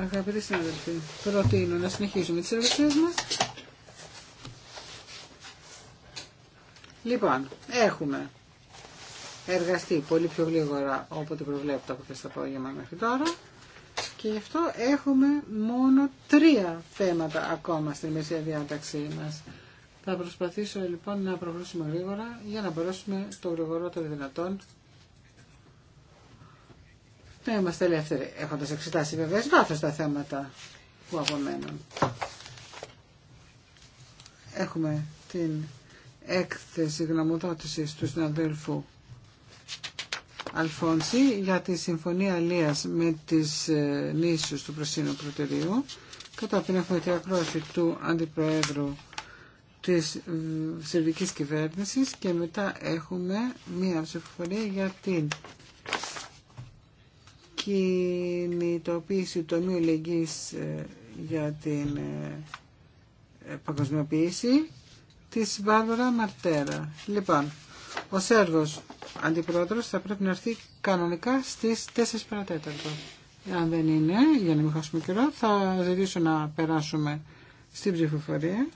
Αγαπητοί συναδελφοί, προτείνω να συνεχίσουμε τις εργασίες μας. Λοιπόν, έχουμε εργαστεί πολύ πιο γλίγορα όποτε προβλέπετε από αυτές τα απόγευμα μέχρι τώρα και γι' αυτό έχουμε μόνο τρία θέματα ακόμα στη μεσαία διάταξή μας. Θα προσπαθήσω λοιπόν να προχωρήσουμε γρήγορα για να μπορέσουμε το γρηγορότερο δυνατόν να είμαστε ελεύθεροι, έχοντας εξετάσει βεβαίως βάθος τα θέματα που απομένουν. Έχουμε την έκθεση γνωμοδότησης του συναδέλφου Αλφόνση για τη Συμφωνία Αλίας με τις ε, νήσους του Προσύνου Προτερίου. Κατόπιν έχουμε τη ακρόαση του Αντιπροέδρου της ε, Σερβικής Κυβέρνησης και μετά έχουμε μία ψηφοφορία για την κινητοποίηση του τομείου Λεγγύης ε, για την ε, ε, παγκοσμιοποίηση της Βάρβαρα Μαρτέρα. Λοιπόν, ο Σέρβος Αντιπρόεδρος θα πρέπει να έρθει κανονικά στις 4 παρατέταρτο. Αν δεν είναι, για να μην χάσουμε καιρό, θα ζητήσω να περάσουμε στην ψηφοφορία.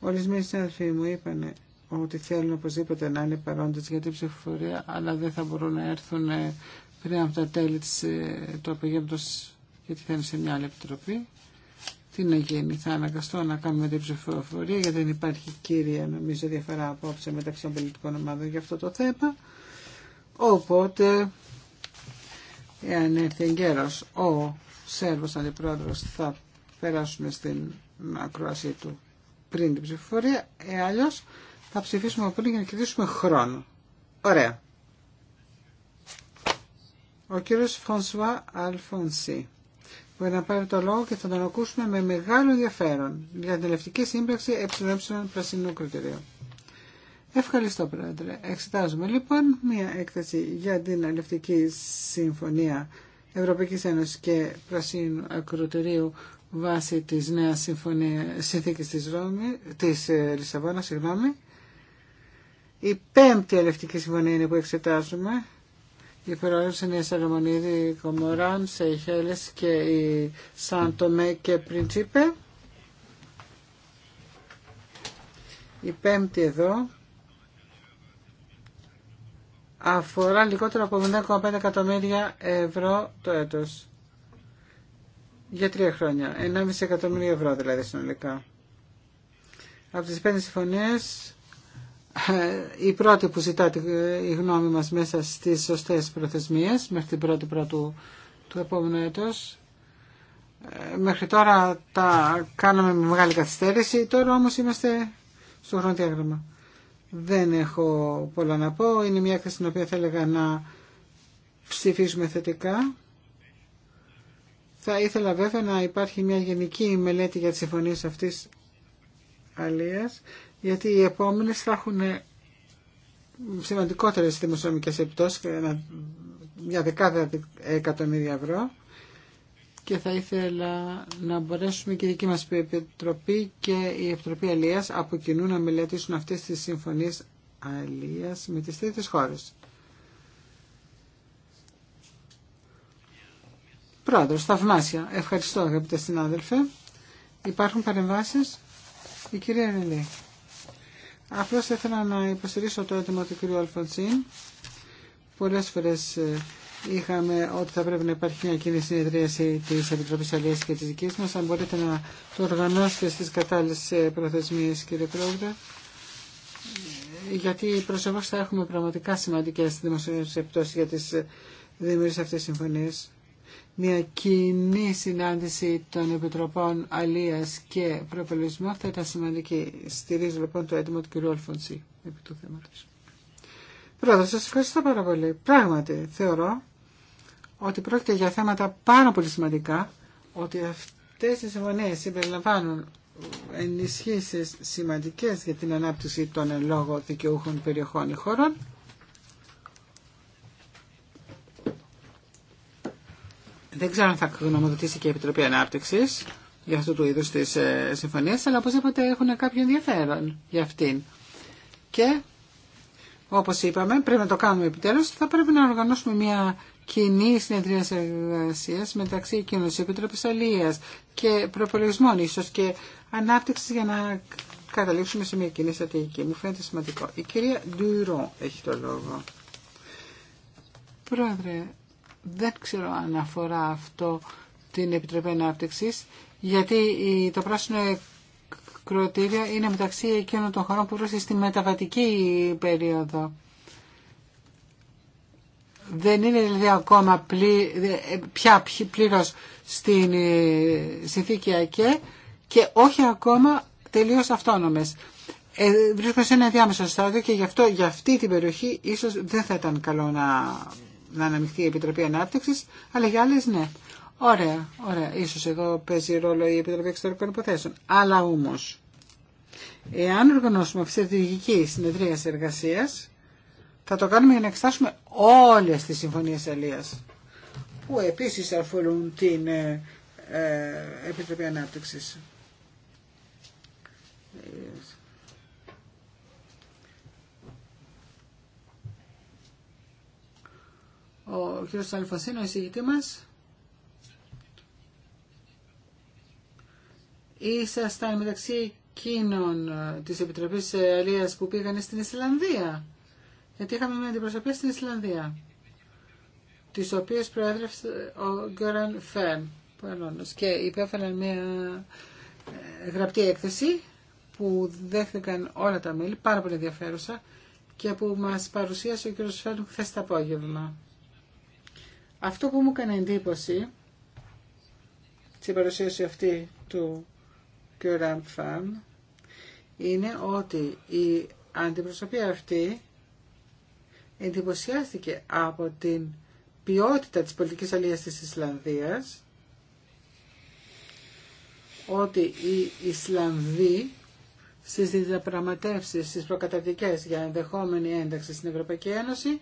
Ορισμένοι συνάδελφοί μου είπαν ότι θέλουν οπωσδήποτε να είναι παρόντες για την ψηφοφορία, αλλά δεν θα μπορούν να έρθουν πριν από τα τέλη της, ε, του γιατί θα είναι σε μια άλλη επιτροπή. Τι να γίνει, θα αναγκαστώ να κάνουμε την ψηφοφορία γιατί δεν υπάρχει κύρια νομίζω διαφορά απόψε μεταξύ των πολιτικών ομάδων για αυτό το θέμα. Οπότε, εάν έρθει εγκαίρος ο Σέρβος Αντιπρόεδρος θα περάσουμε στην ακρόασή του πριν την ψηφοφορία, ε, αλλιώς θα ψηφίσουμε πριν για να κερδίσουμε χρόνο. Ωραία ο κύριος Φρανσουά Αλφονσί που να πάρει το λόγο και θα τον ακούσουμε με μεγάλο ενδιαφέρον για την ελευτική σύμπραξη ΕΕ Πρασινού Κριτηρίου. Ευχαριστώ Πρόεδρε. Εξετάζουμε λοιπόν μία έκθεση για την Αλληλευτική Συμφωνία Ευρωπαϊκής Ένωσης και Πρασίνου Ακροτηρίου βάσει της νέας συμφωνία, συνθήκης της, Ρώμη, ε, Λισαβόνα. Συγγνώμη. Η πέμπτη Αλληλευτική Συμφωνία είναι που εξετάζουμε η πρόεδρος είναι η Σαλομονίδη Κομοράν, Σεϊχέλες και η Σαντομέ και Πριντσίπε. Η πέμπτη εδώ αφορά λιγότερο από 1,5 εκατομμύρια ευρώ το έτος. Για τρία χρόνια. 1,5 εκατομμύρια ευρώ δηλαδή συνολικά. Από τις πέντε συμφωνίες ε, η πρώτη που ζητά ε, η γνώμη μας μέσα στις σωστές προθεσμίες μέχρι την πρώτη πρώτου του επόμενου έτος. Ε, μέχρι τώρα τα κάναμε με μεγάλη καθυστέρηση, τώρα όμως είμαστε στο χρονοδιάγραμμα. Δεν έχω πολλά να πω, είναι μια έκθεση στην οποία θα έλεγα να ψηφίσουμε θετικά. Θα ήθελα βέβαια να υπάρχει μια γενική μελέτη για τις συμφωνίες αυτής αλίας γιατί οι επόμενες θα έχουν σημαντικότερες δημοσιονομικές επιπτώσεις, μια δεκάδα εκατομμύρια ευρώ και θα ήθελα να μπορέσουμε και η δική μας Επιτροπή και η Επιτροπή Αλίας από κοινού να μελετήσουν αυτές τις συμφωνίες Αλίας με τις τρίτες χώρες. Πρόεδρος, θαυμάσια. Ευχαριστώ αγαπητέ συνάδελφε. Υπάρχουν παρεμβάσεις. Η κυρία Ρελή. Απλώ ήθελα να υποστηρίσω το έτοιμο του κ. Αλφονσίν. Πολλέ φορές ε, είχαμε ότι θα πρέπει να υπάρχει μια κοινή συνεδρίαση τη Επιτροπή και τη δική μα. Αν μπορείτε να το οργανώσετε στις κατάλληλε ε, προθεσμίες κ. Πρόεδρε. Γιατί προσεχώ θα έχουμε πραγματικά σημαντικές δημοσιογραφικές επιπτώσει για τι ε, δημιουργίε αυτέ τη μια κοινή συνάντηση των Επιτροπών Αλίας και Προπολισμού. θα ήταν σημαντική. Στηρίζω λοιπόν το έτοιμο του κ. Αλφονσί επί του θέματος. Πρώτα, σας ευχαριστώ πάρα πολύ. Πράγματι, θεωρώ ότι πρόκειται για θέματα πάρα πολύ σημαντικά, ότι αυτές οι συμφωνίες συμπεριλαμβάνουν ενισχύσεις σημαντικές για την ανάπτυξη των εν λόγω δικαιούχων περιοχών ή χωρών Δεν ξέρω αν θα γνωμοδοτήσει και η Επιτροπή ανάπτυξη για αυτού του είδου τη ε, αλλά οπωσδήποτε έχουν κάποιο ενδιαφέρον για αυτήν. Και, όπω είπαμε, πρέπει να το κάνουμε επιτέλου, θα πρέπει να οργανώσουμε μια κοινή συνεδρία εργασία μεταξύ εκείνων τη Επιτροπής και προπολογισμών ίσω και ανάπτυξη για να καταλήξουμε σε μια κοινή στρατηγική. Μου φαίνεται σημαντικό. Η κυρία Ντουιρό έχει το λόγο. Πρόεδρε, δεν ξέρω αν αφορά αυτό την Επιτροπή ανάπτυξη, γιατί το πράσινο κροτήριο είναι μεταξύ εκείνων των χωρών που βρίσκεται στη μεταβατική περίοδο. Δεν είναι δηλαδή ακόμα πλή, πια πλήρως στην ε, συνθήκη ΑΚΕ και όχι ακόμα τελείως αυτόνομες. Ε, βρίσκονται σε ένα διάμεσο στάδιο και γι' αυτό για αυτή την περιοχή ίσως δεν θα ήταν καλό να να αναμειχθεί η Επιτροπή ανάπτυξη, αλλά για άλλε ναι. Ωραία, ωραία. Ίσως εδώ παίζει ρόλο η Επιτροπή Εξωτερικών Υποθέσεων. Αλλά όμω. εάν οργανώσουμε αυτή τη συνεδρία εργασία, θα το κάνουμε για να εξετάσουμε όλες τις συμφωνίε Αλλίας, που επίσης αφορούν την ε, ε Επιτροπή Ανάπτυξης ε, Ο κ. Αλφασίνο, η εισηγητή μας, ήσασταν μεταξύ εκείνων ε, της Επιτροπής Αλίας που πήγανε στην Ισλανδία. Γιατί είχαμε μια αντιπροσωπεία στην Ισλανδία, τις οποίες προέδρευσε ο Γκέραν Φέρν, και υπέφεραν μια ε, γραπτή έκθεση που δέχτηκαν όλα τα μέλη, πάρα πολύ ενδιαφέρουσα, και που μας παρουσίασε ο κ. Φέρν χθε το απόγευμα. Αυτό που μου έκανε εντύπωση στην παρουσίαση αυτή του κ. είναι ότι η αντιπροσωπή αυτή εντυπωσιάστηκε από την ποιότητα της πολιτικής αλληλείας της Ισλανδίας ότι οι Ισλανδοί στις διαπραγματεύσεις, στις προκαταρτικές για ενδεχόμενη ένταξη στην Ευρωπαϊκή Ένωση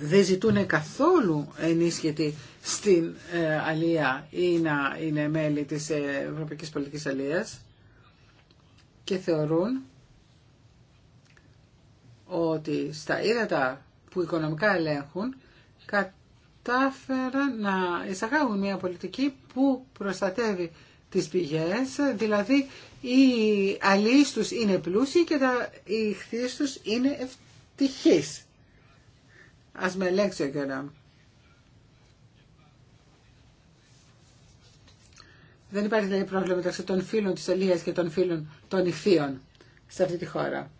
δεν ζητούν καθόλου ενίσχυτη στην ε, Αλία ή να είναι μέλη της ε, Ευρωπαϊκής Πολιτικής Αλίας και θεωρούν ότι στα ύδατα που οικονομικά ελέγχουν κατάφεραν να εισαγάγουν μια πολιτική που προστατεύει τις πηγές, δηλαδή οι αλείς τους είναι πλούσιοι και τα, οι χθείς τους είναι ευτυχείς. Ας με ελέγξει ο Δεν υπάρχει δηλαδή πρόβλημα μεταξύ των φίλων της Ελίας και των φίλων των ηχθείων σε αυτή τη χώρα.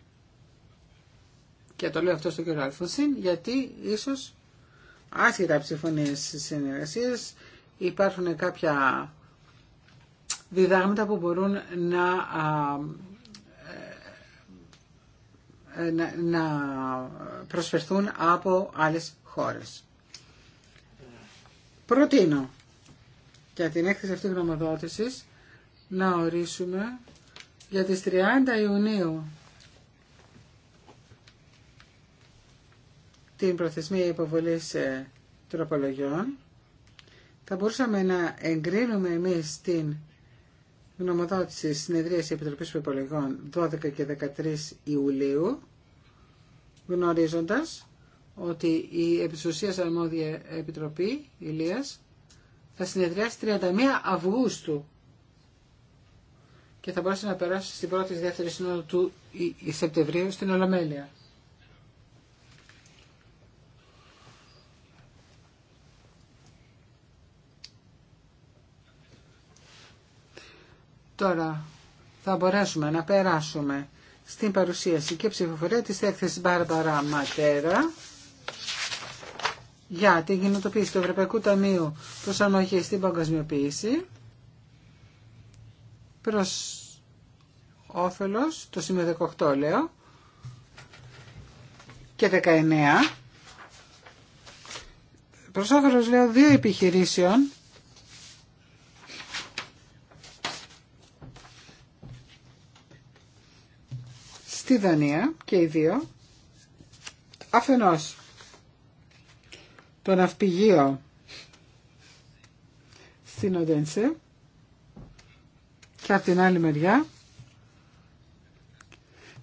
Και το λέω αυτό στον κύριο Αλφονσίν, γιατί ίσως άσχετα από συμφωνίες συνεργασίες υπάρχουν κάποια διδάγματα που μπορούν να ε, να προσφερθούν από άλλες χώρες. Προτείνω για την έκθεση αυτή γνωμοδότησης να ορίσουμε για τις 30 Ιουνίου την προθεσμία υποβολής ε, τροπολογιών. Θα μπορούσαμε να εγκρίνουμε εμείς την γνωμοδότηση Συνεδρίας Επιτροπής Προπολογών 12 και 13 Ιουλίου γνωρίζοντας ότι η επισουσίας αρμόδια επιτροπή Ηλίας θα συνεδριάσει 31 Αυγούστου και θα μπορέσει να περάσει στην πρώτη δεύτερη σύνοδο του Σεπτεμβρίου στην Ολομέλεια. Τώρα θα μπορέσουμε να περάσουμε στην παρουσίαση και ψηφοφορία της έκθεσης Μπάρμπαρα Ματέρα για την κοινοτοποίηση του Ευρωπαϊκού Ταμείου προσαρμογή στην παγκοσμιοποίηση προς όφελος, το σημείο 18 λέω, και 19, προς όφελος λέω δύο επιχειρήσεων στη Δανία και οι δύο. Αφενός το ναυπηγείο στην Οντένσε και από την άλλη μεριά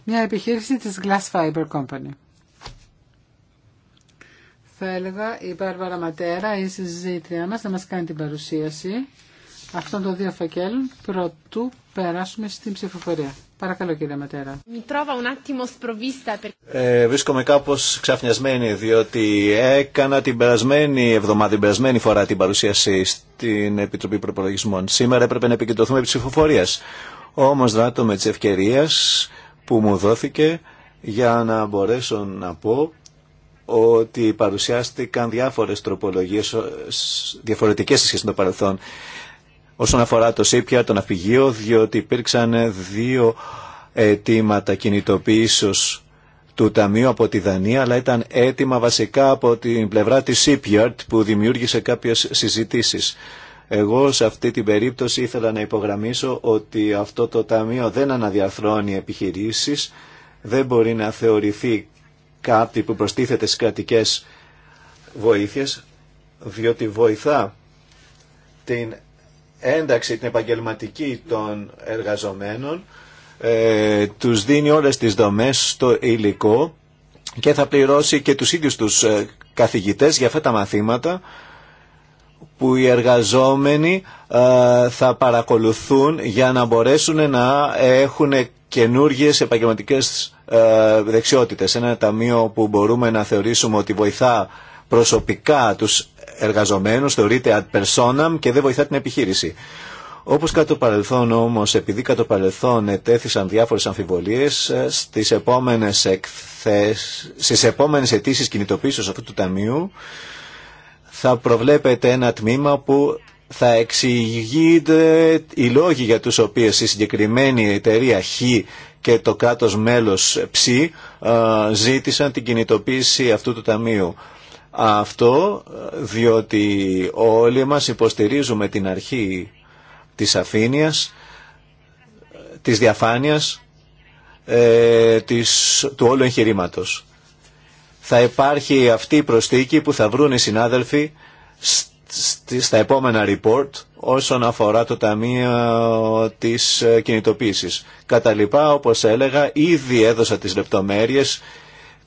μια επιχείρηση της Glass Fiber Company. Θα έλεγα η Μπάρβαρα Ματέρα, η συζήτριά μας, να μας κάνει την παρουσίαση αυτών των δύο φακέλων πρωτού περάσουμε στην ψηφοφορία. Παρακαλώ κύριε Ματέρα. Ε, βρίσκομαι κάπω ξαφνιασμένη διότι έκανα την περασμένη εβδομάδα, την περασμένη φορά την παρουσίαση στην Επιτροπή Προπολογισμών. Σήμερα έπρεπε να επικεντρωθούμε επί ψηφοφορία. Όμως δράτω με τις ευκαιρίες που μου δόθηκε για να μπορέσω να πω ότι παρουσιάστηκαν διάφορες τροπολογίες διαφορετικές σε σχέση με το παρελθόν όσον αφορά το ΣΥΠΙΑ, το ναυπηγείο, διότι υπήρξαν δύο αιτήματα κινητοποιήσεως του Ταμείου από τη Δανία, αλλά ήταν έτοιμα βασικά από την πλευρά της ΣΥΠΙΑΡΤ που δημιούργησε κάποιες συζητήσεις. Εγώ σε αυτή την περίπτωση ήθελα να υπογραμμίσω ότι αυτό το Ταμείο δεν αναδιαθρώνει επιχειρήσεις, δεν μπορεί να θεωρηθεί κάτι που προστίθεται στις κρατικές βοήθειες, διότι βοηθά την ένταξη την επαγγελματική των εργαζομένων, ε, τους δίνει όλες τις δομές στο υλικό και θα πληρώσει και τους ίδιους τους ε, καθηγητές για αυτά τα μαθήματα που οι εργαζόμενοι ε, θα παρακολουθούν για να μπορέσουν να έχουν καινούργιες επαγγελματικές ε, δεξιότητες. Ένα ταμείο που μπορούμε να θεωρήσουμε ότι βοηθά προσωπικά τους θεωρείται ad personam και δεν βοηθά την επιχείρηση. Όπω κατά το παρελθόν όμω, επειδή κατά το παρελθόν ετέθησαν διάφορε αμφιβολίε, ε, στι επόμενε εκθεσ... αυτού του ταμείου θα προβλέπεται ένα τμήμα που θα εξηγείται οι λόγοι για τους οποίες η συγκεκριμένη εταιρεία Χ και το κράτος μέλος Ψ ε, ζήτησαν την κινητοποίηση αυτού του ταμείου. Αυτό διότι όλοι μας υποστηρίζουμε την αρχή της αφήνειας, της διαφάνειας, ε, της, του όλου εγχειρήματο. Θα υπάρχει αυτή η προστίκη που θα βρουν οι συνάδελφοι στα επόμενα report όσον αφορά το Ταμείο της ε, Κινητοποίησης. Κατά λοιπά, όπως έλεγα, ήδη έδωσα τις λεπτομέρειες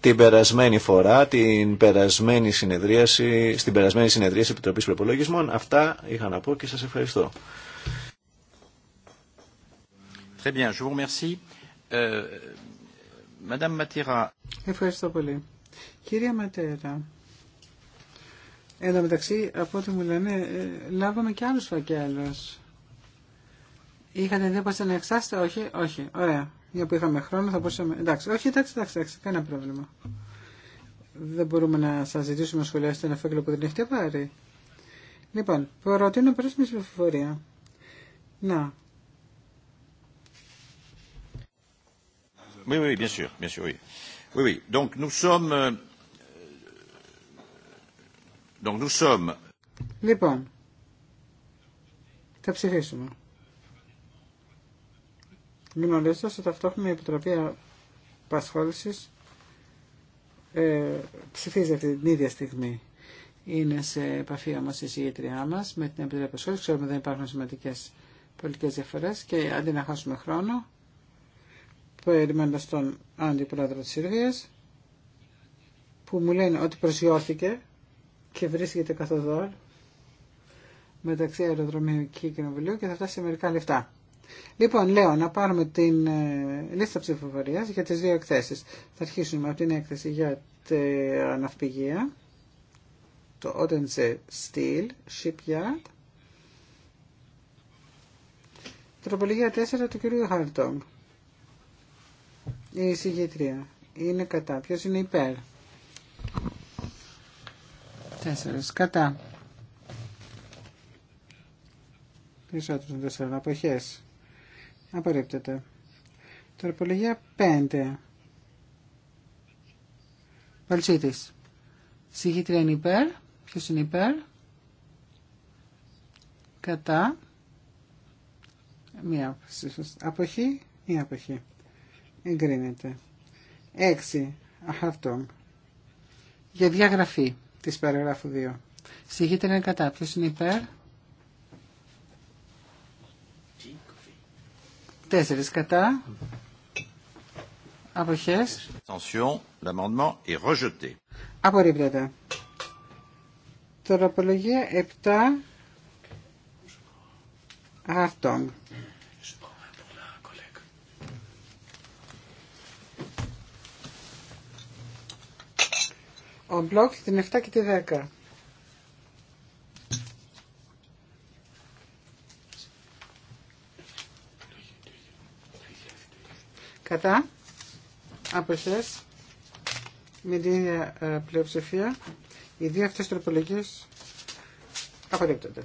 την περασμένη φορά, την περασμένη συνεδρίαση, στην περασμένη συνεδρίαση Επιτροπής Προπολογισμών. Αυτά είχα να πω και σας ευχαριστώ. Ε, ευχαριστώ πολύ. Κύριε Ματέρα, εν τω μεταξύ, από ό,τι μου λένε, ε, λάβαμε και άλλους φακέλους. Είχατε εντύπωση να εξάσετε, όχι, όχι, ωραία για που είχαμε χρόνο θα μπορούσαμε... Εντάξει, όχι, εντάξει, εντάξει, εντάξει κανένα πρόβλημα. Δεν μπορούμε να σα ζητήσουμε να σχολιάσετε ένα φάκελο που δεν έχετε πάρει. Λοιπόν, προτείνω να περάσουμε στην ψηφοφορία. Να. Oui, oui, bien sûr, bien sûr, oui. Oui, oui. Donc nous sommes. Euh, donc nous sommes. Λοιπόν, θα ψηφίσουμε γνωρίζοντα ότι ταυτόχρονα η Επιτροπή Απασχόληση ε, ψηφίζει αυτή την ίδια στιγμή. Είναι σε επαφή όμω η συγγετριά μα με την Επιτροπή Απασχόληση. Ξέρουμε ότι δεν υπάρχουν σημαντικέ πολιτικέ διαφορέ και αντί να χάσουμε χρόνο, περιμένοντα τον αντιπρόεδρο τη Συρβία, που μου λένε ότι προσγειώθηκε και βρίσκεται καθοδόν μεταξύ αεροδρομίου και κοινοβουλίου και θα φτάσει σε μερικά λεφτά. Λοιπόν, λέω να πάρουμε την ε, λίστα ψηφοφορία για τι δύο εκθέσεις. Θα αρχίσουμε από την έκθεση για την ναυπηγεία, το Odense Steel Shipyard, τροπολογία 4 του κυρίου Χαρτόγκ. Η συγγετρία είναι κατά. Ποιο είναι υπέρ. Τέσσερις κατά. Περισσότερες τέσσερα αποχές. Απορρίπτεται. Τροπολογία 5. Παλτσίτη. Συγχύτρια είναι υπέρ. Ποιο είναι υπέρ. Κατά. Μία αποχή. Μία αποχή. Εγκρίνεται. 6. Αυτό. Για διαγραφή τη παραγράφου 2. Συγχύτρια είναι κατά. Ποιο είναι υπέρ. Τέσσερις κατά. Αποχές. Attention, l'amendement est rejeté. Απορρίπτεται. Τροπολογία 7. Αρτόγκ. Ο μπλοκ την 7 και τη 10. Κατά. Αποχές. Με την ίδια ε, πλειοψηφία. Οι δύο αυτές τροπολογίες απορρίπτονται.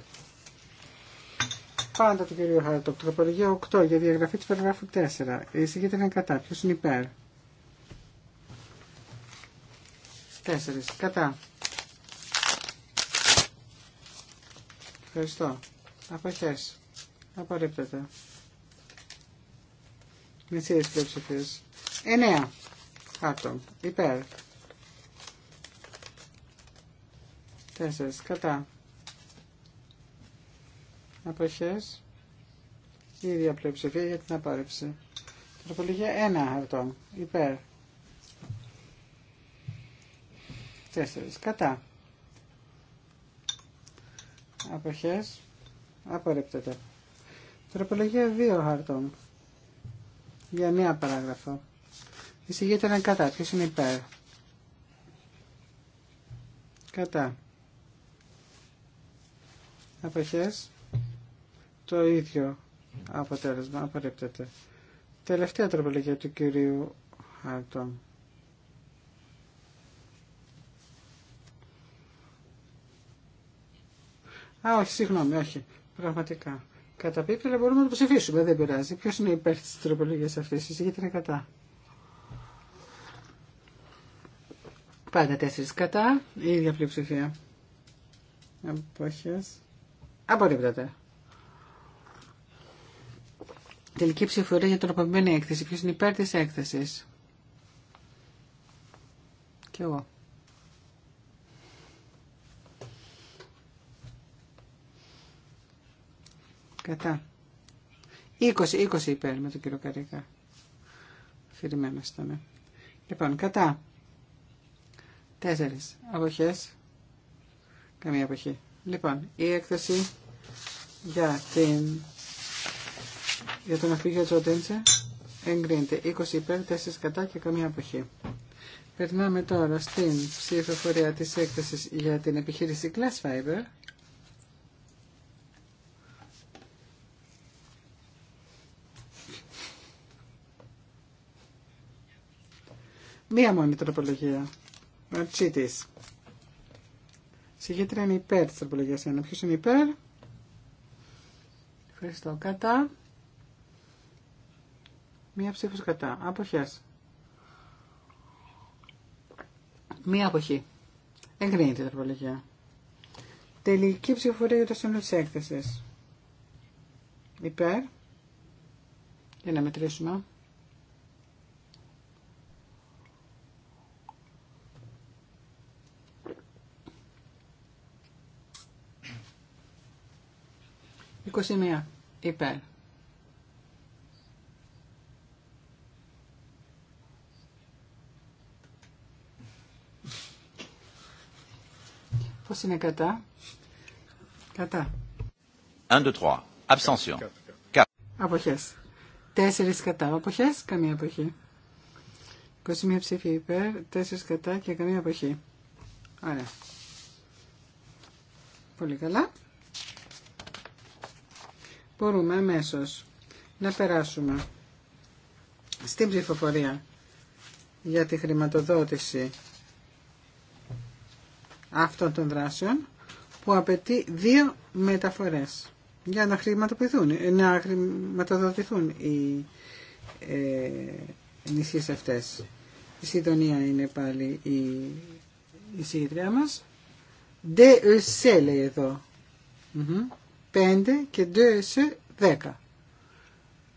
Πάντα το κύριο Χάρτοκ. Τροπολογία 8 για διαγραφή της παραγράφου 4. Η συγκέντρια είναι κατά. Ποιος είναι υπέρ. 4. Κατά. Ευχαριστώ. Αποχές. Απορρίπτεται. Με τι πλειοψηφίες. εννέα Χάρτον. Υπέρ. Τέσσερι. Κατά. Αποχέ. Η ίδια πλειοψηφία για την απόρριψη. Τροπολογία Ένα. Χάρτον. Υπέρ. Τέσσερι. Κατά. Αποχέ. Απορρίπτεται. Τροπολογία δύο χαρτών για μία παράγραφο. Εισηγείται έναν κατά. Ποιος είναι υπέρ. Κατά. Αποχές. Το ίδιο αποτέλεσμα. Απορρίπτεται. Τελευταία τροπολογία του κυρίου Χάρτον. Α, όχι, συγγνώμη, όχι. Πραγματικά. Καταπίπτει, αλλά μπορούμε να το ψηφίσουμε. Δεν πειράζει. Ποιο είναι υπέρ τη τροπολογία αυτή, η είναι κατά. Πάντα τέσσερι κατά, η ίδια πλειοψηφία. Απόχε. Απορρίπτεται. Τελική ψηφοφορία για την τροποποιημένη έκθεση. Ποιο είναι υπέρ τη έκθεση. Και εγώ. Κατά. 20, 20 υπέρ με τον κύριο καρικά. Αφηρημένο ήταν. Ναι. Λοιπόν, κατά. Τέσσερις. αποχέ. Καμία αποχή. Λοιπόν, η έκθεση για την... Για τον αφήγιο Τζοντέντσε εγκρίνεται 20 υπέρ, 4 κατά και καμία αποχή. Περνάμε τώρα στην ψηφοφορία της έκθεσης για την επιχείρηση Glass Fiber. Μία μόνη τροπολογία. Μαρτσίτη. Συγγήτρια είναι υπέρ τη τροπολογία Ένα Ποιο είναι υπέρ. Ευχαριστώ. Κατά. Μία ψήφο κατά. Αποχέ. Μία αποχή. Εγκρίνεται η τροπολογία. Τελική ψηφοφορία για το σύνολο τη έκθεση. Υπέρ. Για να μετρήσουμε. 21 υπέρ. Πώς είναι κατά. Κατά. 1, 2, 3. Abstention. Αποχές. Τέσσερις κατά. Αποχές, καμία αποχή. 21 ψήφοι υπέρ, 4 κατά και καμία αποχή. Ωραία. Πολύ καλά μπορούμε αμέσω να περάσουμε στην ψηφοφορία για τη χρηματοδότηση αυτών των δράσεων που απαιτεί δύο μεταφορές για να, χρηματοποιηθούν, να χρηματοδοτηθούν οι ε, νησίες αυτές. Η Σιδονία είναι πάλι η, η μα. μας. Δε λέει εδώ. Mm 5 και 2 10.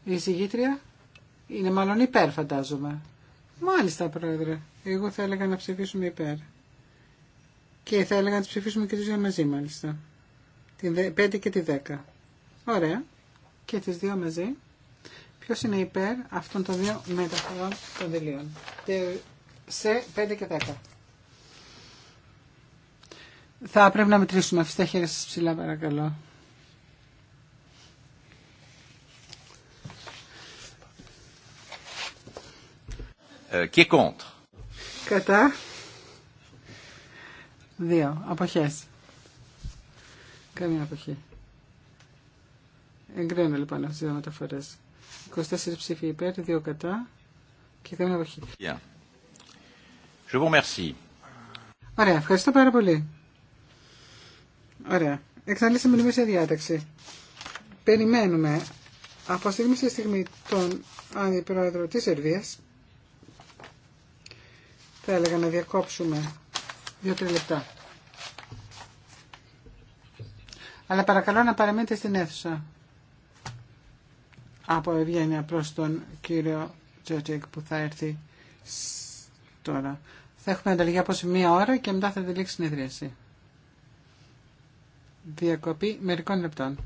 Η εισηγήτρια είναι μάλλον υπέρ φαντάζομαι. Μάλιστα πρόεδρε. Εγώ θα έλεγα να ψηφίσουμε υπέρ. Και θα έλεγα να ψηφίσουμε και τις δύο μαζί μάλιστα. Την 5 και τη 10. Ωραία. Και τις δύο μαζί. Ποιος είναι υπέρ αυτών των δύο μεταφορών των δελείων. Σε 5 και 10. Θα πρέπει να μετρήσουμε. Αφήστε χέρια σας ψηλά παρακαλώ. Qui ε, est contre. Κατά. Δύο. απόχέ. Καμία αποχή. Εγκρίνω λοιπόν αυτέ τι δύο μεταφορέ. 24 ψήφοι υπέρ, 2 κατά και καμία αποχή. Bien. Je vous remercie. Ωραία, ευχαριστώ πάρα πολύ. Ωραία. Εξαντλήσαμε την σε διάταξη. Περιμένουμε από στιγμή σε στιγμή τον αντιπρόεδρο τη Σερβία. Θα έλεγα να διακόψουμε 2-3 λεπτά. Αλλά παρακαλώ να παραμείνετε στην αίθουσα. Από ευγένεια προς τον κύριο Τζότζικ που θα έρθει τώρα. Θα έχουμε ανταλλαγή από μία ώρα και μετά θα τελείξει η συνεδρίαση. Διακοπή μερικών λεπτών.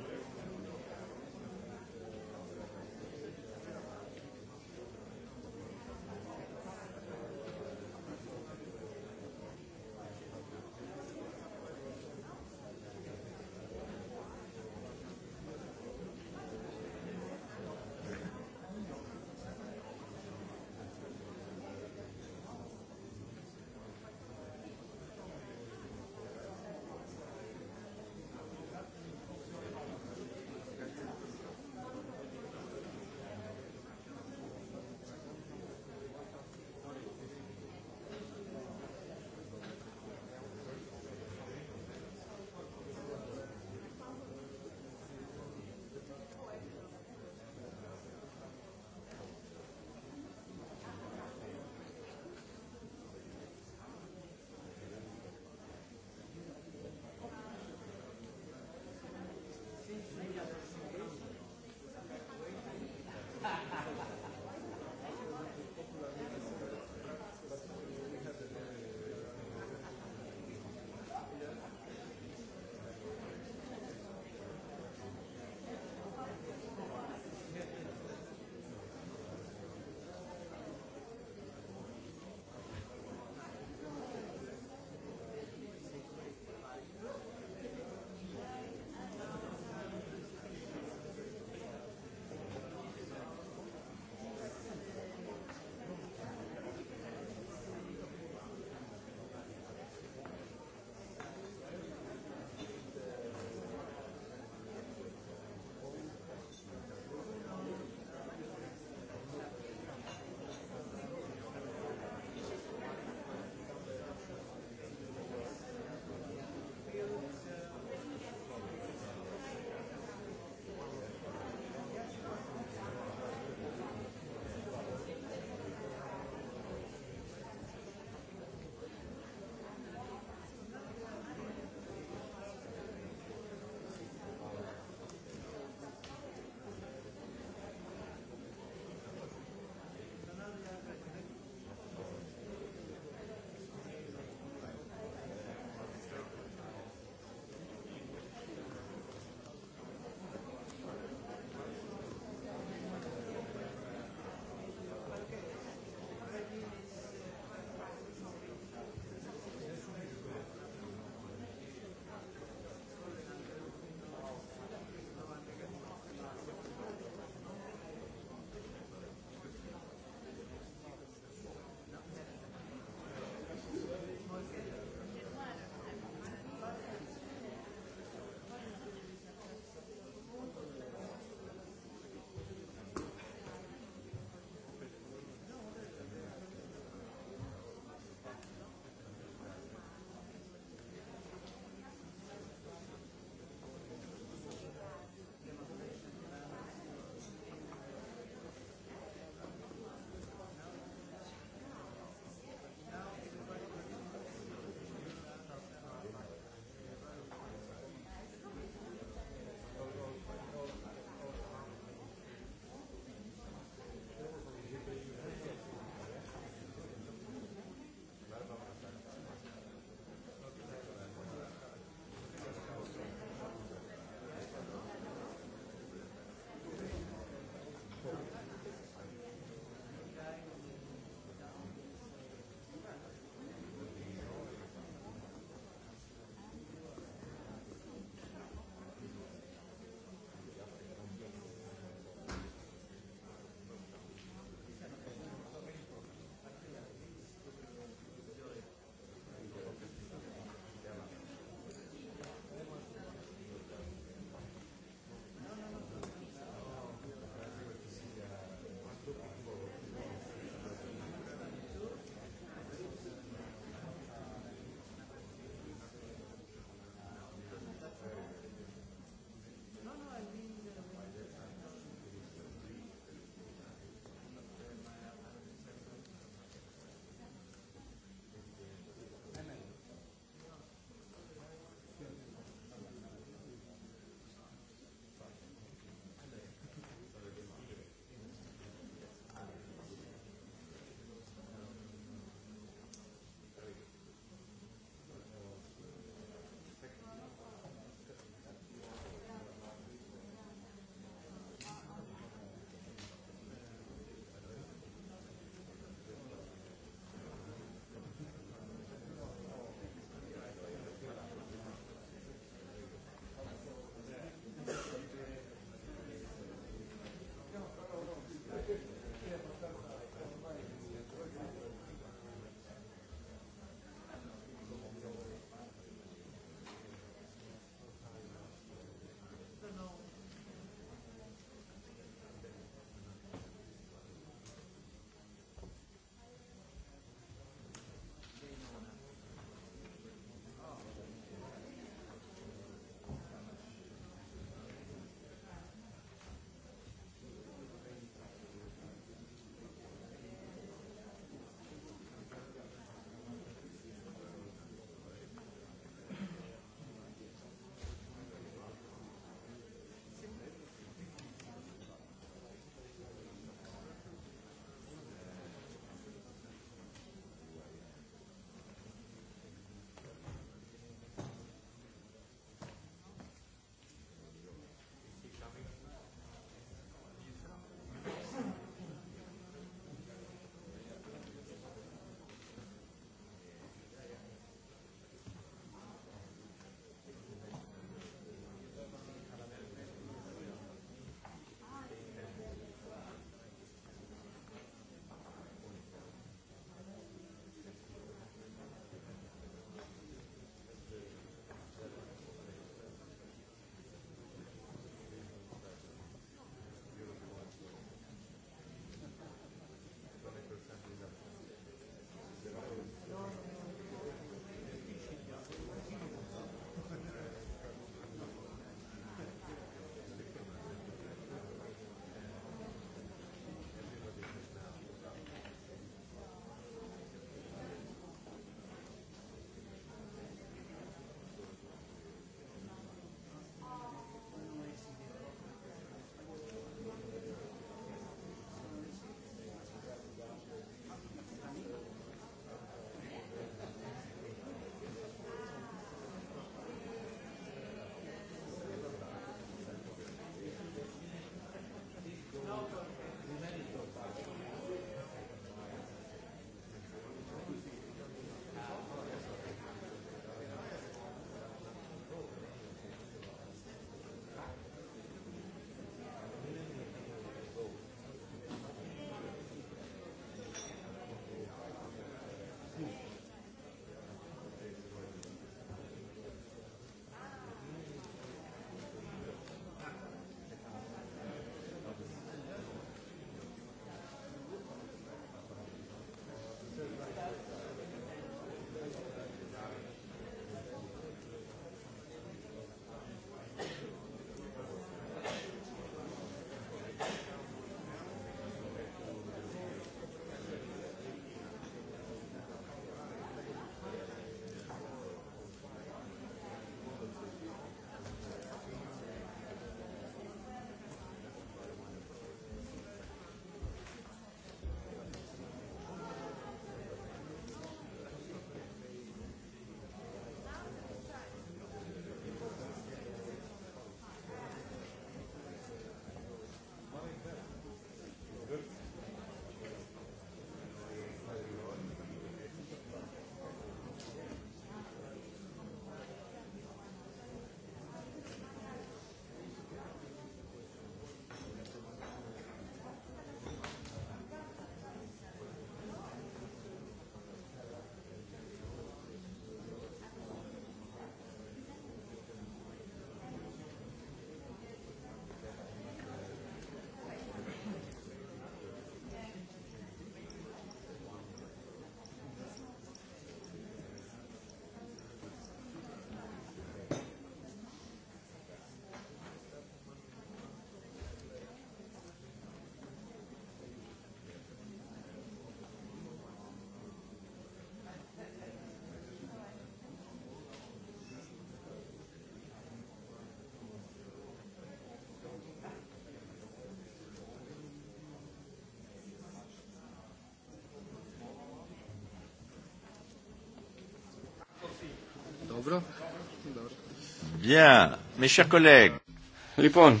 Λοιπόν,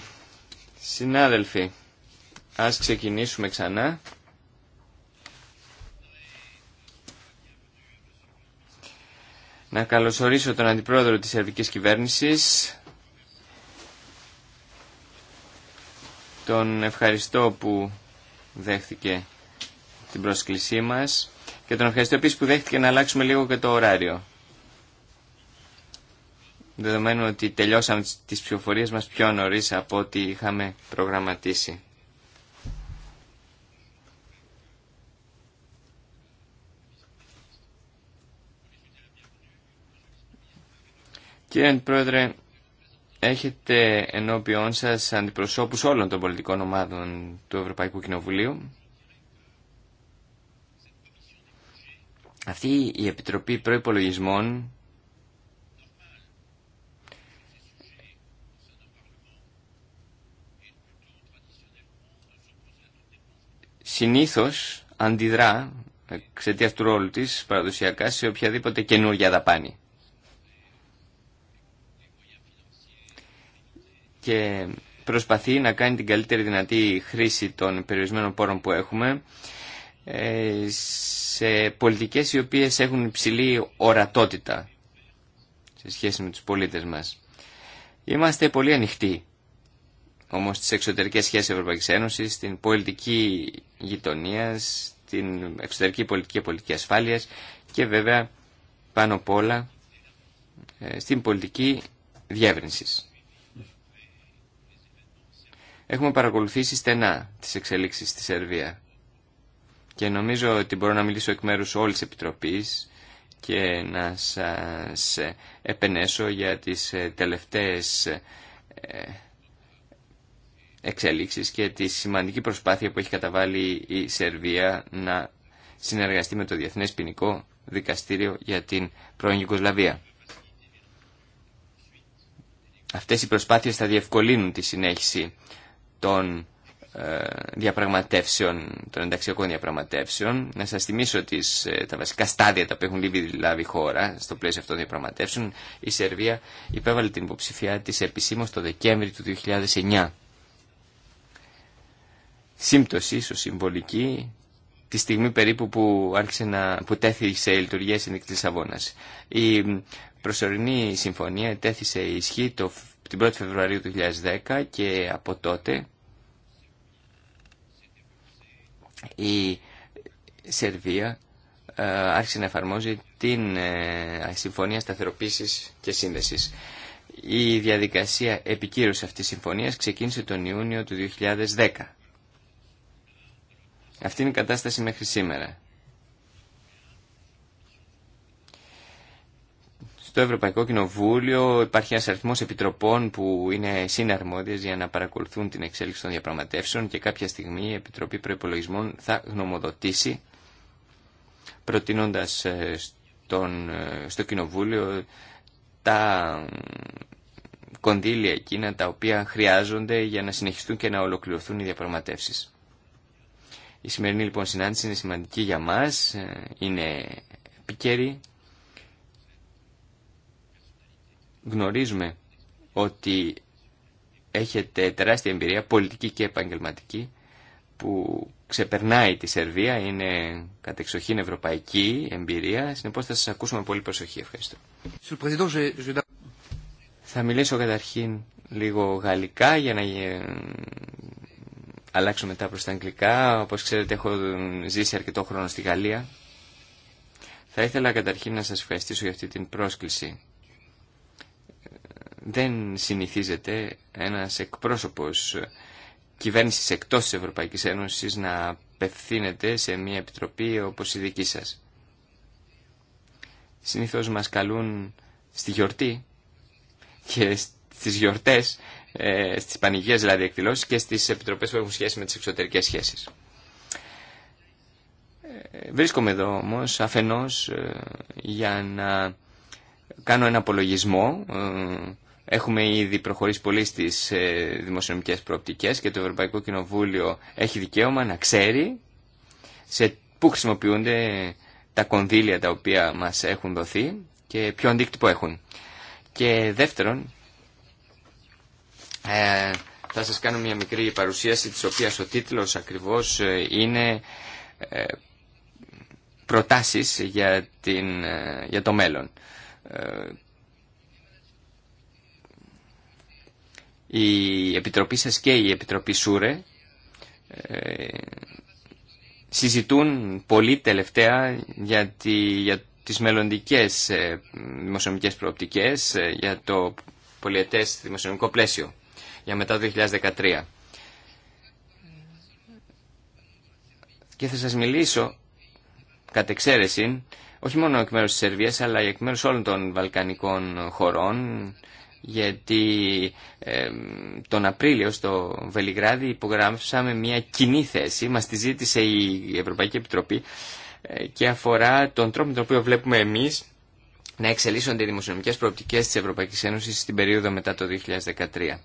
συνάδελφοι, ας ξεκινήσουμε ξανά. Να καλωσορίσω τον Αντιπρόεδρο της Σερβικής Κυβέρνησης. Τον ευχαριστώ που δέχτηκε την πρόσκλησή μας και τον ευχαριστώ επίσης που δέχτηκε να αλλάξουμε λίγο και το ωράριο δεδομένου ότι τελειώσαμε τις ψηφοφορίες μας πιο νωρίς από ό,τι είχαμε προγραμματίσει. Κύριε Πρόεδρε, έχετε ενώπιόν σας αντιπροσώπους όλων των πολιτικών ομάδων του Ευρωπαϊκού Κοινοβουλίου. Αυτή η Επιτροπή Προϋπολογισμών συνήθως αντιδρά εξαιτία του ρόλου της παραδοσιακά σε οποιαδήποτε καινούργια δαπάνη. Και προσπαθεί να κάνει την καλύτερη δυνατή χρήση των περιορισμένων πόρων που έχουμε ε, σε πολιτικές οι οποίες έχουν υψηλή ορατότητα σε σχέση με τους πολίτες μας. Είμαστε πολύ ανοιχτοί όμως τις εξωτερικές σχέσεις Ευρωπαϊκής Ένωσης, στην πολιτική γειτονία, την εξωτερική πολιτική και πολιτική ασφάλειας και βέβαια πάνω απ' όλα ε, στην πολιτική διεύρυνσης. Έχουμε παρακολουθήσει στενά τις εξελίξεις στη Σερβία και νομίζω ότι μπορώ να μιλήσω εκ μέρους όλης της Επιτροπής και να σας ε, επενέσω για τις ε, τελευταίες και τη σημαντική προσπάθεια που έχει καταβάλει η Σερβία να συνεργαστεί με το Διεθνές Ποινικό Δικαστήριο για την πρώην Ιουγκοσλαβία. Αυτές οι προσπάθειες θα διευκολύνουν τη συνέχιση των ε, διαπραγματεύσεων, των ενταξιακών διαπραγματεύσεων. Να σας θυμίσω ε, τα βασικά στάδια τα οποία έχουν λάβει δηλαδή η χώρα στο πλαίσιο αυτών των διαπραγματεύσεων. Η Σερβία υπέβαλε την υποψηφιά της επισήμως το Δεκέμβρη του 2009 σύμπτωση, ίσω συμβολική, τη στιγμή περίπου που, άρχισε να, που τέθη σε λειτουργία η Συνδίκη Η προσωρινή συμφωνία τέθησε ισχύ το, την 1η Φεβρουαρίου του 2010 και από τότε η Σερβία ε, άρχισε να εφαρμόζει την ε, Συμφωνία Σταθεροποίησης και Σύνδεσης. Η διαδικασία επικύρωσης αυτής της συμφωνίας ξεκίνησε τον Ιούνιο του 2010. Αυτή είναι η κατάσταση μέχρι σήμερα. Στο Ευρωπαϊκό Κοινοβούλιο υπάρχει ένα αριθμό επιτροπών που είναι συναρμόδιε για να παρακολουθούν την εξέλιξη των διαπραγματεύσεων και κάποια στιγμή η Επιτροπή Προπολογισμών θα γνωμοδοτήσει προτείνοντα ε, ε, στο Κοινοβούλιο τα κονδύλια εκείνα τα οποία χρειάζονται για να συνεχιστούν και να ολοκληρωθούν οι διαπραγματεύσει. Η σημερινή λοιπόν συνάντηση είναι σημαντική για μας, ε, είναι επικαιρή. Γνωρίζουμε ότι έχετε τεράστια εμπειρία πολιτική και επαγγελματική που ξεπερνάει τη Σερβία, είναι κατεξοχήν ευρωπαϊκή εμπειρία. Συνεπώς θα σας ακούσουμε πολύ προσοχή. Ευχαριστώ. Θα μιλήσω καταρχήν λίγο γαλλικά για να αλλάξω μετά προς τα αγγλικά. Όπως ξέρετε έχω ζήσει αρκετό χρόνο στη Γαλλία. Θα ήθελα καταρχήν να σας ευχαριστήσω για αυτή την πρόσκληση. Δεν συνηθίζεται ένας εκπρόσωπος κυβέρνησης εκτός της Ευρωπαϊκής Ένωσης να απευθύνεται σε μια επιτροπή όπως η δική σας. Συνήθως μας καλούν στη γιορτή και στις γιορτές Στι ε, στις δηλαδή εκδηλώσει και στις επιτροπές που έχουν σχέση με τις εξωτερικές σχέσεις. Ε, βρίσκομαι εδώ όμω αφενός ε, για να κάνω ένα απολογισμό. Έχουμε ήδη προχωρήσει πολύ στις δημοσιονομικές προοπτικές και το Ευρωπαϊκό Κοινοβούλιο έχει δικαίωμα να ξέρει σε πού χρησιμοποιούνται τα κονδύλια τα οποία μας έχουν δοθεί και ποιο αντίκτυπο έχουν. Και δεύτερον, ε, θα σας κάνω μια μικρή παρουσίαση της οποίας ο τίτλος ακριβώς ε, είναι ε, προτάσεις για, για το μέλλον. Η Επιτροπή σας και η Επιτροπή Σούρε συζητούν πολύ τελευταία για, τη, για τις μελλοντικές δημοσιονομικές προοπτικές, για το πολιετές δημοσιονομικό πλαίσιο για μετά το 2013. Και θα σας μιλήσω, κατ' εξαίρεση, όχι μόνο εκ μέρους της Σερβίας, αλλά εκ μέρους όλων των Βαλκανικών χωρών, γιατί ε, τον Απρίλιο στο Βελιγράδι υπογράψαμε μια κοινή θέση, μας τη ζήτησε η Ευρωπαϊκή Επιτροπή ε, και αφορά τον τρόπο με τον οποίο βλέπουμε εμείς να εξελίσσονται οι δημοσιονομικές προοπτικές της Ευρωπαϊκής Ένωσης στην περίοδο μετά το 2013.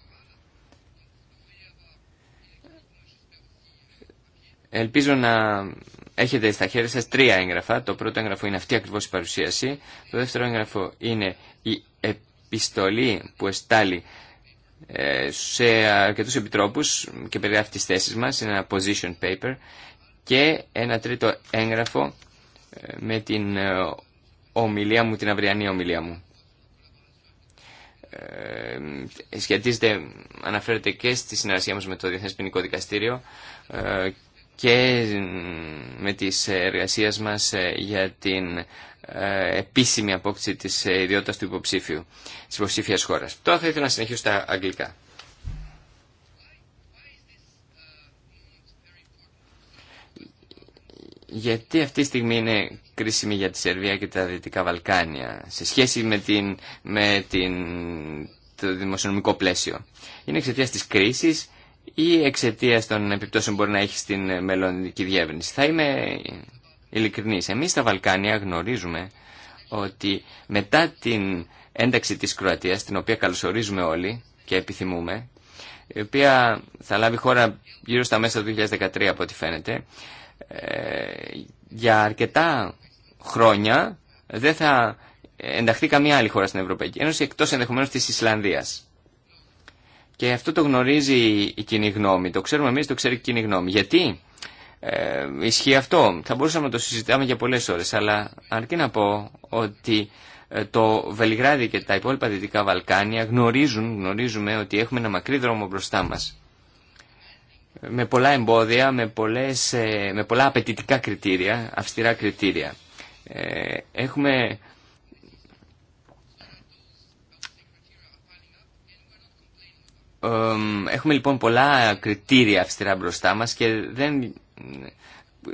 Ελπίζω να έχετε στα χέρια σας τρία έγγραφα. Το πρώτο έγγραφο είναι αυτή ακριβώς η παρουσίαση. Το δεύτερο έγγραφο είναι η επιστολή που εστάλει ε, σε αρκετούς επιτρόπους και περιγράφει τις θέσεις μας. Είναι ένα position paper. Και ένα τρίτο έγγραφο ε, με την ε, ομιλία μου, την αυριανή ομιλία μου. σχετίζεται, αναφέρεται και στη συνεργασία μας με το Διεθνές Ποινικό Δικαστήριο και με τις εργασίες μας ε, για την ε, επίσημη απόκτηση της ε, ιδιότητας του υποψήφιου, της υποψήφιας χώρας. Τώρα θα ήθελα να συνεχίσω στα αγγλικά. Γιατί αυτή τη στιγμή είναι κρίσιμη για τη Σερβία και τα Δυτικά Βαλκάνια σε σχέση με, την, το δημοσιονομικό πλαίσιο. Είναι εξαιτία της κρίσης ή εξαιτία των επιπτώσεων μπορεί να έχει στην μελλοντική διεύρυνση. Θα είμαι ειλικρινής. Εμείς στα Βαλκάνια γνωρίζουμε ότι μετά την ένταξη της Κροατίας, την οποία καλωσορίζουμε όλοι και επιθυμούμε, η οποία θα λάβει χώρα χώρα γύρω στα μέσα του 2013 από ό,τι φαίνεται, ε, για αρκετά χρόνια δεν θα ενταχθεί καμία άλλη χώρα στην Ευρωπαϊκή Ένωση εκτός ενδεχομένως της Ισλανδίας. Και αυτό το γνωρίζει η κοινή γνώμη. Το ξέρουμε εμεί το ξέρει η κοινή γνώμη. Γιατί ε, ισχύει αυτό. Θα μπορούσαμε να το συζητάμε για πολλέ ώρε, Αλλά αρκεί να πω ότι ε, το Βελιγράδι και τα υπόλοιπα Δυτικά Βαλκάνια γνωρίζουν, γνωρίζουμε ότι έχουμε ένα μακρύ δρόμο μπροστά μα, Με πολλά εμπόδια, με, πολλές, ε, με πολλά απαιτητικά κριτήρια, αυστηρά κριτήρια. Ε, έχουμε Έχουμε λοιπόν πολλά κριτήρια αυστηρά μπροστά μας και δεν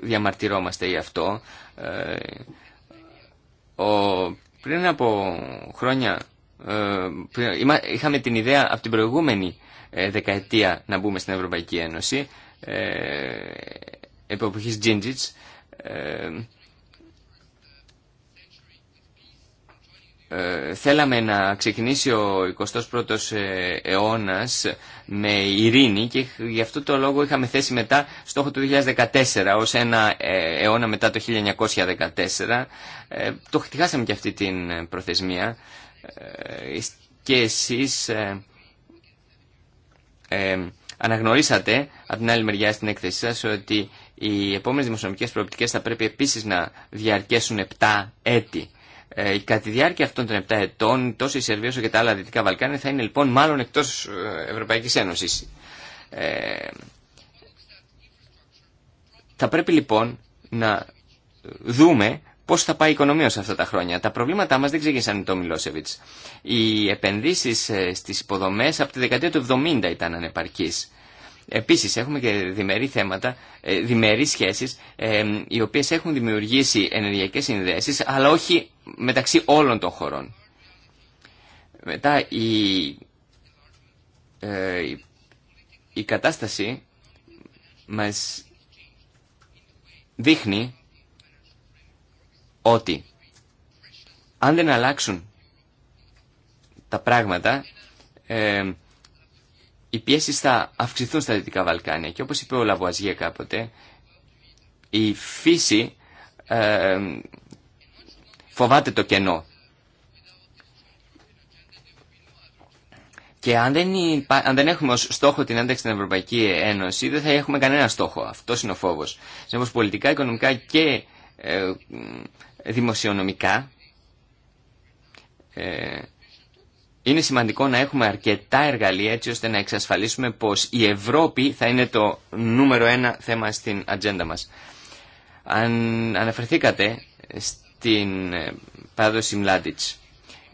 διαμαρτυρόμαστε γι' αυτό. Ε, ο, πριν από χρόνια ε, είχαμε την ιδέα από την προηγούμενη ε, δεκαετία να μπούμε στην Ευρωπαϊκή Ένωση επί εποχής Τζίντζιτς Ε, θέλαμε να ξεκινήσει ο 21ος ε, αιώνας με ειρήνη και γι' αυτό το λόγο είχαμε θέσει μετά στόχο του 2014 ως ένα ε, αιώνα μετά το 1914. το χτυχάσαμε και αυτή την προθεσμία και εσείς αναγνωρίσατε από την άλλη μεριά στην έκθεσή σας ότι οι επόμενες δημοσιονομικές προοπτικές θα πρέπει επίσης να διαρκέσουν 7 έτη. Ε, κατά τη διάρκεια αυτών των 7 ετών, τόσο η Σερβία όσο και τα άλλα Δυτικά Βαλκάνια θα είναι λοιπόν μάλλον εκτό ε, Ευρωπαϊκή Ένωση. Ε, θα πρέπει λοιπόν να δούμε πώ θα πάει η οικονομία σε αυτά τα χρόνια. Τα προβλήματά μα δεν ξεκίνησαν με τον Μιλόσεβιτ. Οι επενδύσει ε, στι υποδομέ από τη δεκαετία του 70 ήταν ανεπαρκεί. Επίση, έχουμε και διμερεί θέματα, ε, διμερεί σχέσει, οι οποίε έχουν δημιουργήσει ενεργειακέ συνδέσει, αλλά όχι μεταξύ όλων των χωρών. Μετά ε, η, η κατάσταση μας δείχνει ότι αν δεν αλλάξουν τα πράγματα, ε, οι πιέσει θα αυξηθούν στα Δυτικά Βαλκάνια. Και όπως είπε ο Λαβουαζιέ κάποτε, η φύση ε, φοβάται το κενό. Και αν δεν, έχουμε ως στόχο την ένταξη στην Ευρωπαϊκή Ένωση, δεν θα έχουμε κανένα στόχο. Αυτό είναι ο φόβο. Συνεπώ πολιτικά, οικονομικά και ε, δημοσιονομικά ε, είναι σημαντικό να έχουμε αρκετά εργαλεία έτσι ώστε να εξασφαλίσουμε πως η Ευρώπη θα είναι το νούμερο ένα θέμα στην ατζέντα μας. Αν αναφερθήκατε την ε, παράδοση Μλάντιτς.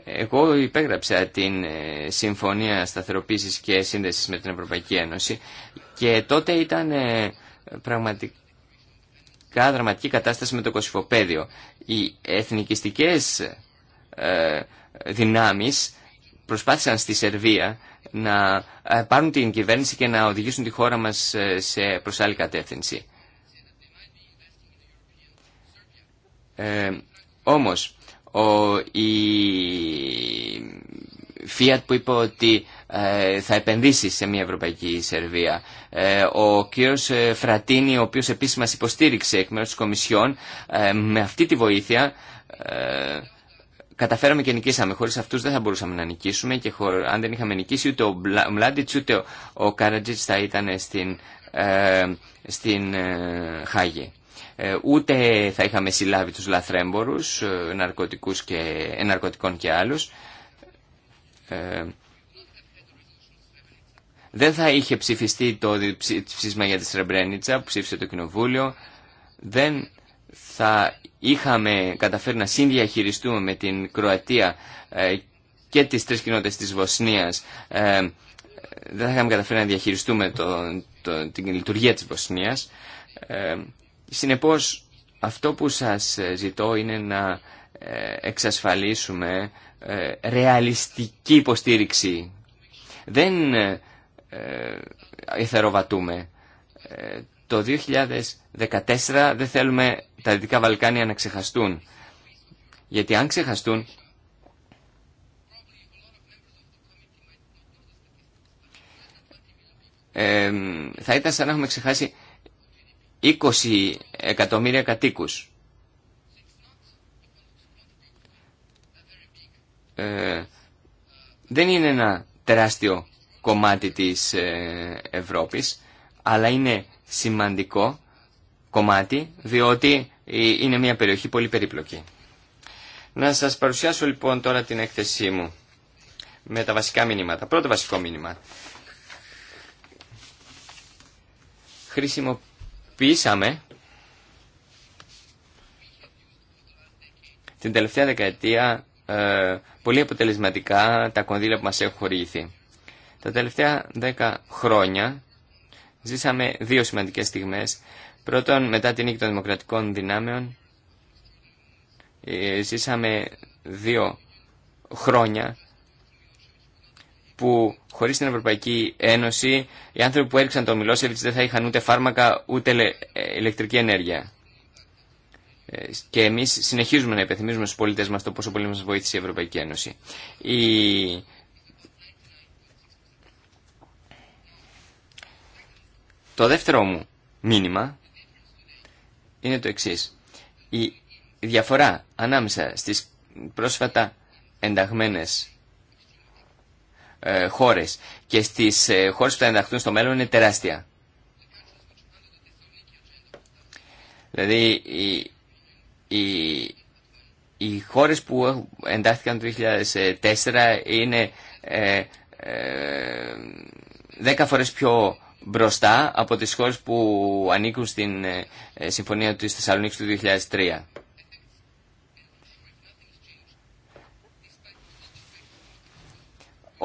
Εγώ υπέγραψα την ε, Συμφωνία Σταθεροποίησης και Σύνδεσης με την Ευρωπαϊκή Ένωση και τότε ήταν ε, πραγματικά δραματική κατάσταση με το κοσυφοπαίδιο. Οι εθνικιστικές δυνάμεις προσπάθησαν στη Σερβία να πάρουν την κυβέρνηση και να οδηγήσουν τη χώρα μας σε προς άλλη κατεύθυνση. Όμως, ο, η Fiat που είπε ότι ε, θα επενδύσει σε μια Ευρωπαϊκή Σερβία. Ε, ο κύριος ε, Φρατίνη, ο οποίος επίσης μας υποστήριξε εκ μέρους της Κομισιόν, με αυτή τη βοήθεια καταφέραμε και νικήσαμε. Χωρί αυτού δεν θα μπορούσαμε να νικήσουμε και χω, αν δεν είχαμε νικήσει ούτε ο Μλάντιτ ούτε ο, ο θα ήταν στην, στην Χάγη. Ε, ούτε θα είχαμε συλλάβει τους λαθρέμπορους, ε, ναρκωτικούς και, ε, ναρκωτικών και άλλους. δεν θα είχε ψηφιστεί το ψήφισμα για τη Σρεμπρένιτσα που ψήφισε το Κοινοβούλιο. Δεν θα είχαμε καταφέρει να συνδιαχειριστούμε με την Κροατία και τις τρεις κοινότητες της Βοσνίας. δεν θα είχαμε καταφέρει να διαχειριστούμε το, την λειτουργία της Βοσνίας. Συνεπώς, αυτό που σας ζητώ είναι να ε, εξασφαλίσουμε ε, ρεαλιστική υποστήριξη. Δεν ε, εθεροβατούμε. Το 2014 δεν θέλουμε τα Δυτικά Βαλκάνια να ξεχαστούν. Γιατί αν ξεχαστούν, θα ήταν σαν να έχουμε ξεχάσει 20 εκατομμύρια κατοίκους. Ε, δεν είναι ένα τεράστιο κομμάτι της ε, Ευρώπης, αλλά είναι σημαντικό κομμάτι, διότι είναι μια περιοχή πολύ περίπλοκη. Να σας παρουσιάσω λοιπόν τώρα την έκθεσή μου με τα βασικά μηνύματα. Πρώτο βασικό μήνυμα. Χρησιμοποιώ Ποιήσαμε την τελευταία δεκαετία ε, πολύ αποτελεσματικά τα κονδύλια που μας έχουν χορηγηθεί. Τα τελευταία δέκα χρόνια ζήσαμε δύο σημαντικές στιγμές. Πρώτον, μετά την νίκη των δημοκρατικών δυνάμεων, ε, ζήσαμε δύο χρόνια που χωρίς την Ευρωπαϊκή Ένωση οι άνθρωποι που έριξαν το Μιλόσεβιτ δεν θα είχαν ούτε φάρμακα ούτε ε, ηλεκτρική ενέργεια. Ε, και εμείς συνεχίζουμε να υπενθυμίζουμε στους πολίτες μας το πόσο πολύ μας βοήθησε η Ευρωπαϊκή Ένωση. Η... Το δεύτερο μου μήνυμα είναι το εξή. Η διαφορά ανάμεσα στις πρόσφατα ενταγμένες ε, χώρες και στις ε, χώρες που θα ενταχθούν στο μέλλον είναι τεράστια. Δηλαδή οι, οι, χώρες που εντάχθηκαν το 2004 είναι ε, ε, 10 φορές πιο μπροστά από τις χώρες που ανήκουν στην ε, Συμφωνία της Θεσσαλονίκης του 2003.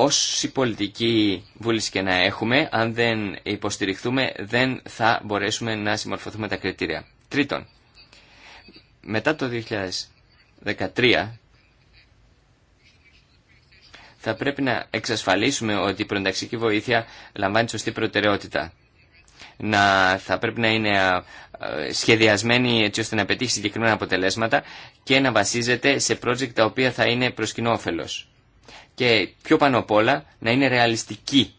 Όση πολιτική βούληση και να έχουμε, αν δεν υποστηριχθούμε, δεν θα μπορέσουμε να συμμορφωθούμε τα κριτήρια. Τρίτον, μετά το 2013 θα πρέπει να εξασφαλίσουμε ότι η προνταξική βοήθεια λαμβάνει σωστή προτεραιότητα. Να, θα πρέπει να είναι σχεδιασμένη έτσι ώστε να πετύχει συγκεκριμένα αποτελέσματα και να βασίζεται σε project τα οποία θα είναι προς κοινό όφελος και πιο πάνω απ' όλα να είναι ρεαλιστική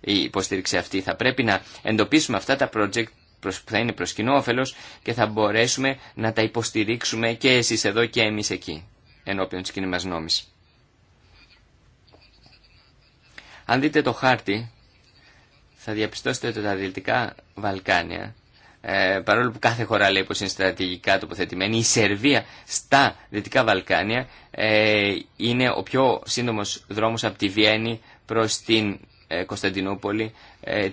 η υποστήριξη αυτή. Θα πρέπει να εντοπίσουμε αυτά τα project που θα είναι προς κοινό όφελος και θα μπορέσουμε να τα υποστηρίξουμε και εσείς εδώ και εμείς εκεί ενώπιον της κοινή μας νόμης. Αν δείτε το χάρτη θα διαπιστώσετε ότι τα Δυτικά Βαλκάνια ε, παρόλο που κάθε χώρα λέει πως είναι στρατηγικά τοποθετημένη, η Σερβία στα Δυτικά Βαλκάνια ε, είναι ο πιο σύντομος δρόμος από τη Βιέννη προς την ε, Κωνσταντινούπολη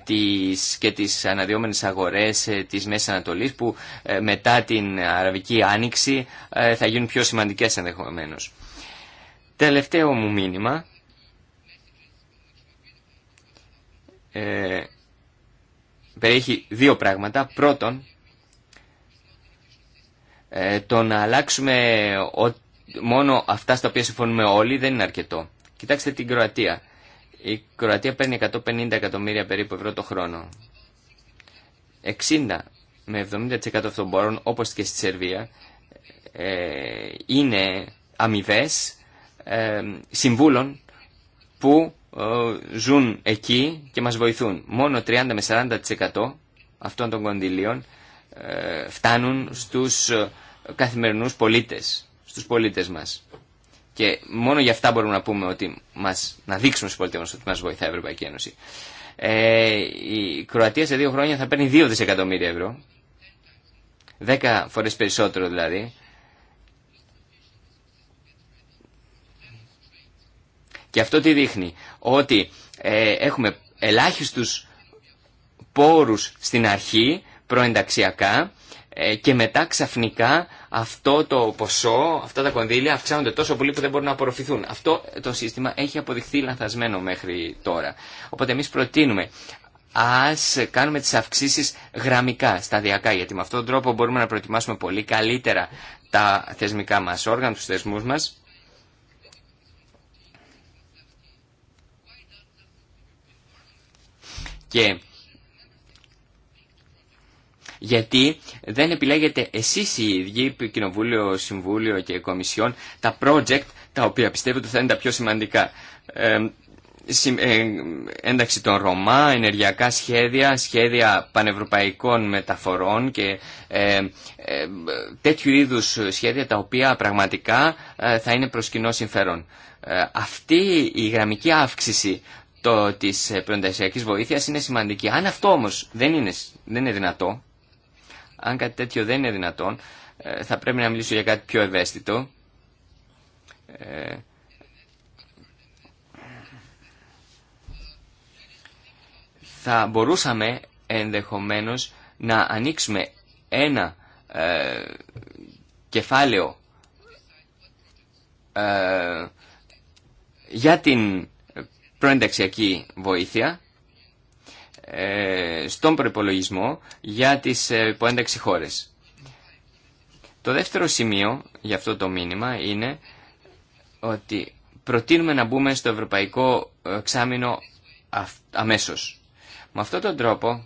τις, και τις αναδυόμενες αγορές της Μέσης Ανατολής που μετά την Αραβική Άνοιξη θα γίνουν πιο σημαντικές ενδεχομένω. Τελευταίο μου μήνυμα περιέχει δύο πράγματα. Πρώτον, ε, το να αλλάξουμε μόνο αυτά στα οποία συμφωνούμε όλοι δεν είναι αρκετό. Κοιτάξτε την Κροατία. Η Κροατία παίρνει 150 εκατομμύρια περίπου ευρώ το χρόνο. 60 με 70% αυτών των πόρων, όπως και στη Σερβία, ε, είναι αμοιβέ ε, συμβούλων που ε, ζουν εκεί και μας βοηθούν. Μόνο 30 με 40% αυτών των κονδυλίων ε, φτάνουν στους ε, καθημερινούς πολίτες, στους πολίτες μας. Και μόνο για αυτά μπορούμε να πούμε ότι μας, να δείξουμε στους πολίτες μας ότι μας βοηθά η Ευρωπαϊκή Ένωση. Ε, η Κροατία σε δύο χρόνια θα παίρνει 2 δισεκατομμύρια ευρώ. 10 φορές περισσότερο δηλαδή Και αυτό τι δείχνει, ότι ε, έχουμε ελάχιστους πόρους στην αρχή, προενταξιακά, ε, και μετά ξαφνικά αυτό το ποσό, αυτά τα κονδύλια αυξάνονται τόσο πολύ που δεν μπορούν να απορροφηθούν. Αυτό το σύστημα έχει αποδειχθεί λανθασμένο μέχρι τώρα. Οπότε εμείς προτείνουμε ας κάνουμε τις αυξήσεις γραμμικά, σταδιακά, γιατί με αυτόν τον τρόπο μπορούμε να προετοιμάσουμε πολύ καλύτερα τα θεσμικά μας όργανα, του θεσμούς μας Και γιατί δεν επιλέγετε εσείς οι ίδιοι, Κοινοβούλιο, Συμβούλιο και Κομισιόν, τα project τα οποία πιστεύετε θα είναι τα πιο σημαντικά. Ε, ε, ένταξη των Ρωμά, ενεργειακά σχέδια, σχέδια πανευρωπαϊκών μεταφορών και ε, ε τέτοιου είδους σχέδια τα οποία πραγματικά ε, θα είναι προς κοινό συμφέρον. Αυτή η γραμμική αύξηση το, της προενταξιακής βοήθεια είναι σημαντική. Αν αυτό όμως δεν είναι, δεν είναι δυνατό, αν κάτι τέτοιο δεν είναι δυνατόν, ε, θα πρέπει να μιλήσω για κάτι πιο ευαίσθητο. Ε, θα μπορούσαμε ενδεχομένως να ανοίξουμε ένα ε, κεφάλαιο ε, για την προενταξιακή βοήθεια ε, στον προπολογισμό για τις υποένταξη ε, χώρες. Το δεύτερο σημείο για αυτό το μήνυμα είναι ότι προτείνουμε να μπούμε στο ευρωπαϊκό εξάμεινο αμέσως. Με αυτόν τον τρόπο,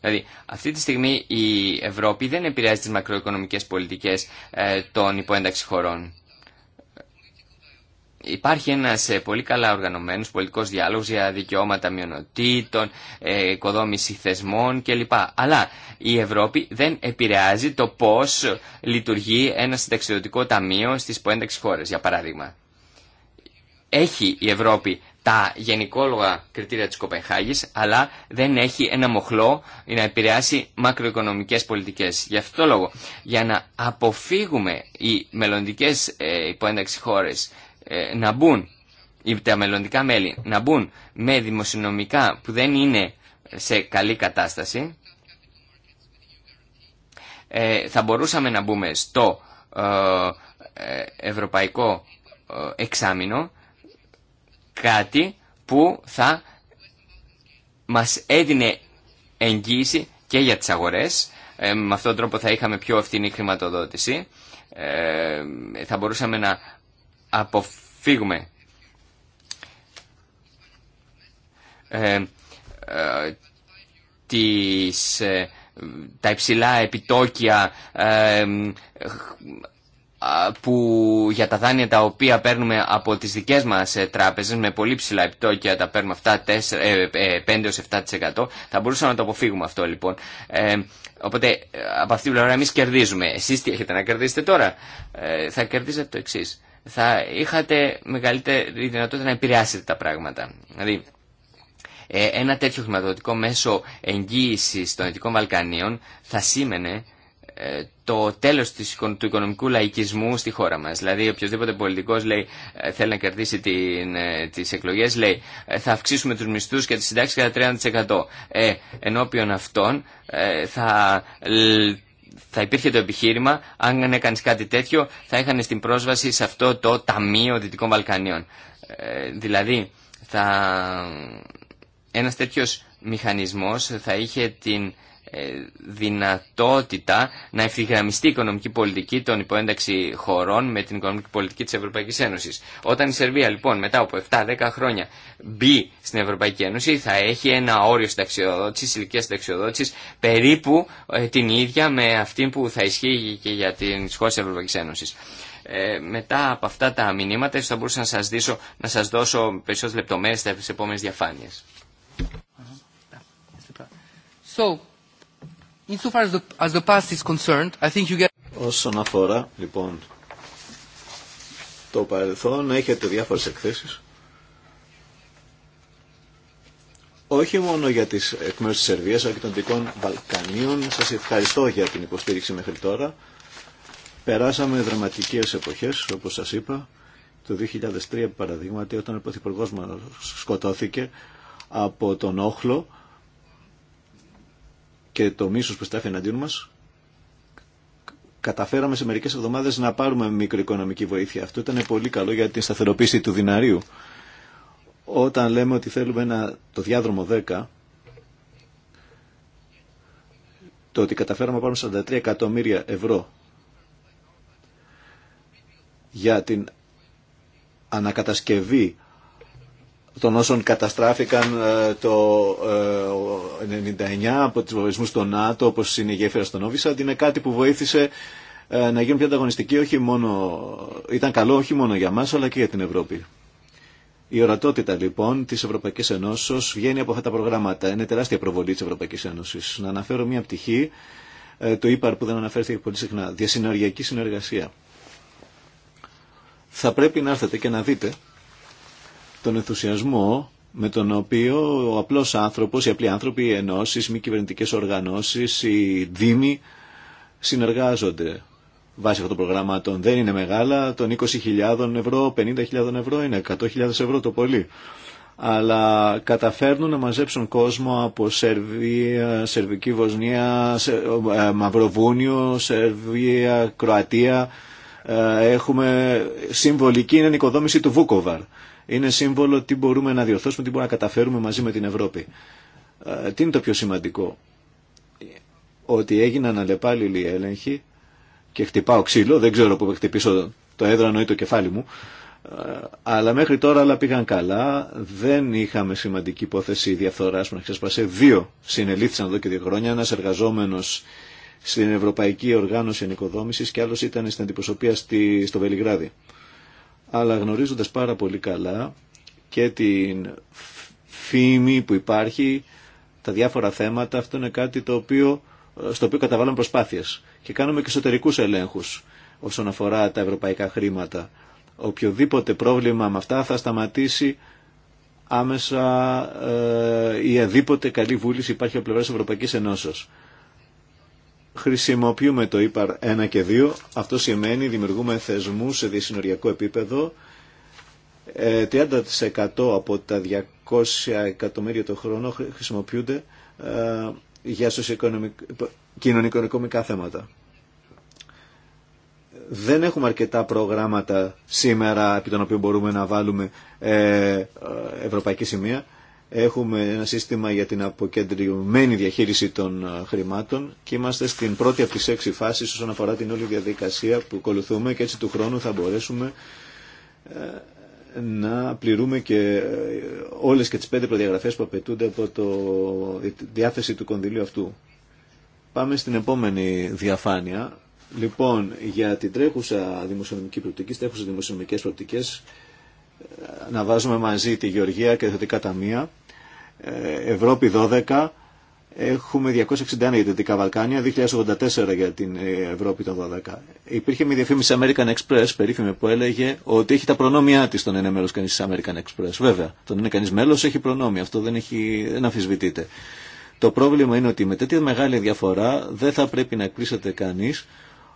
δηλαδή αυτή τη στιγμή η Ευρώπη δεν επηρεάζει τις μακροοικονομικές πολιτικές ε, των υποένταξη χωρών. Υπάρχει ένας ε, πολύ καλά οργανωμένος πολιτικός διάλογος για δικαιώματα μειονοτήτων, ε, οικοδόμηση θεσμών κλπ. Αλλά η Ευρώπη δεν επηρεάζει το πώς λειτουργεί ένα συνταξιδοτικό ταμείο στις ποένταξεις χώρες, για παράδειγμα. Έχει η Ευρώπη τα γενικόλογα κριτήρια της Κοπενχάγης, αλλά δεν έχει ένα μοχλό για να επηρεάσει μακροοικονομικές πολιτικές. Γι' αυτό το λόγο, για να αποφύγουμε οι μελλοντικές υποένταξη ε, χώρες ε, να μπουν τα μελλοντικά μέλη να μπουν με δημοσιονομικά που δεν είναι σε καλή κατάσταση ε, θα μπορούσαμε να μπούμε στο ε, ευρωπαϊκό εξάμεινο κάτι που θα μας έδινε εγγύηση και για τις αγορές με αυτόν τον τρόπο θα είχαμε πιο ευθυνή χρηματοδότηση θα μπορούσαμε να αποφύγουμε ε, ε τις, ε, τα υψηλά επιτόκια ε, που για τα δάνεια τα οποία παίρνουμε από τις δικές μας τράπεζες με πολύ ψηλά επιτόκια τα παίρνουμε αυτά 4, 5-7% θα μπορούσαμε να το αποφύγουμε αυτό λοιπόν ε, οπότε από αυτή την πλευρά εμείς κερδίζουμε εσείς τι έχετε να κερδίσετε τώρα θα κερδίζετε το εξή θα είχατε μεγαλύτερη δυνατότητα να επηρεάσετε τα πράγματα. Δηλαδή, ε, ένα τέτοιο χρηματοδοτικό μέσο εγγύησης των Δυτικών Βαλκανίων θα σήμαινε ε, το τέλος του οικονομικού λαϊκισμού στη χώρα μας. Δηλαδή οποιοδήποτε πολιτικός λέει, ε, θέλει να κερδίσει την, τις εκλογές λέει θα αυξήσουμε τους μισθούς και τις συντάξει κατά 30%. Ε, ενώπιον αυτών θα θα υπήρχε το επιχείρημα, αν έκανε κάτι τέτοιο, θα είχαν στην πρόσβαση σε αυτό το Ταμείο Δυτικών Βαλκανίων. Ε, δηλαδή, θα... ένας τέτοιος μηχανισμός θα είχε την ε, δυνατότητα να ευθυγραμμιστεί η οικονομική πολιτική των υποένταξη χωρών με την οικονομική πολιτική της Ευρωπαϊκής Ένωσης. Όταν η Σερβία λοιπόν μετά από 7-10 χρόνια μπει στην Ευρωπαϊκή Ένωση θα έχει ένα όριο συνταξιοδότησης, ηλικία συνταξιοδότησης περίπου ε, την ίδια με αυτή που θα ισχύει και για την χώρα της Ευρωπαϊκής Ένωσης. Ε, μετά από αυτά τα μηνύματα θα μπορούσα να σας, δίσω, να σας δώσω περισσότερες λεπτομέρειες στις επόμενες διαφάνειες. Όσον αφορά, λοιπόν, το παρελθόν, έχετε διάφορες εκθέσεις. Όχι μόνο για τις εκ της Σερβίας, αλλά και των δικών Βαλκανίων. Σας ευχαριστώ για την υποστήριξη μέχρι τώρα. Περάσαμε δραματικές εποχές, όπως σας είπα. Το 2003, παραδείγματι, όταν ο Πρωθυπουργός μας σκοτώθηκε από τον Όχλο, και το μίσος που στάφει εναντίον μας, καταφέραμε σε μερικές εβδομάδες να πάρουμε μικροοικονομική βοήθεια. Αυτό ήταν πολύ καλό για την σταθεροποίηση του δυναρίου. Όταν λέμε ότι θέλουμε ένα, το διάδρομο 10, το ότι καταφέραμε να πάρουμε 43 εκατομμύρια ευρώ για την ανακατασκευή των όσων καταστράφηκαν ε, το 1999 ε, από τις βομβισμούς των ΝΑΤΟ, όπως είναι η γέφυρα στον Όβησαντ, είναι κάτι που βοήθησε ε, να γίνουν πιο ανταγωνιστικοί, όχι μόνο, ήταν καλό όχι μόνο για μας, αλλά και για την Ευρώπη. Η ορατότητα λοιπόν τη Ευρωπαϊκή Ενώσεω βγαίνει από αυτά τα προγράμματα. Είναι τεράστια προβολή τη Ευρωπαϊκή Ένωση. Να αναφέρω μια πτυχή, το ΙΠΑΡ που δεν αναφέρθηκε πολύ συχνά, διασυνοριακή συνεργασία. Θα πρέπει να έρθετε και να δείτε τον ενθουσιασμό με τον οποίο ο απλός άνθρωπος, οι απλοί άνθρωποι, οι ενώσεις, οι μη κυβερνητικέ οργανώσεις, οι δήμοι συνεργάζονται βάσει αυτών των προγραμμάτων. Δεν είναι μεγάλα, των 20.000 ευρώ, 50.000 ευρώ είναι, 100.000 ευρώ το πολύ. Αλλά καταφέρνουν να μαζέψουν κόσμο από Σερβία, Σερβική Βοσνία, ε, ε, Μαυροβούνιο, Σερβία, Κροατία. Ε, έχουμε συμβολική είναι η οικοδόμηση του Βούκοβαρ είναι σύμβολο τι μπορούμε να διορθώσουμε, τι μπορούμε να καταφέρουμε μαζί με την Ευρώπη. Ε, τι είναι το πιο σημαντικό, ότι έγιναν αλλεπάλληλοι έλεγχοι και χτυπάω ξύλο, δεν ξέρω που χτυπήσω το έδρανο ή το κεφάλι μου, ε, αλλά μέχρι τώρα όλα πήγαν καλά, δεν είχαμε σημαντική υπόθεση διαφθορά που να ξεσπασέ. Δύο συνελήφθησαν εδώ και δύο χρόνια, ένα εργαζόμενο στην Ευρωπαϊκή Οργάνωση Ενοικοδόμηση και άλλο ήταν στην αντιπροσωπεία στο Βελιγράδι αλλά γνωρίζοντας πάρα πολύ καλά και την φήμη που υπάρχει, τα διάφορα θέματα, αυτό είναι κάτι το οποίο, στο οποίο καταβάλλουμε προσπάθειες και κάνουμε και εσωτερικούς ελέγχους όσον αφορά τα ευρωπαϊκά χρήματα. Οποιοδήποτε πρόβλημα με αυτά θα σταματήσει άμεσα η ε, αδίποτε καλή βούληση υπάρχει από πλευράς Ευρωπαϊκής Ενώσεως χρησιμοποιούμε το ΥΠΑΡ 1 και 2. Αυτό σημαίνει δημιουργούμε θεσμούς σε διασυνοριακό επίπεδο. 30% ε, από τα 200 εκατομμύρια το χρόνο χρησιμοποιούνται ε, για κοινωνικονομικά θέματα. Δεν έχουμε αρκετά προγράμματα σήμερα επί των οποίων μπορούμε να βάλουμε ε, ευρωπαϊκή σημεία. Έχουμε ένα σύστημα για την αποκεντριωμένη διαχείριση των ε, χρημάτων και είμαστε στην πρώτη από τις έξι φάσεις όσον αφορά την όλη διαδικασία που ακολουθούμε και έτσι του χρόνου θα μπορέσουμε ε, να πληρούμε και ε, όλες και τις πέντε προδιαγραφές που απαιτούνται από το τη διάθεση του κονδυλίου αυτού. Πάμε στην επόμενη διαφάνεια. Λοιπόν, για την τρέχουσα δημοσιονομική προοπτική, τρέχουσα δημοσιονομικές προοπτικές, να βάζουμε μαζί τη Γεωργία και τα Θετικά Ταμεία. Ε, Ευρώπη 12, έχουμε 261 για τα Δυτικά Βαλκάνια, 2084 για την ε, Ευρώπη των 12. Υπήρχε μια διαφήμιση American Express, περίφημη, που έλεγε ότι έχει τα προνόμια τη τον είναι μέλο κανεί τη American Express. Βέβαια, τον είναι κανεί μέλο έχει προνόμια, αυτό δεν, έχει, δεν αμφισβητείται. Το πρόβλημα είναι ότι με τέτοια μεγάλη διαφορά δεν θα πρέπει να εκπλήσεται κανεί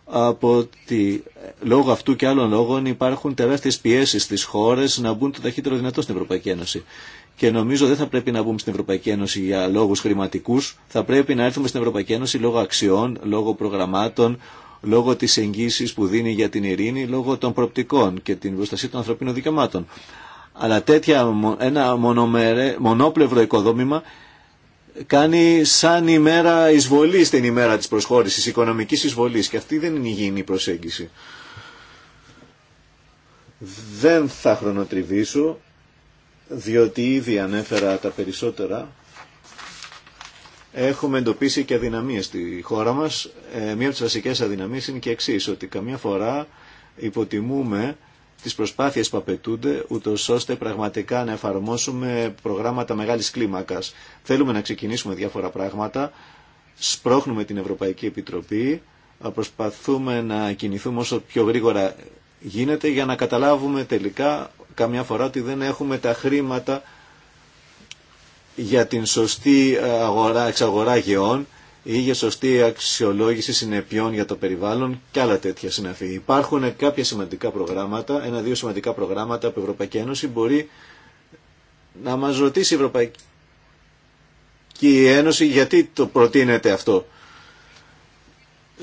από ότι λόγω αυτού και άλλων λόγων υπάρχουν τεράστιες πιέσεις στις χώρες να μπουν το ταχύτερο δυνατό στην Ευρωπαϊκή Ένωση. Και νομίζω δεν θα πρέπει να μπούμε στην Ευρωπαϊκή Ένωση για λόγους χρηματικούς, θα πρέπει να έρθουμε στην Ευρωπαϊκή Ένωση λόγω αξιών, λόγω προγραμμάτων, λόγω της εγγύησης που δίνει για την ειρήνη, λόγω των προπτικών και την προστασία των ανθρωπίνων δικαιωμάτων. Αλλά τέτοια, ένα μονομερε, μονόπλευρο οικοδόμημα κάνει σαν ημέρα εισβολή την ημέρα της προσχώρησης, οικονομικής εισβολής και αυτή δεν είναι υγιεινή προσέγγιση. Δεν θα χρονοτριβήσω, διότι ήδη ανέφερα τα περισσότερα, έχουμε εντοπίσει και αδυναμίες στη χώρα μας. Ε, μία από τις βασικές αδυναμίες είναι και εξή ότι καμιά φορά υποτιμούμε τις προσπάθειες που απαιτούνται, ούτω ώστε πραγματικά να εφαρμόσουμε προγράμματα μεγάλης κλίμακας. Θέλουμε να ξεκινήσουμε διάφορα πράγματα, σπρώχνουμε την Ευρωπαϊκή Επιτροπή, προσπαθούμε να κινηθούμε όσο πιο γρήγορα γίνεται για να καταλάβουμε τελικά καμιά φορά ότι δεν έχουμε τα χρήματα για την σωστή ε, αγορά, εξαγορά γεών ή για σωστή αξιολόγηση συνεπειών για το περιβάλλον και άλλα τέτοια συναφή. Υπάρχουν κάποια σημαντικά προγράμματα, ένα-δύο σημαντικά προγράμματα που η Ευρωπαϊκή Ένωση μπορεί να μας ρωτήσει η Ευρωπαϊκή Ένωση γιατί το προτείνεται αυτό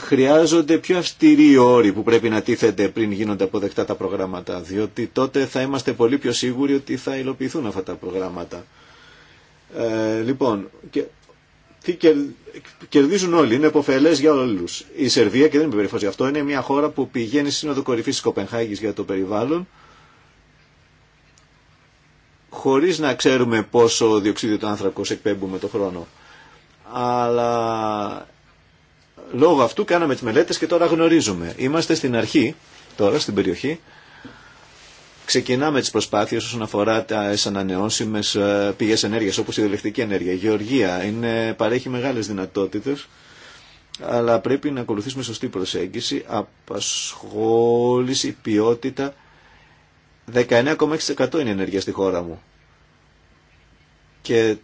χρειάζονται πιο αυστηροί όροι που πρέπει να τίθενται πριν γίνονται αποδεκτά τα προγράμματα, διότι τότε θα είμαστε πολύ πιο σίγουροι ότι θα υλοποιηθούν αυτά τα προγράμματα. Ε, λοιπόν, και, τι κερδίζουν όλοι, είναι υποφελέ για όλου. Η Σερβία, και δεν είμαι γι' αυτό, είναι μια χώρα που πηγαίνει σύνοδο κορυφή τη Κοπενχάγη για το περιβάλλον, χωρίς να ξέρουμε πόσο διοξίδιο του άνθρακος εκπέμπουμε το χρόνο. Αλλά Λόγω αυτού κάναμε τις μελέτες και τώρα γνωρίζουμε. Είμαστε στην αρχή, τώρα στην περιοχή, ξεκινάμε τις προσπάθειες όσον αφορά τις ανανεώσιμες ε, πηγές ενέργειας όπως η ηλεκτρική ενέργεια. Η γεωργία είναι, παρέχει μεγάλες δυνατότητες αλλά πρέπει να ακολουθήσουμε σωστή προσέγγιση, απασχόληση, ποιότητα. 19,6% είναι η ενέργεια στη χώρα μου. Και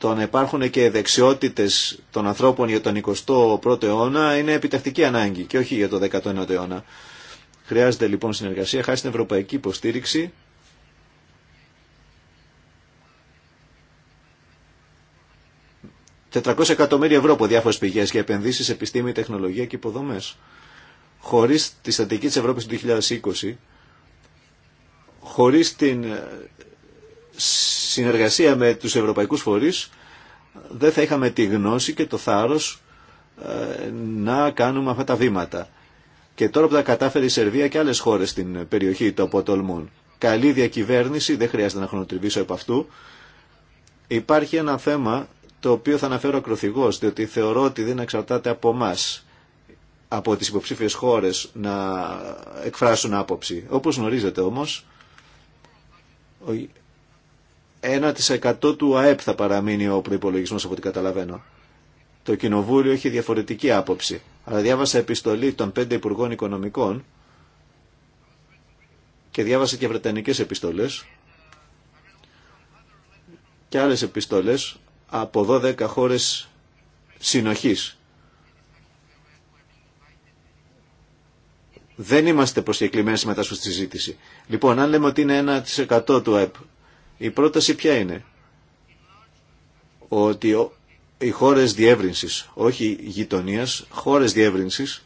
το να υπάρχουν και δεξιότητε των ανθρώπων για τον 21ο αιώνα είναι επιτακτική ανάγκη και όχι για το 19ο αιώνα. Χρειάζεται λοιπόν συνεργασία, χάρη στην ευρωπαϊκή υποστήριξη. ...400 εκατομμύρια ευρώ από διάφορε πηγές για επενδύσεις, επιστήμη, τεχνολογία και υποδομέ. Χωρίς τη στατική τη Ευρώπης του 2020, χωρί την συνεργασία με τους ευρωπαϊκούς φορείς δεν θα είχαμε τη γνώση και το θάρρος ε, να κάνουμε αυτά τα βήματα. Και τώρα που τα κατάφερε η Σερβία και άλλες χώρες στην περιοχή το αποτολμούν. Καλή διακυβέρνηση, δεν χρειάζεται να χρονοτριβήσω επ' αυτού. Υπάρχει ένα θέμα το οποίο θα αναφέρω ακροθυγώς, διότι θεωρώ ότι δεν εξαρτάται από εμά από τις υποψήφιες χώρες να εκφράσουν άποψη. Όπως γνωρίζετε όμως, 1% του ΑΕΠ θα παραμείνει ο προπολογισμό από ό,τι καταλαβαίνω. Το Κοινοβούλιο έχει διαφορετική άποψη. Αλλά διάβασα επιστολή των πέντε Υπουργών Οικονομικών και διάβασα και βρετανικές επιστολές και άλλες επιστολές από 12 χώρες συνοχής. Δεν είμαστε προσκεκλημένοι συμμετάσχουν στη συζήτηση. Λοιπόν, αν λέμε ότι είναι 1% του ΑΕΠ η πρόταση ποια είναι. Ότι οι χώρες διεύρυνσης, όχι γειτονία, χώρες διεύρυνσης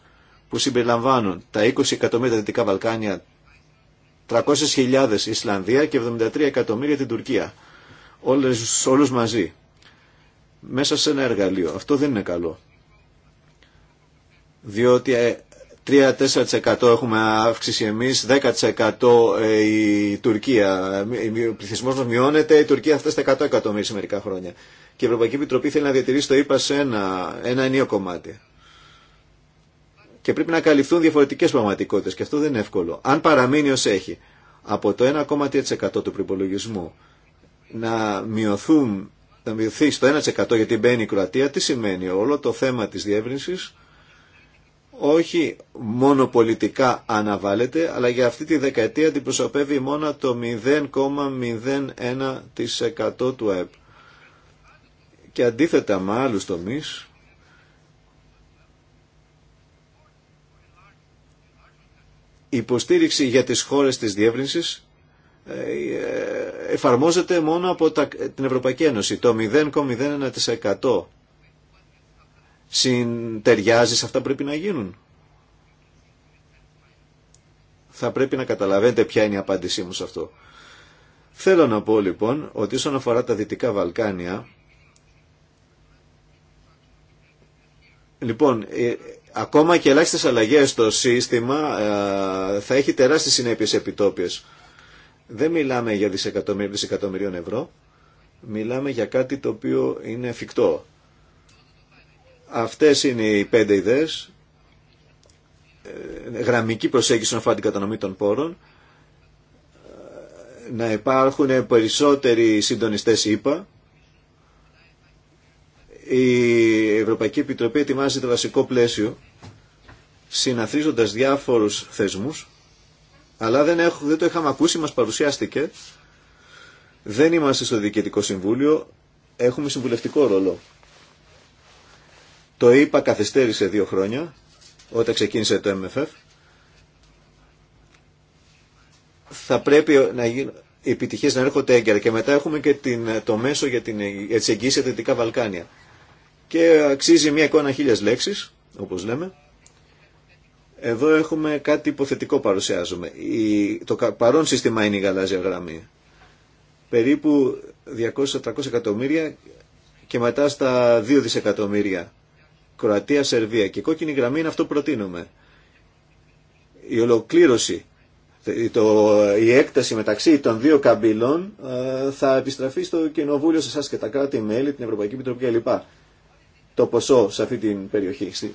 που συμπεριλαμβάνουν τα 20 εκατομμύρια Δυτικά Βαλκάνια, 300.000 Ισλανδία και 73 εκατομμύρια την Τουρκία. Όλες, όλους μαζί. Μέσα σε ένα εργαλείο. Αυτό δεν είναι καλό. Διότι ε, 3-4% έχουμε αύξηση εμείς, 10% ε, η Τουρκία. Ο πληθυσμό μας μειώνεται, η Τουρκία αυτέ στα 100 εκατομμύρια σε μερικά χρόνια. Και η Ευρωπαϊκή Επιτροπή θέλει να διατηρήσει το ΙΠΑ σε ένα, ένα ενίο κομμάτι. Και πρέπει να καλυφθούν διαφορετικές πραγματικότητες και αυτό δεν είναι εύκολο. Αν παραμείνει ως έχει από το 1,3% του προπολογισμού να μειωθούν να μειωθεί στο 1% γιατί μπαίνει η Κροατία, τι σημαίνει όλο το θέμα της διεύρυνσης όχι μόνο πολιτικά αναβάλλεται, αλλά για αυτή τη δεκαετία αντιπροσωπεύει μόνο το 0,01% του ΑΕΠ. Και αντίθετα με άλλους τομείς, η υποστήριξη για τις χώρες της διεύρυνσης ε, ε, εφαρμόζεται μόνο από την Ευρωπαϊκή Ένωση, το 0,01% συντεριάζει σε αυτά που πρέπει να γίνουν. Θα πρέπει να καταλαβαίνετε ποια είναι η απάντησή μου σε αυτό. Θέλω να πω λοιπόν ότι όσον αφορά τα Δυτικά Βαλκάνια, λοιπόν, ε, ακόμα και ελάχιστε αλλαγέ στο σύστημα ε, θα έχει τεράστιε συνέπειε επιτόπιε. Δεν μιλάμε για δισεκατομμύρια δισεκατομμυρίων ευρώ. Μιλάμε για κάτι το οποίο είναι εφικτό. Αυτές είναι οι πέντε ιδέες. Ε, γραμμική προσέγγιση να αφορά την κατανομή των πόρων. Ε, να υπάρχουν περισσότεροι συντονιστές είπα, Η Ευρωπαϊκή Επιτροπή ετοιμάζει το βασικό πλαίσιο συναθρίζοντας διάφορους θεσμούς αλλά δεν, έχω, δεν το είχαμε ακούσει, μας παρουσιάστηκε δεν είμαστε στο Διοικητικό Συμβούλιο έχουμε συμβουλευτικό ρόλο το είπα καθυστέρησε δύο χρόνια όταν ξεκίνησε το MFF. Θα πρέπει να γίνουν επιτυχίε να έρχονται έγκαιρα και μετά έχουμε και την, το μέσο για, την, για τις εγγύσεις Δυτικά Βαλκάνια. Και αξίζει μια εικόνα χίλιας λέξεις, όπως λέμε. Εδώ έχουμε κάτι υποθετικό παρουσιάζουμε. Η, το παρόν σύστημα είναι η γαλάζια γραμμή. Περίπου 200-300 εκατομμύρια και μετά στα 2 δισεκατομμύρια Κροατία-Σερβία. Και η κόκκινη γραμμή είναι αυτό που προτείνουμε. Η ολοκλήρωση, το, η έκταση μεταξύ των δύο καμπύλων ε, θα επιστραφεί στο Κοινοβούλιο σε εσά και τα κράτη-μέλη, την Ευρωπαϊκή Επιτροπή κλπ. Το ποσό σε αυτή την περιοχή.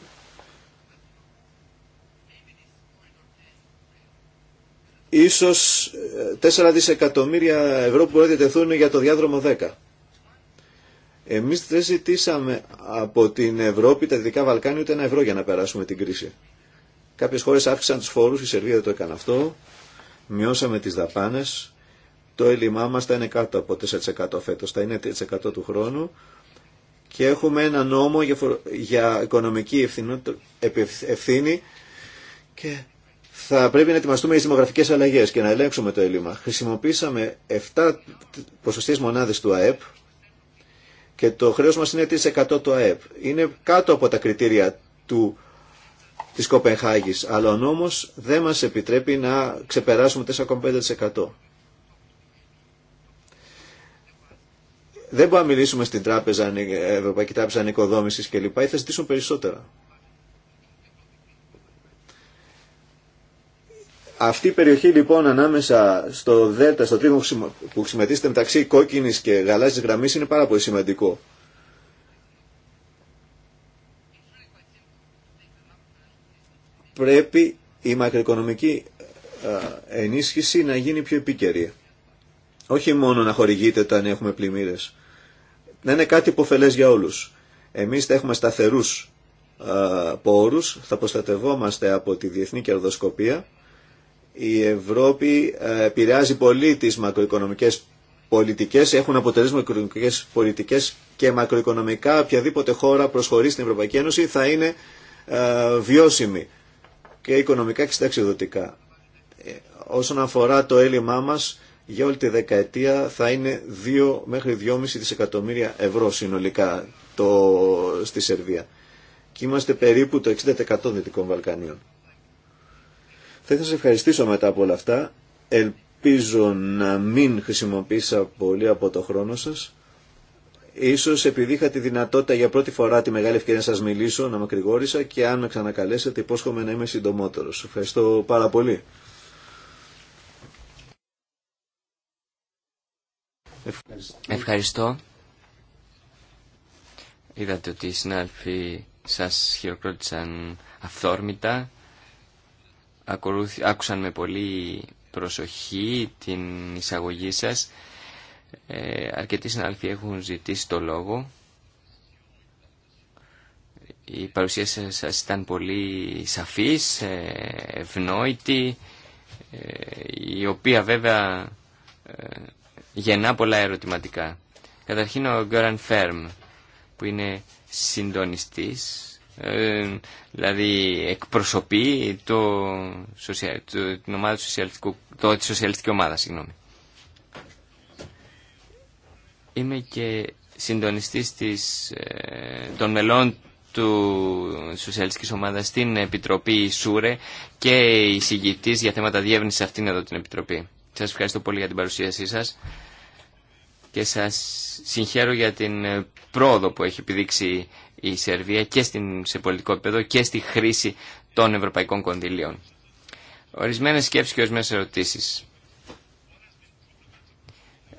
Ίσως 4 ε, δισεκατομμύρια ευρώ που μπορεί να για το διάδρομο 10. Εμείς δεν ζητήσαμε από την Ευρώπη, τα Δυτικά Βαλκάνια, ούτε ένα ευρώ για να περάσουμε την κρίση. Κάποιες χώρες αύξησαν τους φόρους, η Σερβία δεν το έκανε αυτό, μειώσαμε τις δαπάνες, το έλλειμμά μας θα είναι κάτω από 4% φέτος, θα είναι 3% του χρόνου και έχουμε ένα νόμο για, φορο... για οικονομική ευθύνη... και θα πρέπει να ετοιμαστούμε για τι δημογραφικέ αλλαγέ και να ελέγξουμε το έλλειμμα. Χρησιμοποίησαμε 7 ποσοστέ μονάδε του ΑΕΠ και το χρέος μας είναι 3% το ΑΕΠ. Είναι κάτω από τα κριτήρια του, της Κοπενχάγης, αλλά ο νόμος δεν μας επιτρέπει να ξεπεράσουμε 4,5%. Δεν μπορούμε να μιλήσουμε στην τράπεζα, Ευρωπαϊκή Τράπεζα Ανοικοδόμησης κλπ. Ή θα ζητήσουμε περισσότερα. Αυτή η περιοχή λοιπόν ανάμεσα στο ΔΕΛΤΑ, στο τρίγωνο που χρησιμοποιείται μεταξύ κόκκινης και γαλάζιας γραμμής είναι πάρα πολύ σημαντικό. Πρέπει η μακροοικονομική ε, ενίσχυση να γίνει πιο επίκαιρη. Όχι μόνο να χορηγείται όταν έχουμε πλημμύρε. Να είναι κάτι υποφελές για όλους. Εμείς θα έχουμε σταθερούς ε, πόρους, θα προστατευόμαστε από τη διεθνή κερδοσκοπία η Ευρώπη ε, επηρεάζει πολύ τις μακροοικονομικές πολιτικές, έχουν αποτελέσματα μακροοικονομικές πολιτικές και μακροοικονομικά οποιαδήποτε χώρα προσχωρεί στην Ευρωπαϊκή Ένωση θα είναι ε, βιώσιμη και οικονομικά και συνταξιδοτικά. Ε, όσον αφορά το έλλειμμά μας, για όλη τη δεκαετία θα είναι 2 μέχρι 2,5 δισεκατομμύρια ευρώ συνολικά το, στη Σερβία. Και είμαστε περίπου το 60% Δυτικών Βαλκανίων. Θα ήθελα να σα ευχαριστήσω μετά από όλα αυτά. Ελπίζω να μην χρησιμοποίησα πολύ από το χρόνο σας. Ίσως επειδή είχα τη δυνατότητα για πρώτη φορά τη μεγάλη ευκαιρία να σας μιλήσω, να μακρηγόρησα και αν με ξανακαλέσετε υπόσχομαι να είμαι συντομότερος. Ευχαριστώ πάρα πολύ. Ευχαριστώ. Ευχαριστώ. Είδατε ότι οι συνάδελφοι σας χειροκρότησαν αυθόρμητα άκουσαν με πολύ προσοχή την εισαγωγή σας. Ε, αρκετοί συναλφοί έχουν ζητήσει το λόγο. Η παρουσία σας ήταν πολύ σαφής, ε, ευνόητη, ε, η οποία βέβαια ε, γεννά πολλά ερωτηματικά. Καταρχήν ο Γκόραν Φέρμ, που είναι συντονιστής ε, δηλαδή εκπροσωπεί το, το, την ομάδα του σοσιαλιστικού, το, τη σοσιαλιστική ομάδα. Συγγνώμη. Είμαι και συντονιστής της, ε, των μελών του Σοσιαλιστικής Ομάδας στην Επιτροπή ΣΟΥΡΕ και εισηγητής για θέματα διεύνησης αυτήν εδώ την Επιτροπή. Σας ευχαριστώ πολύ για την παρουσίασή σας και σας συγχαίρω για την ε, πρόοδο που έχει επιδείξει η Σερβία και στην, σε πολιτικό επίπεδο και στη χρήση των ευρωπαϊκών κονδυλίων. Ορισμένες σκέψεις και ορισμένες ερωτήσεις.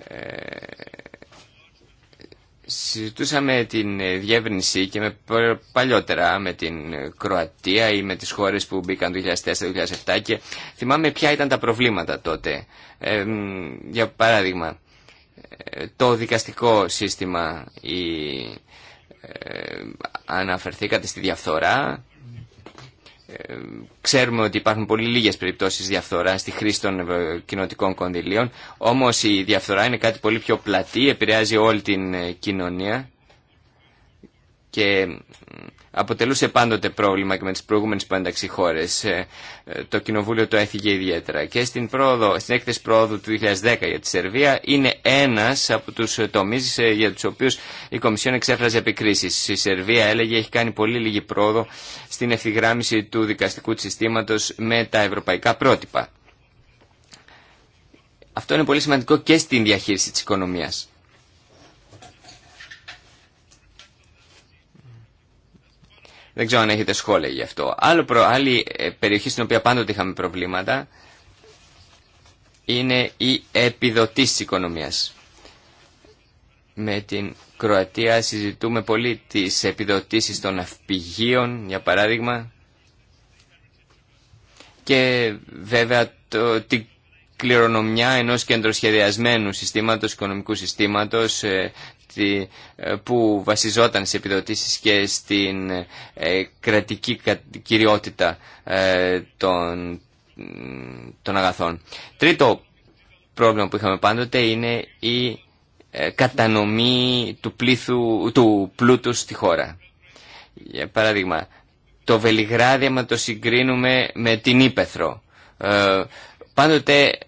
Ε, συζητούσαμε την ε, διεύρυνση και με παλιότερα με την ε, Κροατία ή με τις χώρες που μπήκαν το 2004-2007 και θυμάμαι ποια ήταν τα προβλήματα τότε. για παράδειγμα, το δικαστικό σύστημα. Η, ε, αναφερθήκατε στη διαφθορά. Ε, ξέρουμε ότι υπάρχουν πολύ λίγες περιπτώσεις διαφθορά στη χρήση των κοινοτικών κονδυλίων, όμως η διαφθορά είναι κάτι πολύ πιο πλατή, επηρεάζει όλη την ε, κοινωνία και αποτελούσε πάντοτε πρόβλημα και με τις προηγούμενες πανταξή χώρες. Ε, ε, το Κοινοβούλιο το έφυγε ιδιαίτερα. Και στην, πρόοδο, στην έκθεση πρόοδου του 2010 για τη Σερβία είναι ένας από τους τομείς ε, για τους οποίους η Κομισιόν εξέφραζε επικρίσεις. Η Σερβία έλεγε έχει κάνει πολύ λίγη πρόοδο στην ευθυγράμμιση του δικαστικού συστήματος με τα ευρωπαϊκά πρότυπα. Αυτό είναι πολύ σημαντικό και στην διαχείριση της οικονομίας. Δεν ξέρω αν έχετε σχόλια γι' αυτό. Άλλο προ, άλλη ε, περιοχή στην οποία πάντοτε είχαμε προβλήματα είναι η επιδοτή τη οικονομία. Με την Κροατία συζητούμε πολύ τις επιδοτήσεις των αυπηγείων, για παράδειγμα, και βέβαια το, την κληρονομιά ενός κεντροσχεδιασμένου συστήματος, οικονομικού συστήματος, ε, ε, που βασιζόταν σε επιδοτήσεις και στην ε, κρατική κυριότητα ε, των, των αγαθών. Τρίτο πρόβλημα που είχαμε πάντοτε είναι η κατανομή του, του πλούτου στη χώρα. Για παράδειγμα, το Βελιγράδι, άμα το συγκρίνουμε με την Ήπεθρο, πάντοτε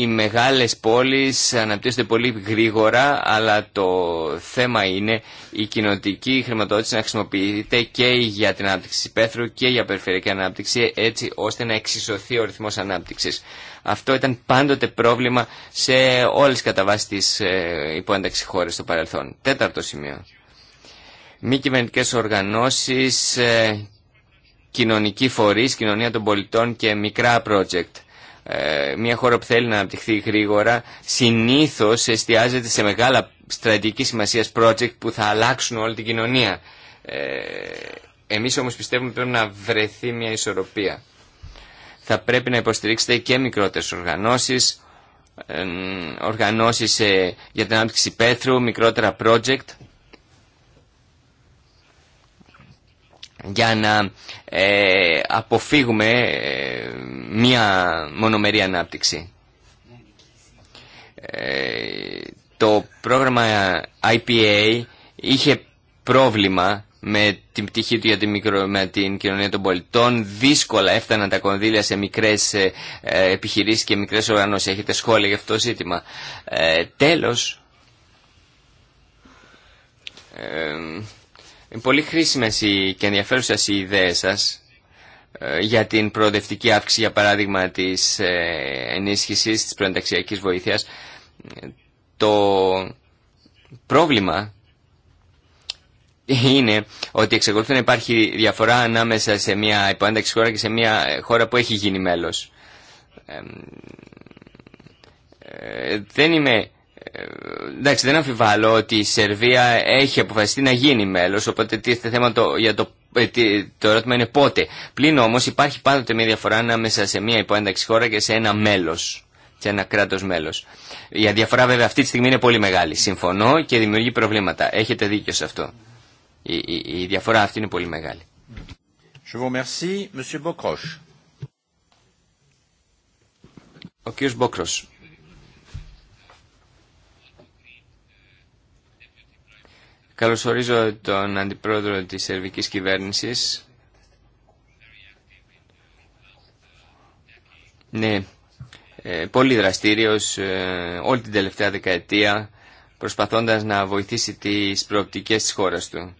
οι μεγάλες πόλεις αναπτύσσονται πολύ γρήγορα, αλλά το θέμα είναι η κοινοτική χρηματοδότηση να χρησιμοποιείται και για την ανάπτυξη πέθρου και για περιφερειακή ανάπτυξη, έτσι ώστε να εξισωθεί ο ρυθμός ανάπτυξης. Αυτό ήταν πάντοτε πρόβλημα σε όλες τις καταβάσεις της ε, υποένταξη χώρες στο παρελθόν. Τέταρτο σημείο. Μη κυβερνητικέ οργανώσεις, ε, κοινωνικοί φορείς, κοινωνία των πολιτών και μικρά project ε, μια χώρα που θέλει να αναπτυχθεί γρήγορα συνήθως εστιάζεται σε μεγάλα στρατηγική σημασία project που θα αλλάξουν όλη την κοινωνία. Ε, εμείς όμως πιστεύουμε πρέπει να βρεθεί μια ισορροπία. Θα πρέπει να υποστηρίξετε και μικρότερες οργανώσεις, ε, οργανώσεις για την ανάπτυξη πέθρου, μικρότερα project για να ε, αποφύγουμε ε, μία μονομερή ανάπτυξη. Ε, το πρόγραμμα IPA είχε πρόβλημα με την πτυχή του για την, την κοινωνία των πολιτών. Δύσκολα έφταναν τα κονδύλια σε μικρές ε, επιχειρήσεις και μικρές οργανώσεις. Έχετε σχόλια για αυτό το ζήτημα. Ε, τέλος, είναι πολύ χρήσιμες και ενδιαφέρουσες οι ιδέες σας ε, για την προοδευτική αύξηση, για παράδειγμα, της ε, ενίσχυσης της προενταξιακής βοήθειας. Το πρόβλημα είναι ότι εξακολουθεί να υπάρχει διαφορά ανάμεσα σε μια υποένταξη χώρα και σε μια χώρα που έχει γίνει μέλος. Ε, δεν είμαι εντάξει, δεν αμφιβάλλω ότι η Σερβία έχει αποφασιστεί να γίνει μέλος, οπότε τίθεται θέμα το, για το, ε, το ερώτημα είναι πότε. Πλην όμως υπάρχει πάντοτε μια διαφορά ανάμεσα σε μια υποένταξη χώρα και σε ένα μέλος, σε ένα κράτος μέλος. Η διαφορά βέβαια αυτή τη στιγμή είναι πολύ μεγάλη. Συμφωνώ και δημιουργεί προβλήματα. Έχετε δίκιο σε αυτό. Η, η, διαφορά αυτή είναι πολύ μεγάλη. Je vous Monsieur Bocroche. Ο κ. Μπόκρος. Καλωσορίζω τον αντιπρόεδρο της σερβικής κυβέρνησης. Ναι, ε, πολύ δραστήριος ε, όλη την τελευταία δεκαετία προσπαθώντας να βοηθήσει τις προοπτικές της χώρας του.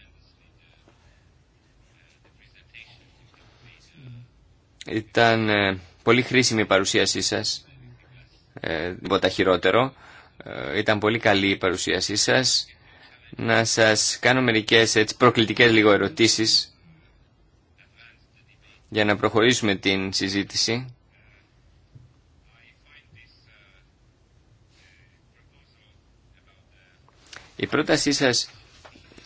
Ήταν ε, πολύ χρήσιμη η παρουσίασή σας, τίποτα χειρότερο. Ήταν πολύ καλή η παρουσίασή σας να σας κάνω μερικές έτσι, προκλητικές λίγο ερωτήσεις για να προχωρήσουμε την συζήτηση. Η πρότασή σας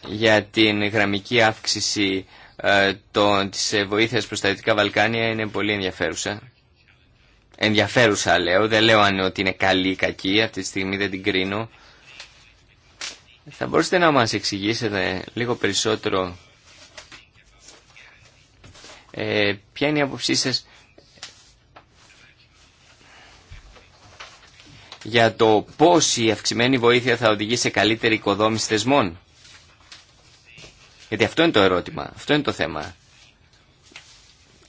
για την γραμμική αύξηση ε, το, της ε, βοήθειας προς τα Δυτικά Βαλκάνια είναι πολύ ενδιαφέρουσα. Ενδιαφέρουσα λέω, δεν λέω αν ότι είναι καλή ή κακή, αυτή τη στιγμή δεν την κρίνω. Θα μπορούσατε να μας εξηγήσετε λίγο περισσότερο ε, ποια είναι η άποψή σας για το πώς η αυξημένη βοήθεια θα οδηγεί σε καλύτερη οικοδόμηση θεσμών. Γιατί αυτό είναι το ερώτημα, αυτό είναι το θέμα.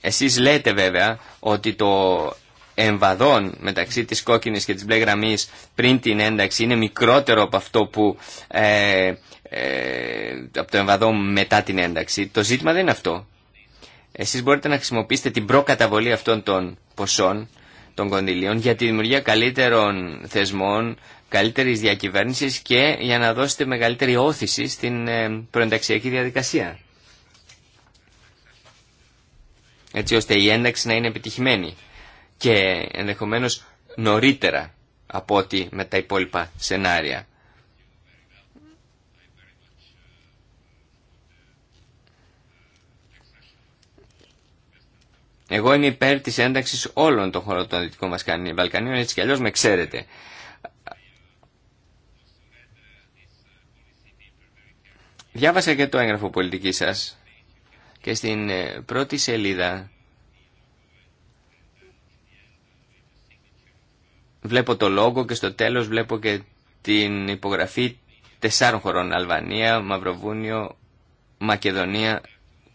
Εσείς λέτε βέβαια ότι το εμβαδών μεταξύ της κόκκινης και της μπλε γραμμής πριν την ένταξη είναι μικρότερο από αυτό που ε, ε, από το εμβαδό μετά την ένταξη. Το ζήτημα δεν είναι αυτό. Εσείς μπορείτε να χρησιμοποιήσετε την προκαταβολή αυτών των ποσών, των κονδυλίων, για τη δημιουργία καλύτερων θεσμών, καλύτερης διακυβέρνησης και για να δώσετε μεγαλύτερη όθηση στην ε, προενταξιακή διαδικασία. Έτσι ώστε η ένταξη να είναι επιτυχημένη και ενδεχομένως νωρίτερα από ό,τι με τα υπόλοιπα σενάρια. Εγώ είμαι υπέρ της ένταξης όλων των χωρών των Δυτικών Βαλκανίων, έτσι κι αλλιώς με ξέρετε. Διάβασα και το έγγραφο πολιτικής σας και στην ε, πρώτη σελίδα Βλέπω το λόγο και στο τέλος βλέπω και την υπογραφή τεσσάρων χωρών. Αλβανία, Μαυροβούνιο, Μακεδονία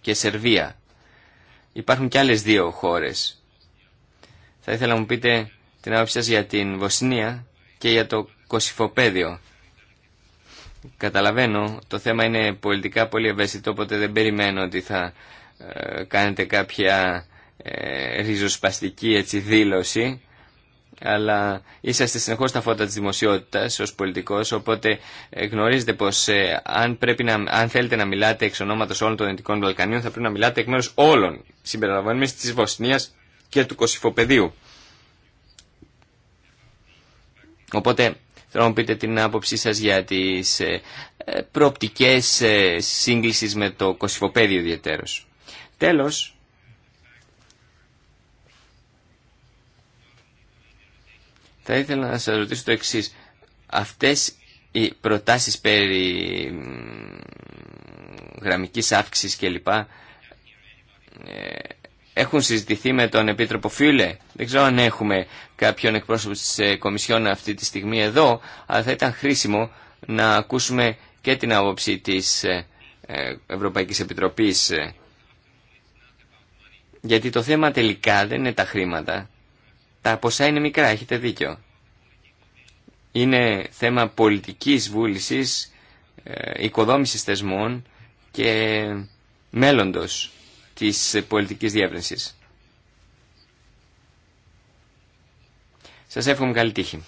και Σερβία. Υπάρχουν και άλλες δύο χώρες. Θα ήθελα να μου πείτε την άποψη σας για την Βοσνία και για το Κωσυφοπαίδιο. Καταλαβαίνω, το θέμα είναι πολιτικά πολύ ευαίσθητο, οπότε δεν περιμένω ότι θα ε, κάνετε κάποια ε, ριζοσπαστική δήλωση αλλά είσαστε συνεχώς στα φώτα της δημοσιότητας ως πολιτικός, οπότε ε, γνωρίζετε πως ε, αν, πρέπει να, αν θέλετε να μιλάτε εξ ονόματος όλων των Δυτικών Βαλκανίων, θα πρέπει να μιλάτε εκ μέρους όλων, συμπεριλαμβάνουμε της Βοσνίας και του Κωσυφοπεδίου. Οπότε θέλω να πείτε την άποψή σας για τις ε, ε προοπτικές με το Κωσυφοπέδιο ιδιαίτερος. Τέλος, Θα ήθελα να σας ρωτήσω το εξής. Αυτές οι προτάσεις περί γραμμικής αύξησης κλπ. Ε, έχουν συζητηθεί με τον Επίτροπο Φίλε. Δεν ξέρω αν έχουμε κάποιον εκπρόσωπο της ε, Κομισιόν αυτή τη στιγμή εδώ, αλλά θα ήταν χρήσιμο να ακούσουμε και την άποψη της ε, Ευρωπαϊκής Επιτροπής. Γιατί το θέμα τελικά δεν είναι τα χρήματα. Τα ποσά είναι μικρά, έχετε δίκιο. Είναι θέμα πολιτικής βούλησης, ε, οικοδόμησης θεσμών και μέλλοντος της πολιτικής διεύρυνσης. Σας εύχομαι καλή τύχη.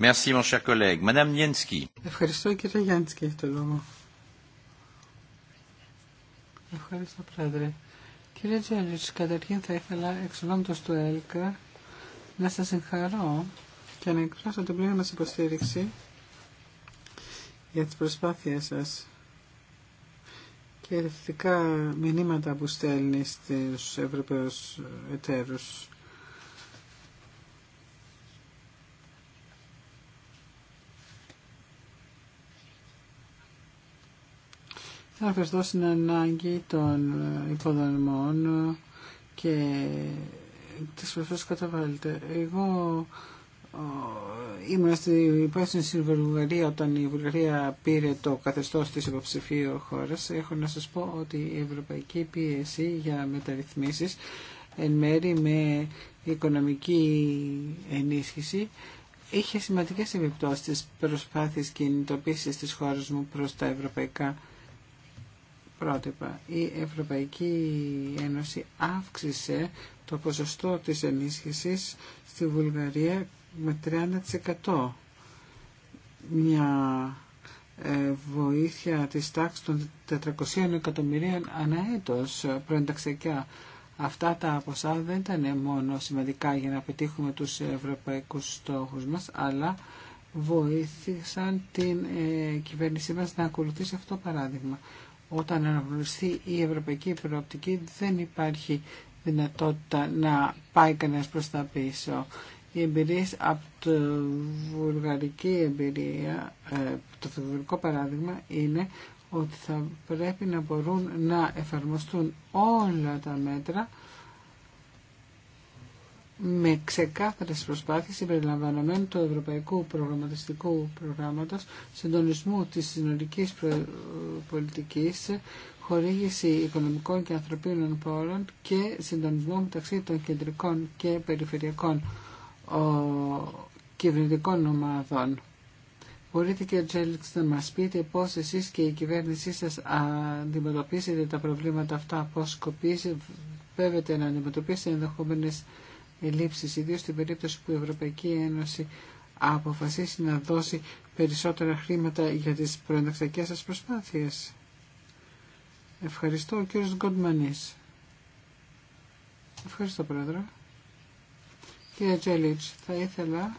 Merci, mon cher collègue. Madame Ευχαριστώ κύριε Γιάννη, έχει το λόγο. Ευχαριστώ πρόεδρε. Κύριε Τζέλιτς, καταρχήν θα ήθελα εξ του ΕΛΚΑ να σας συγχαρώ και να εκφράσω την πλήρη μας υποστήριξη για τις προσπάθειες σας και ερευνητικά μηνύματα που στέλνει στους Ευρωπαίους εταίρους. Θα αφαιρθώ στην ανάγκη των ε, υποδομών ε, και τις που καταβάλλεται. Εγώ ε, ήμουν στην υπόθεση στην Βουλγαρία όταν η Βουλγαρία πήρε το καθεστώς της υποψηφίου χώρας. Έχω να σας πω ότι η ευρωπαϊκή πίεση για μεταρρυθμίσεις εν μέρη με οικονομική ενίσχυση είχε σημαντικές επιπτώσεις στις προσπάθειες κινητοποίησης της χώρας μου προς τα ευρωπαϊκά πρότυπα. Η Ευρωπαϊκή Ένωση αύξησε το ποσοστό της ενίσχυσης στη Βουλγαρία με 30%. Μια ε, βοήθεια της τάξης των 400 εκατομμυρίων ανά έτος προενταξιακά. Αυτά τα ποσά δεν ήταν μόνο σημαντικά για να πετύχουμε τους ευρωπαϊκούς στόχους μας, αλλά βοήθησαν την ε, κυβέρνησή μας να ακολουθήσει αυτό το παράδειγμα. Όταν αναγνωριστεί η ευρωπαϊκή προοπτική δεν υπάρχει δυνατότητα να πάει κανένας προς τα πίσω. Οι εμπειρίες από τη βουλγαρική εμπειρία, ε, το βουλγαρικό παράδειγμα είναι ότι θα πρέπει να μπορούν να εφαρμοστούν όλα τα μέτρα με ξεκάθαρες προσπάθειες συμπεριλαμβανομένου του Ευρωπαϊκού Προγραμματιστικού Προγράμματος συντονισμού της συνολικής πολιτικής χορήγηση οικονομικών και ανθρωπίνων πόρων και συντονισμό μεταξύ των κεντρικών και περιφερειακών ο, κυβερνητικών ομάδων. Μπορείτε και Τζέλιξ να μας πείτε πώς εσείς και η κυβέρνησή σας αντιμετωπίσετε τα προβλήματα αυτά, πώς σκοπίζετε να αντιμετωπίσετε ενδεχομένε ελλείψεις, ιδίως στην περίπτωση που η Ευρωπαϊκή Ένωση αποφασίσει να δώσει περισσότερα χρήματα για τις προενταξιακές σας προσπάθειες. Ευχαριστώ ο κύριος Γκοντμανής. Ευχαριστώ πρόεδρε. Κύριε Τζέλιτς, θα ήθελα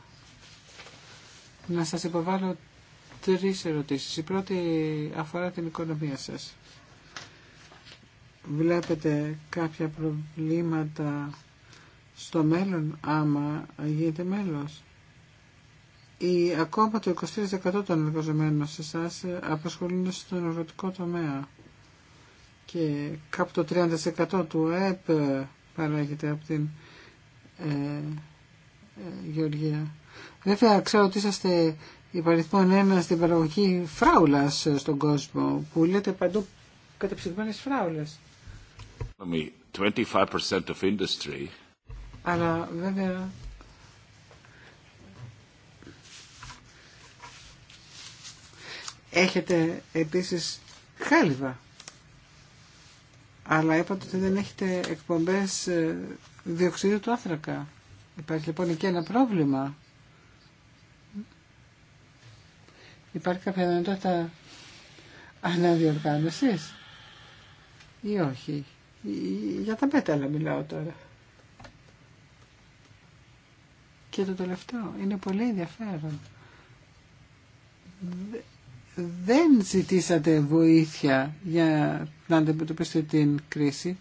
να σας υποβάλω τρεις ερωτήσεις. Η πρώτη αφορά την οικονομία σας. Βλέπετε κάποια προβλήματα στο μέλλον άμα γίνετε μέλος. Ή ακόμα το 23% των εργαζομένων σε εσά απασχολούνται στον ενεργοτικό τομέα. Και κάπου το 30% του ΕΠ παράγεται από την ε, ε, Γεωργία. Βέβαια ξέρω ότι είσαστε υπαριθμόν ένα στην παραγωγή φράουλας στον κόσμο που λέτε παντού κατεψυγμένες φράουλες. 25% αλλά βέβαια έχετε επίσης χάλιβα. Αλλά είπατε ότι δεν έχετε εκπομπές ε, διοξιδίου του άνθρακα. Υπάρχει λοιπόν εκεί ένα πρόβλημα. Υπάρχει κάποια δυνατότητα αναδιοργάνωσης ή όχι. Για τα πέταλα μιλάω τώρα. Και το τελευταίο είναι πολύ ενδιαφέρον. Δεν ζητήσατε βοήθεια για να αντιμετωπίσετε την κρίση.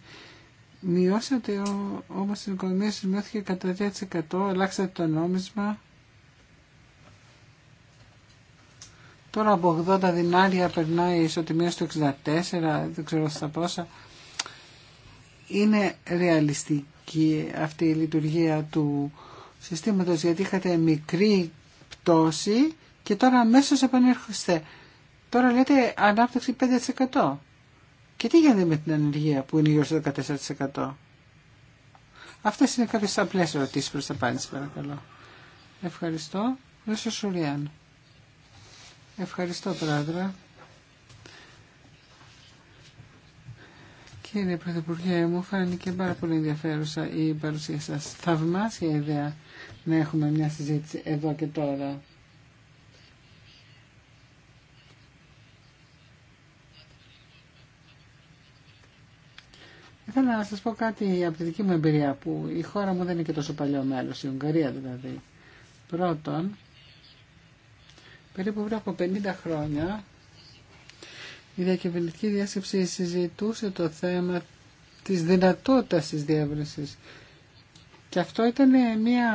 Μειώσατε όμως την οικονομία σας, μειώθηκε κατά 3%, αλλάξατε το νόμισμα. Τώρα από 80 δινάρια περνάει η ισοτιμία στο 64, δεν ξέρω στα πόσα. Είναι ρεαλιστική αυτή η λειτουργία του συστήματος γιατί είχατε μικρή πτώση και τώρα αμέσω επανέρχεστε. Τώρα λέτε ανάπτυξη 5%. Και τι γίνεται με την ανεργία που είναι γύρω στο 14%. Αυτές είναι κάποιες απλές ερωτήσεις προς τα πάνη, παρακαλώ. Ευχαριστώ. Ρώσο Σουριάν. Ευχαριστώ, Πρόεδρε. Κύριε Πρωθυπουργέ, μου φάνηκε πάρα πολύ ενδιαφέρουσα η παρουσία σας. Θαυμάσια ιδέα να έχουμε μια συζήτηση εδώ και τώρα. Θέλω να σας πω κάτι από τη δική μου εμπειρία που η χώρα μου δεν είναι και τόσο παλιό μέλος, η Ουγγαρία δηλαδή. Πρώτον, περίπου πριν από 50 χρόνια η διακυβερνητική διάσκεψη συζητούσε το θέμα της δυνατότητας της διεύρυνσης και αυτό ήταν μια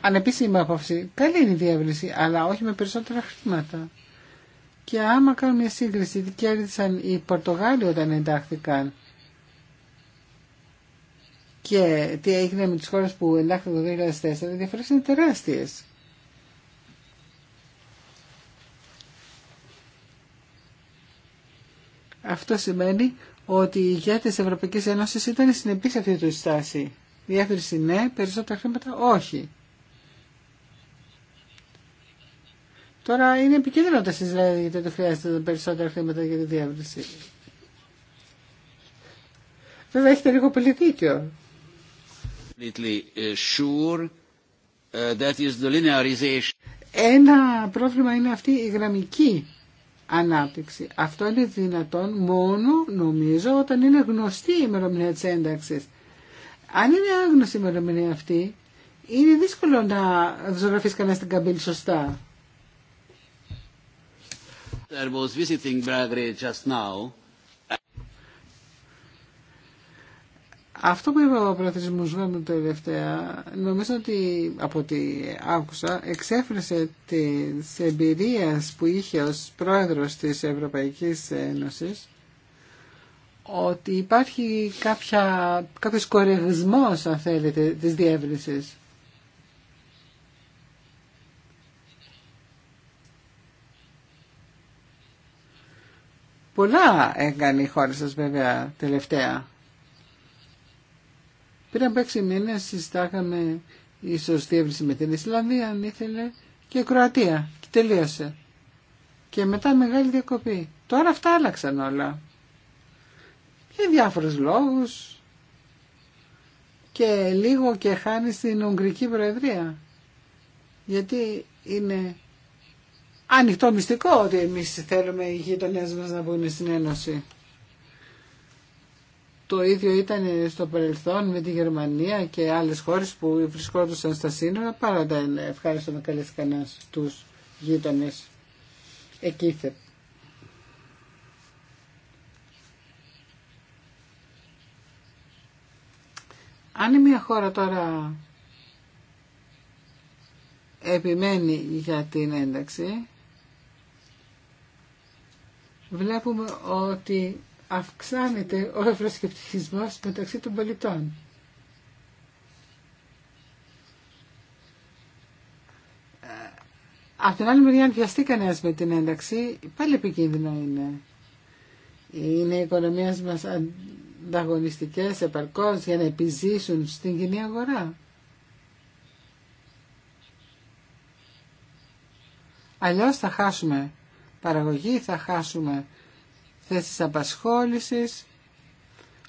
ανεπίσημη απόφαση. Καλή είναι η διεύρυνση, αλλά όχι με περισσότερα χρήματα. Και άμα κάνουμε μια σύγκριση, τι κέρδισαν οι Πορτογάλοι όταν εντάχθηκαν και τι έγινε με τις χώρες που εντάχθηκαν το 2004, οι διαφορές είναι τεράστιες. Αυτό σημαίνει ότι οι ηγέτες της Ευρωπαϊκής Ένωσης ήταν συνεπείς αυτή τη στάση. Διεύθυνση ναι, περισσότερα χρήματα όχι. Τώρα είναι επικίνδυνο τα λέτε γιατί δεν χρειάζεται περισσότερα χρήματα για τη διεύρυνση. Βέβαια έχετε λίγο πολύ δίκιο. Uh, uh, Ένα πρόβλημα είναι αυτή η γραμμική ανάπτυξη. Αυτό είναι δυνατόν μόνο νομίζω όταν είναι γνωστή η ημερομηνία της ένταξης. Αν είναι άγνωστη η ημερομηνία αυτή, είναι δύσκολο να ζωγραφείς κανένα την καμπύλη σωστά. Αυτό που είπε ο προθεσμός μου τελευταία, νομίζω ότι από ό,τι άκουσα, εξέφρασε τη εμπειρία που είχε ως πρόεδρος της Ευρωπαϊκής Ένωσης ότι υπάρχει κάποια, κάποιος κορευσμός, αν θέλετε, της διεύρυνσης. Πολλά έκανε η χώρα σας βέβαια τελευταία. Πριν από έξι μήνες συζητάγαμε η σωστή με την Ισλανδία, αν ήθελε, και η Κροατία. Και τελείωσε. Και μετά μεγάλη διακοπή. Τώρα αυτά άλλαξαν όλα για διάφορους λόγους και λίγο και χάνει στην Ουγγρική Προεδρία. Γιατί είναι ανοιχτό μυστικό ότι εμείς θέλουμε οι γειτονές μας να βγουν στην Ένωση. Το ίδιο ήταν στο παρελθόν με τη Γερμανία και άλλες χώρες που βρισκόντουσαν στα σύνορα, παρά τα ευχάριστο να καλέσει κανένας τους γείτονες. Εκείθεν. Αν μια χώρα τώρα επιμένει για την ένταξη, βλέπουμε ότι αυξάνεται ο ευρωσκεπτικισμός μεταξύ των πολιτών. Από την άλλη μεριά, αν βιαστεί με την ένταξη, πάλι επικίνδυνο είναι. Είναι η οικονομία ανταγωνιστικές επαρκώς για να επιζήσουν στην κοινή αγορά. Αλλιώς θα χάσουμε παραγωγή, θα χάσουμε θέσεις απασχόλησης.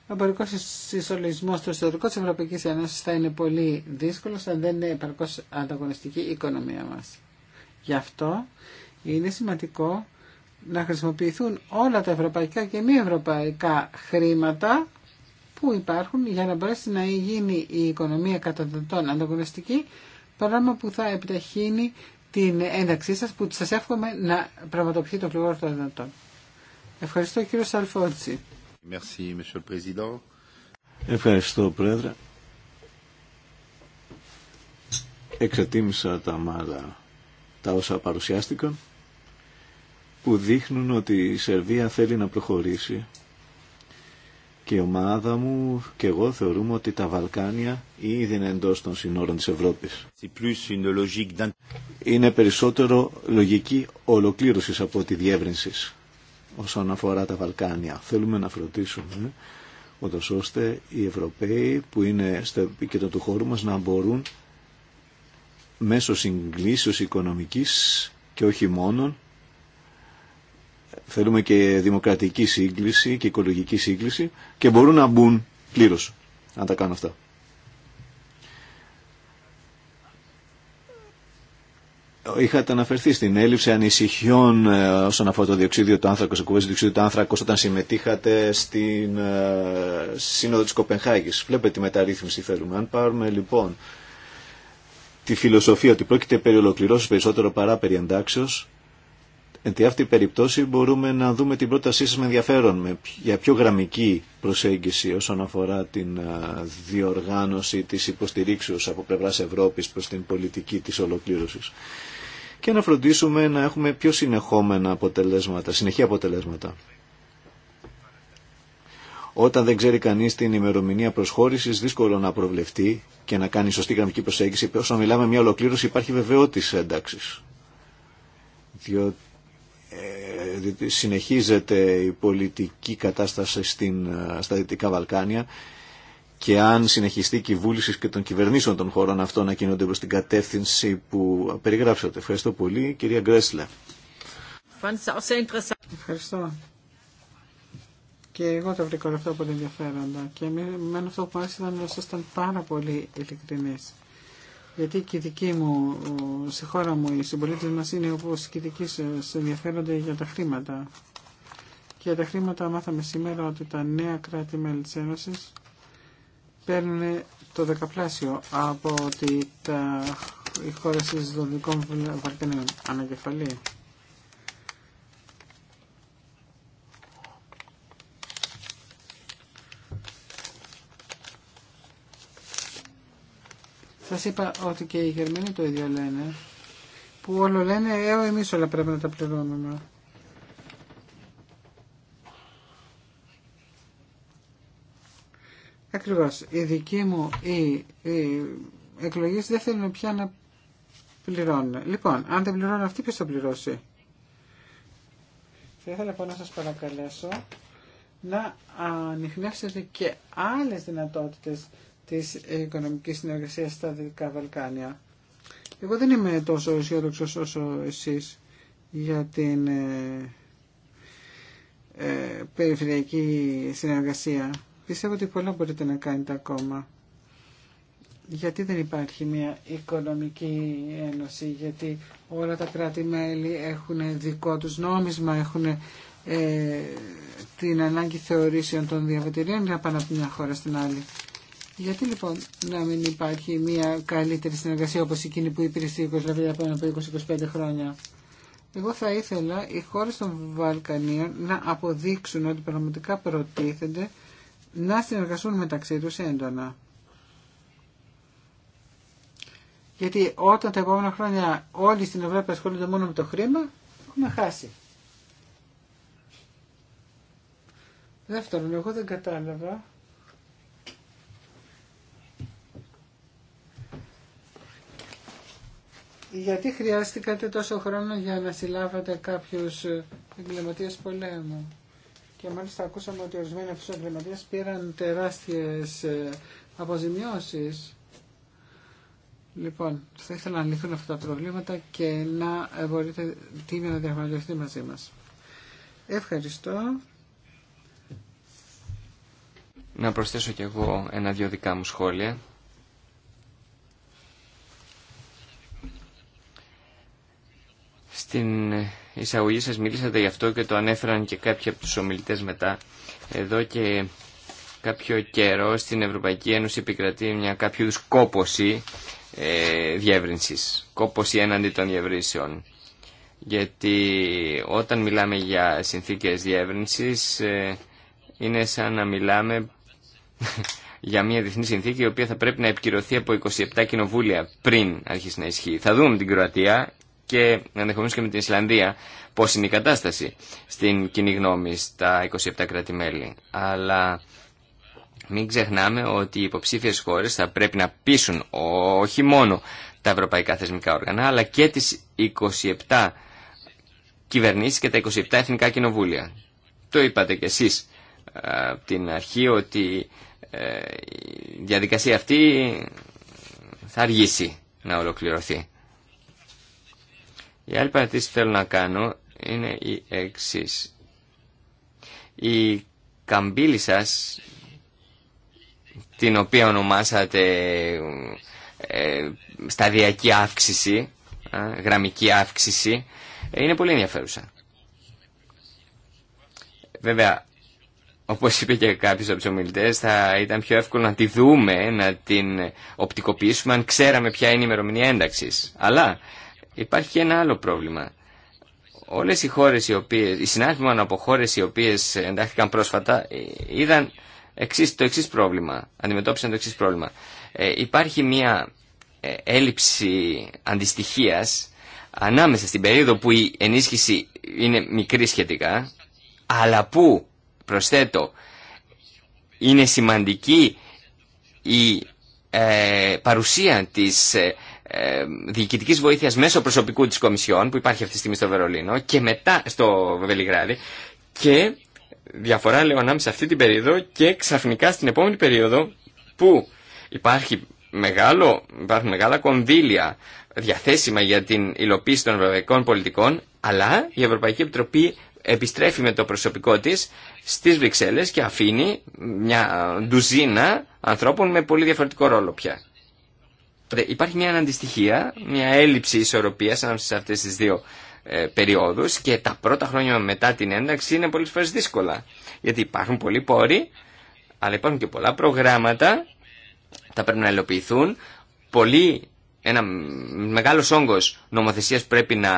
Ο εμπορικός ισολογισμός στο ιστορικό της Ευρωπαϊκής Ένωσης θα είναι πολύ δύσκολος αν δεν είναι επαρκώς ανταγωνιστική η οικονομία μας. Γι' αυτό είναι σημαντικό να χρησιμοποιηθούν όλα τα ευρωπαϊκά και μη ευρωπαϊκά χρήματα που υπάρχουν για να μπορέσει να γίνει η οικονομία καταναλωτών ανταγωνιστική, πράγμα που θα επιταχύνει την ένταξή σας που σας εύχομαι να πραγματοποιεί το πληγόρο των δυνατών. Ευχαριστώ κύριο Σαλφόντσι. Ευχαριστώ πρόεδρε. Εξετίμησα τα μάλα τα όσα παρουσιάστηκαν που δείχνουν ότι η Σερβία θέλει να προχωρήσει. Και η ομάδα μου και εγώ θεωρούμε ότι τα Βαλκάνια ήδη είναι εντός των συνόρων της Ευρώπης. Είναι περισσότερο λογική ολοκλήρωσης από τη διεύρυνση όσον αφορά τα Βαλκάνια. Θέλουμε να φροντίσουμε ούτω ώστε οι Ευρωπαίοι που είναι στο επίκεντρο του χώρου μας να μπορούν μέσω συγκλήσεως οικονομικής και όχι μόνον Θέλουμε και δημοκρατική σύγκληση και οικολογική σύγκληση και μπορούν να μπουν πλήρω αν τα κάνουν αυτά. Είχατε αναφερθεί στην έλλειψη ανησυχιών ε, όσον αφορά το διοξίδιο του άνθρακος, το κουβέζι του άνθρακος όταν συμμετείχατε στην ε, Σύνοδο της Κοπενχάγης. Βλέπετε τη μεταρρύθμιση θέλουμε. Αν πάρουμε λοιπόν τη φιλοσοφία ότι πρόκειται περί περισσότερο παρά περί εντάξεως, Εν τη αυτή περιπτώση μπορούμε να δούμε την πρότασή σας με ενδιαφέρον για πιο γραμμική προσέγγιση όσον αφορά την διοργάνωση της υποστηρίξεως από πλευράς Ευρώπης προς την πολιτική της ολοκλήρωσης και να φροντίσουμε να έχουμε πιο συνεχόμενα αποτελέσματα, συνεχή αποτελέσματα. Όταν δεν ξέρει κανεί την ημερομηνία προσχώρηση, δύσκολο να προβλεφτεί και να κάνει σωστή γραμμική προσέγγιση. Όσο μιλάμε μια ολοκλήρωση, υπάρχει βεβαιότητα ένταξη. Διότι ε, συνεχίζεται η πολιτική κατάσταση στην, ε, στα Δυτικά Βαλκάνια και αν συνεχιστεί και η βούληση και των κυβερνήσεων των χωρών αυτών να κινούνται προς την κατεύθυνση που περιγράψατε. Ευχαριστώ πολύ, κυρία Γκρέσλε. Ευχαριστώ. Και εγώ το βρήκα αυτό πολύ ενδιαφέροντα. Και εμένα αυτό που άρεσε ήταν ότι ήσασταν πάρα πολύ ειλικρινείς γιατί και η δική μου, στη χώρα μου, οι συμπολίτε μα είναι όπω και οι δικοί σα ενδιαφέρονται για τα χρήματα. Και για τα χρήματα μάθαμε σήμερα ότι τα νέα κράτη-μέλη τη Ένωση παίρνουν το δεκαπλάσιο από ότι τα, οι χώρε των Δυτικών Βαλκανίων. Ανακεφαλή. είπα ότι και οι Γερμανοί το ίδιο λένε. Που όλο λένε, ε, εμείς όλα πρέπει να τα πληρώνουμε. Ακριβώς. η δικοί μου οι, εκλογές δεν θέλουν πια να πληρώνουν. Λοιπόν, αν δεν πληρώνουν αυτοί, ποιος θα πληρώσει. Θα ήθελα λοιπόν να σας παρακαλέσω να ανοιχνεύσετε και άλλες δυνατότητες της οικονομικής συνεργασίας στα Δυτικά Βαλκάνια. Εγώ δεν είμαι τόσο αισιόδοξο όσο εσείς για την ε, ε, περιφερειακή συνεργασία. Πιστεύω ότι πολλά μπορείτε να κάνετε ακόμα. Γιατί δεν υπάρχει μια οικονομική ένωση, γιατί όλα τα κράτη-μέλη έχουν δικό τους νόμισμα, έχουν ε, την ανάγκη θεωρήσεων των διαβατηρίων για πάνε από μια χώρα στην άλλη. Γιατί λοιπόν να μην υπάρχει μια καλύτερη συνεργασία όπως εκείνη που υπήρξε η Ιουγκοσλαβία πριν από 20-25 χρόνια. Εγώ θα ήθελα οι χώρες των Βαλκανίων να αποδείξουν ότι πραγματικά προτίθενται να συνεργαστούν μεταξύ τους έντονα. Γιατί όταν τα επόμενα χρόνια όλοι στην Ευρώπη ασχολούνται μόνο με το χρήμα, έχουμε χάσει. Δεύτερον, εγώ δεν κατάλαβα Γιατί χρειάστηκατε τόσο χρόνο για να συλλάβετε κάποιους εγκληματίες πολέμου. Και μάλιστα ακούσαμε ότι ορισμένοι από του εγκληματίες πήραν τεράστιες ε, αποζημιώσεις. Λοιπόν, θα ήθελα να λυθούν αυτά τα προβλήματα και να ε, μπορείτε τίμια να διαπραγματευτείτε μαζί μας. Ευχαριστώ. Να προσθέσω κι εγώ ένα-δυο δικά μου σχόλια. Στην εισαγωγή σας μιλήσατε γι' αυτό και το ανέφεραν και κάποιοι από τους ομιλητές μετά. Εδώ και κάποιο καιρό στην Ευρωπαϊκή Ένωση επικρατεί μια κάποιο κόποση ε, διεύρυνσης, κόποση έναντι των διευρύνσεων. Γιατί όταν μιλάμε για συνθήκες διεύρυνσης ε, είναι σαν να μιλάμε για μια διεθνή συνθήκη η οποία θα πρέπει να επικυρωθεί από 27 κοινοβούλια πριν αρχίσει να ισχύει. Θα δούμε την Κροατία, και ενδεχομένω και με την Ισλανδία πώ είναι η κατάσταση στην κοινή γνώμη στα 27 κράτη-μέλη. Αλλά μην ξεχνάμε ότι οι υποψήφιες χώρες θα πρέπει να πείσουν όχι μόνο τα ευρωπαϊκά θεσμικά όργανα, αλλά και τις 27 κυβερνήσεις και τα 27 εθνικά κοινοβούλια. Το είπατε κι εσείς ε, από την αρχή ότι ε, η διαδικασία αυτή θα αργήσει να ολοκληρωθεί. Η άλλη παρατήρηση που θέλω να κάνω είναι η εξή. Η καμπύλη σα, την οποία ονομάσατε ε, σταδιακή αύξηση, γραμμική αύξηση, είναι πολύ ενδιαφέρουσα. Βέβαια, όπως είπε και κάποιος από τους θα ήταν πιο εύκολο να τη δούμε, να την οπτικοποιήσουμε, αν ξέραμε ποια είναι η ημερομηνία ένταξης. Αλλά Υπάρχει και ένα άλλο πρόβλημα. Όλες οι χώρες οι οποίες, οι συνάδελφοι από χώρες οι οποίες εντάχθηκαν πρόσφατα ε, είδαν εξής, το εξής πρόβλημα, αντιμετώπισαν το εξής πρόβλημα. Ε, υπάρχει μια ε, έλλειψη αντιστοιχίας ανάμεσα στην περίοδο που η ενίσχυση είναι μικρή σχετικά, αλλά που, προσθέτω, είναι σημαντική η παρουσία της ε, Διοικητική βοήθεια μέσω προσωπικού τη Κομισιόν που υπάρχει αυτή τη στιγμή στο Βερολίνο και μετά στο Βελιγράδι και διαφορά λέω ανάμεσα αυτή την περίοδο και ξαφνικά στην επόμενη περίοδο που υπάρχει μεγάλο, υπάρχουν μεγάλα κονδύλια διαθέσιμα για την υλοποίηση των ευρωπαϊκών πολιτικών αλλά η Ευρωπαϊκή Επιτροπή επιστρέφει με το προσωπικό της στις Βρυξέλλες και αφήνει μια ντουζίνα ανθρώπων με πολύ διαφορετικό ρόλο πια. Υπάρχει μια αντιστοιχία, μια έλλειψη ισορροπίας ανάμεσα σε αυτές τις δύο ε, περιόδους και τα πρώτα χρόνια μετά την ένταξη είναι πολλές φορές δύσκολα. Γιατί υπάρχουν πολλοί πόροι, αλλά υπάρχουν και πολλά προγράμματα, τα πρέπει να ελοπιθούν, πολύ, ένα μεγάλος όγκος νομοθεσίας πρέπει να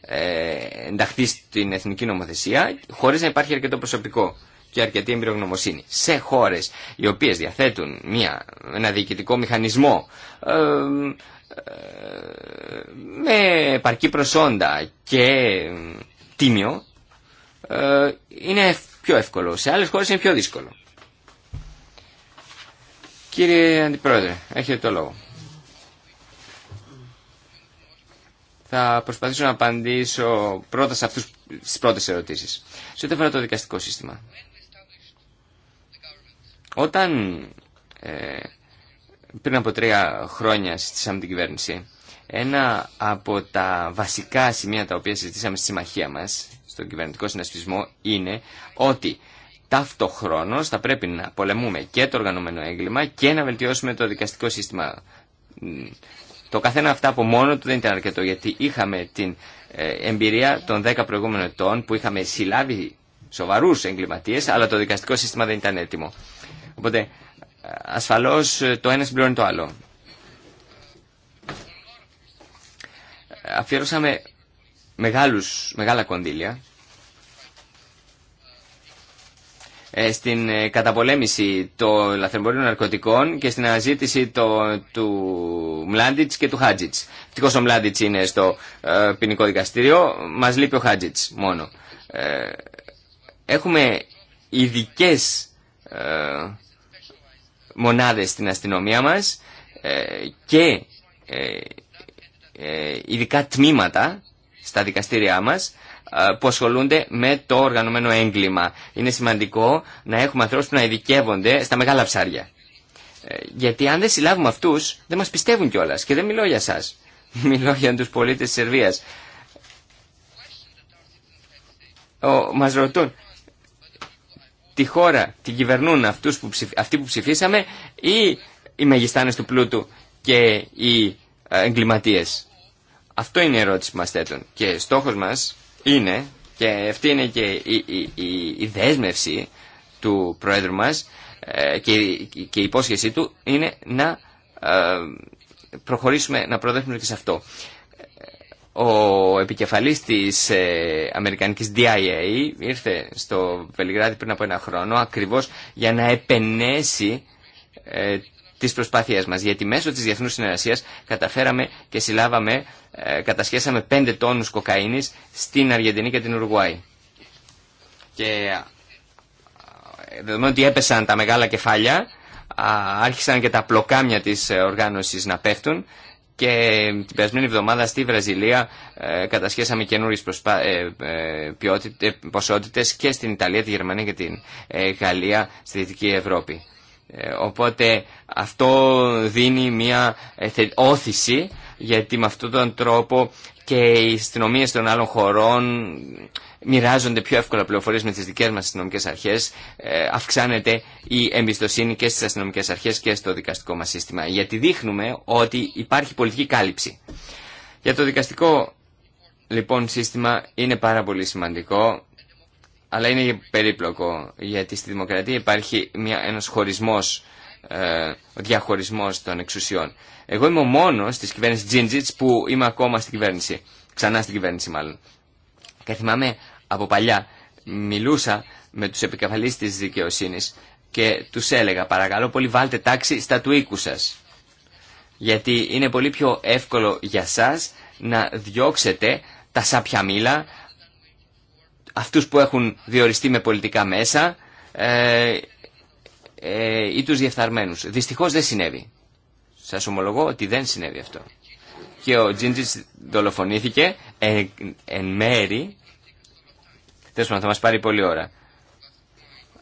ε, ενταχθεί στην εθνική νομοθεσία, χωρίς να υπάρχει αρκετό προσωπικό και αρκετή εμπειρογνωμοσύνη. Σε χώρες οι οποίες διαθέτουν μια, ένα διοικητικό μηχανισμό ε, ε, με επαρκή προσόντα και τίμιο ε, είναι πιο εύκολο. Σε άλλες χώρες είναι πιο δύσκολο. Κύριε Αντιπρόεδρε, έχετε το λόγο. Θα προσπαθήσω να απαντήσω πρώτα σε αυτούς τις πρώτες ερωτήσεις. Σε ό,τι αφορά το δικαστικό σύστημα. Όταν ε, πριν από τρία χρόνια συζητήσαμε την κυβέρνηση, ένα από τα βασικά σημεία τα οποία συζητήσαμε στη συμμαχία μας, στον κυβερνητικό συνασπισμό, είναι ότι ταυτοχρόνως θα πρέπει να πολεμούμε και το οργανωμένο έγκλημα και να βελτιώσουμε το δικαστικό σύστημα. Το καθένα αυτά από μόνο του δεν ήταν αρκετό, γιατί είχαμε την ε, εμπειρία των 10 προηγούμενων ετών που είχαμε συλλάβει σοβαρούς εγκληματίες, αλλά το δικαστικό σύστημα δεν ήταν έτοιμο. Οπότε ασφαλώς το ένα συμπληρώνει το άλλο. Αφιέρωσαμε μεγάλους, μεγάλα κονδύλια ε, στην ε, καταπολέμηση των λαθρεμπορίων ναρκωτικών και στην αναζήτηση το, του Μλάντιτς και του Χάτζιτς. Ευτυχώς ο Μλάντιτς είναι στο ε, ποινικό δικαστήριο, μας λείπει ο Χάτζιτς μόνο. Ε, έχουμε ειδικέ μονάδες στην αστυνομία μας ε, και ε, ε, ειδικά τμήματα στα δικαστήριά μας που ασχολούνται με το οργανωμένο έγκλημα. Είναι σημαντικό να έχουμε ανθρώπους που να ειδικεύονται στα μεγάλα ψάρια. Γιατί αν δεν συλλάβουμε αυτούς δεν μας πιστεύουν κιόλα και δεν μιλώ για σας. Μιλώ για τους πολίτες της Σερβίας. Ο, μας ρωτούν τη χώρα την κυβερνούν αυτούς που αυτοί που ψηφίσαμε ή οι μεγιστάνες του πλούτου και οι ε, εγκληματίες. Αυτό είναι η ερώτηση που μας θέτουν. Και στόχος μας είναι, και αυτή είναι και η, η, δέσμευση του Πρόεδρου μας ε, και, και η υπόσχεσή του, είναι να ε, προχωρήσουμε, να προδέχουμε και σε αυτό. Ο επικεφαλής της ε, Αμερικανικής DIA ήρθε στο Βελιγράδι πριν από ένα χρόνο ακριβώς για να επενέσει ε, τις προσπάθειές μας. Γιατί μέσω της διεθνούς συνεργασίας καταφέραμε και συλλάβαμε, ε, κατασχέσαμε 5 τόνους κοκαίνης στην Αργεντινή και την Ουρουγουάη. Και ε, δεδομένου ότι έπεσαν τα μεγάλα κεφάλια, άρχισαν και τα πλοκάμια της ε, οργάνωσης να πέφτουν και την περασμένη εβδομάδα στη Βραζιλία ε, κατασχέσαμε καινούριε προσπά... Ε, ε, και στην Ιταλία, τη Γερμανία και την ε, Γαλλία στη Δυτική Ευρώπη. Οπότε αυτό δίνει μια όθηση γιατί με αυτόν τον τρόπο και οι αστυνομίε των άλλων χωρών μοιράζονται πιο εύκολα πληροφορίες με τις δικές μας αστυνομικές αρχές, ε, αυξάνεται η εμπιστοσύνη και στις αστυνομικές αρχές και στο δικαστικό μας σύστημα. Γιατί δείχνουμε ότι υπάρχει πολιτική κάλυψη. Για το δικαστικό λοιπόν σύστημα είναι πάρα πολύ σημαντικό, αλλά είναι περίπλοκο, γιατί στη δημοκρατία υπάρχει ένα ένας χωρισμός ο ε, διαχωρισμός των εξουσιών. Εγώ είμαι ο μόνος της κυβέρνησης Τζίντζιτς που είμαι ακόμα στην κυβέρνηση. Ξανά στην κυβέρνηση μάλλον. Και θυμάμαι από παλιά μιλούσα με τους επικεφαλείς της δικαιοσύνης και τους έλεγα παρακαλώ πολύ βάλτε τάξη στα του οίκου σας. Γιατί είναι πολύ πιο εύκολο για σας να διώξετε τα σάπια μήλα αυτούς που έχουν διοριστεί με πολιτικά μέσα, ε, ε, ή τους διεφθαρμένους. Δυστυχώς δεν συνέβη. Σας ομολογώ ότι δεν συνέβη αυτό. Και ο Τζίντζης δολοφονήθηκε εν, εν μέρη. Τέλος θα μας πάρει πολλή ώρα.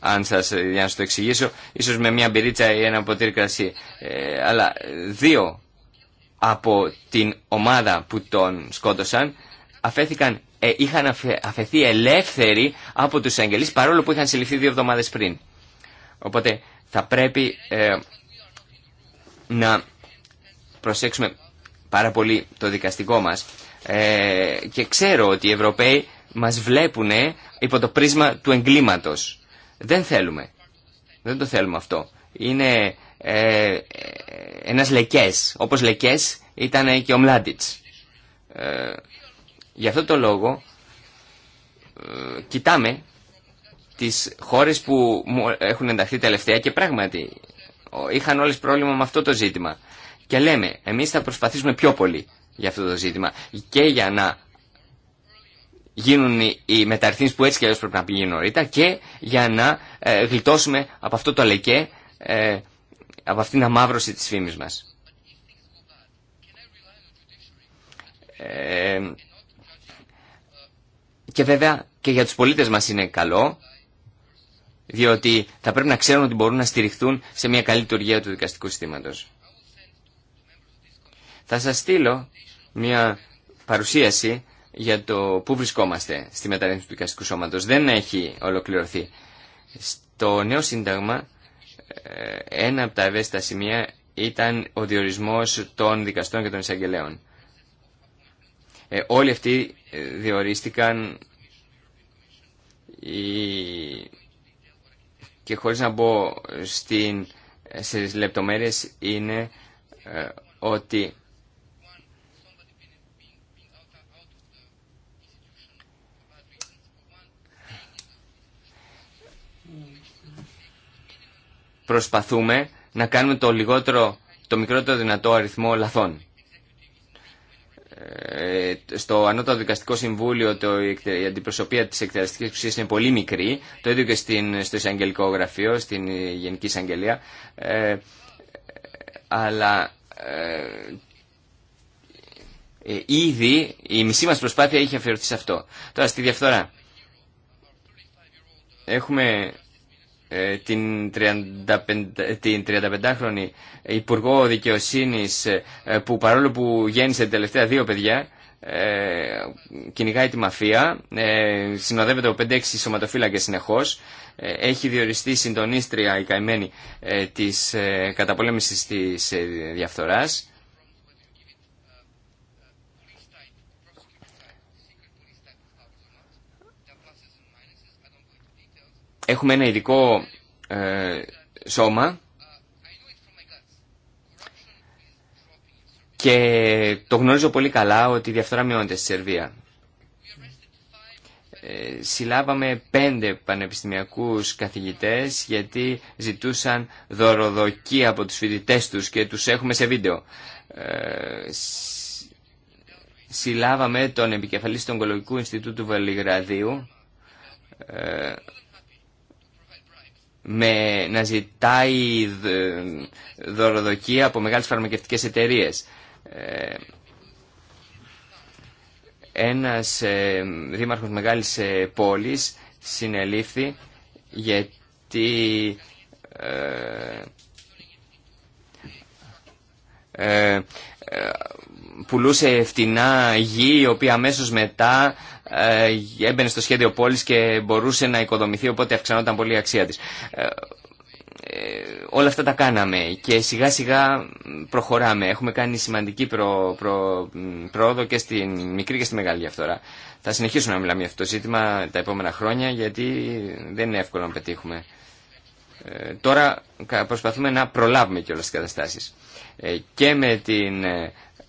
Αν σας, για να σας το εξηγήσω, ίσως με μια μπυρίτσα ή ένα ποτήρι κρασί. Ε, αλλά δύο από την ομάδα που τον σκότωσαν αφέθηκαν, ε, είχαν αφαιθεί ελεύθεροι από τους εγγελείς παρόλο που είχαν συλληφθεί δύο εβδομάδες πριν. Οπότε θα πρέπει ε, να προσέξουμε πάρα πολύ το δικαστικό μας. Ε, και ξέρω ότι οι Ευρωπαίοι μας βλέπουν ε, υπό το πρίσμα του εγκλήματος. Δεν θέλουμε. Δεν το θέλουμε αυτό. Είναι ε, ένας λεκές. Όπως λεκές ήταν και ο Μλάντιτς. Ε, γι' αυτό το λόγο κοιτάμε τις χώρες που έχουν ενταχθεί τελευταία και πράγματι είχαν όλες πρόβλημα με αυτό το ζήτημα. Και λέμε, εμείς θα προσπαθήσουμε πιο πολύ για αυτό το ζήτημα και για να γίνουν οι μεταρρυθμίσεις που έτσι και αλλιώς πρέπει να πηγαίνουν νωρίτερα και για να ε, γλιτώσουμε από αυτό το λεκέ, ε, από αυτήν την αμάυρωση της φήμης μας. Ε, και βέβαια και για τους πολίτες μας είναι καλό διότι θα πρέπει να ξέρουν ότι μπορούν να στηριχθούν σε μια καλή λειτουργία του δικαστικού συστήματος. Θα σας στείλω μια παρουσίαση για το πού βρισκόμαστε στη μεταρρύθμιση του δικαστικού σώματος. Δεν έχει ολοκληρωθεί. Στο νέο σύνταγμα ε, ένα από τα ευαίσθητα σημεία ήταν ο διορισμός των δικαστών και των εισαγγελέων. Ε, όλοι αυτοί ε, διορίστηκαν και χωρίς να μπω στην, σε λεπτομέρειες είναι ε, ότι προσπαθούμε να κάνουμε το λιγότερο, το μικρότερο δυνατό αριθμό λαθών στο Ανώτατο Δικαστικό Συμβούλιο το, η αντιπροσωπεία της εκτελεστικής εξουσίας είναι πολύ μικρή, το ίδιο και στο εισαγγελικό γραφείο, στην Γενική Εισαγγελία, ε, αλλά ε, ε, ήδη η μισή μας προσπάθεια είχε αφιερωθεί σε αυτό. Τώρα στη διαφθορά. Έχουμε ε, την 35χρονη ε, την 35 υπουργό δικαιοσύνης ε, που παρόλο που γέννησε τελευταία δύο παιδιά κυνηγάει τη μαφία, ο από 5-6 σωματοφύλακες συνεχώς, έχει διοριστεί συντονίστρια η καημένη της καταπολέμησης της διαφθοράς Έχουμε ένα ειδικό ε, σώμα και το γνωρίζω πολύ καλά ότι η διαφθορά μειώνεται στη Σερβία. Ε, συλλάβαμε πέντε πανεπιστημιακούς καθηγητές γιατί ζητούσαν δωροδοκία από τους φοιτητές τους και τους έχουμε σε βίντεο. Ε, συλλάβαμε τον επικεφαλής του Ογκολογικού Ινστιτούτου Βελιγραδίου ε, με, να ζητάει δωροδοκία από μεγάλες φαρμακευτικές εταιρείες. Ε, ένας ε, δήμαρχος μεγάλης ε, πόλης συνελήφθη γιατί πουλούσε φτηνά γη η οποία αμέσως μετά ε, έμπαινε στο σχέδιο πόλης και μπορούσε να οικοδομηθεί οπότε αυξανόταν πολύ η αξία της. Ε, ε, όλα αυτά τα κάναμε και σιγά σιγά προχωράμε. Έχουμε κάνει σημαντική προ, πρόοδο και στη μικρή και στη μεγάλη διαφθορά. Θα συνεχίσουμε να μιλάμε για αυτό το ζήτημα τα επόμενα χρόνια γιατί δεν είναι εύκολο να πετύχουμε. τώρα προσπαθούμε να προλάβουμε και όλες τις καταστάσεις. και με την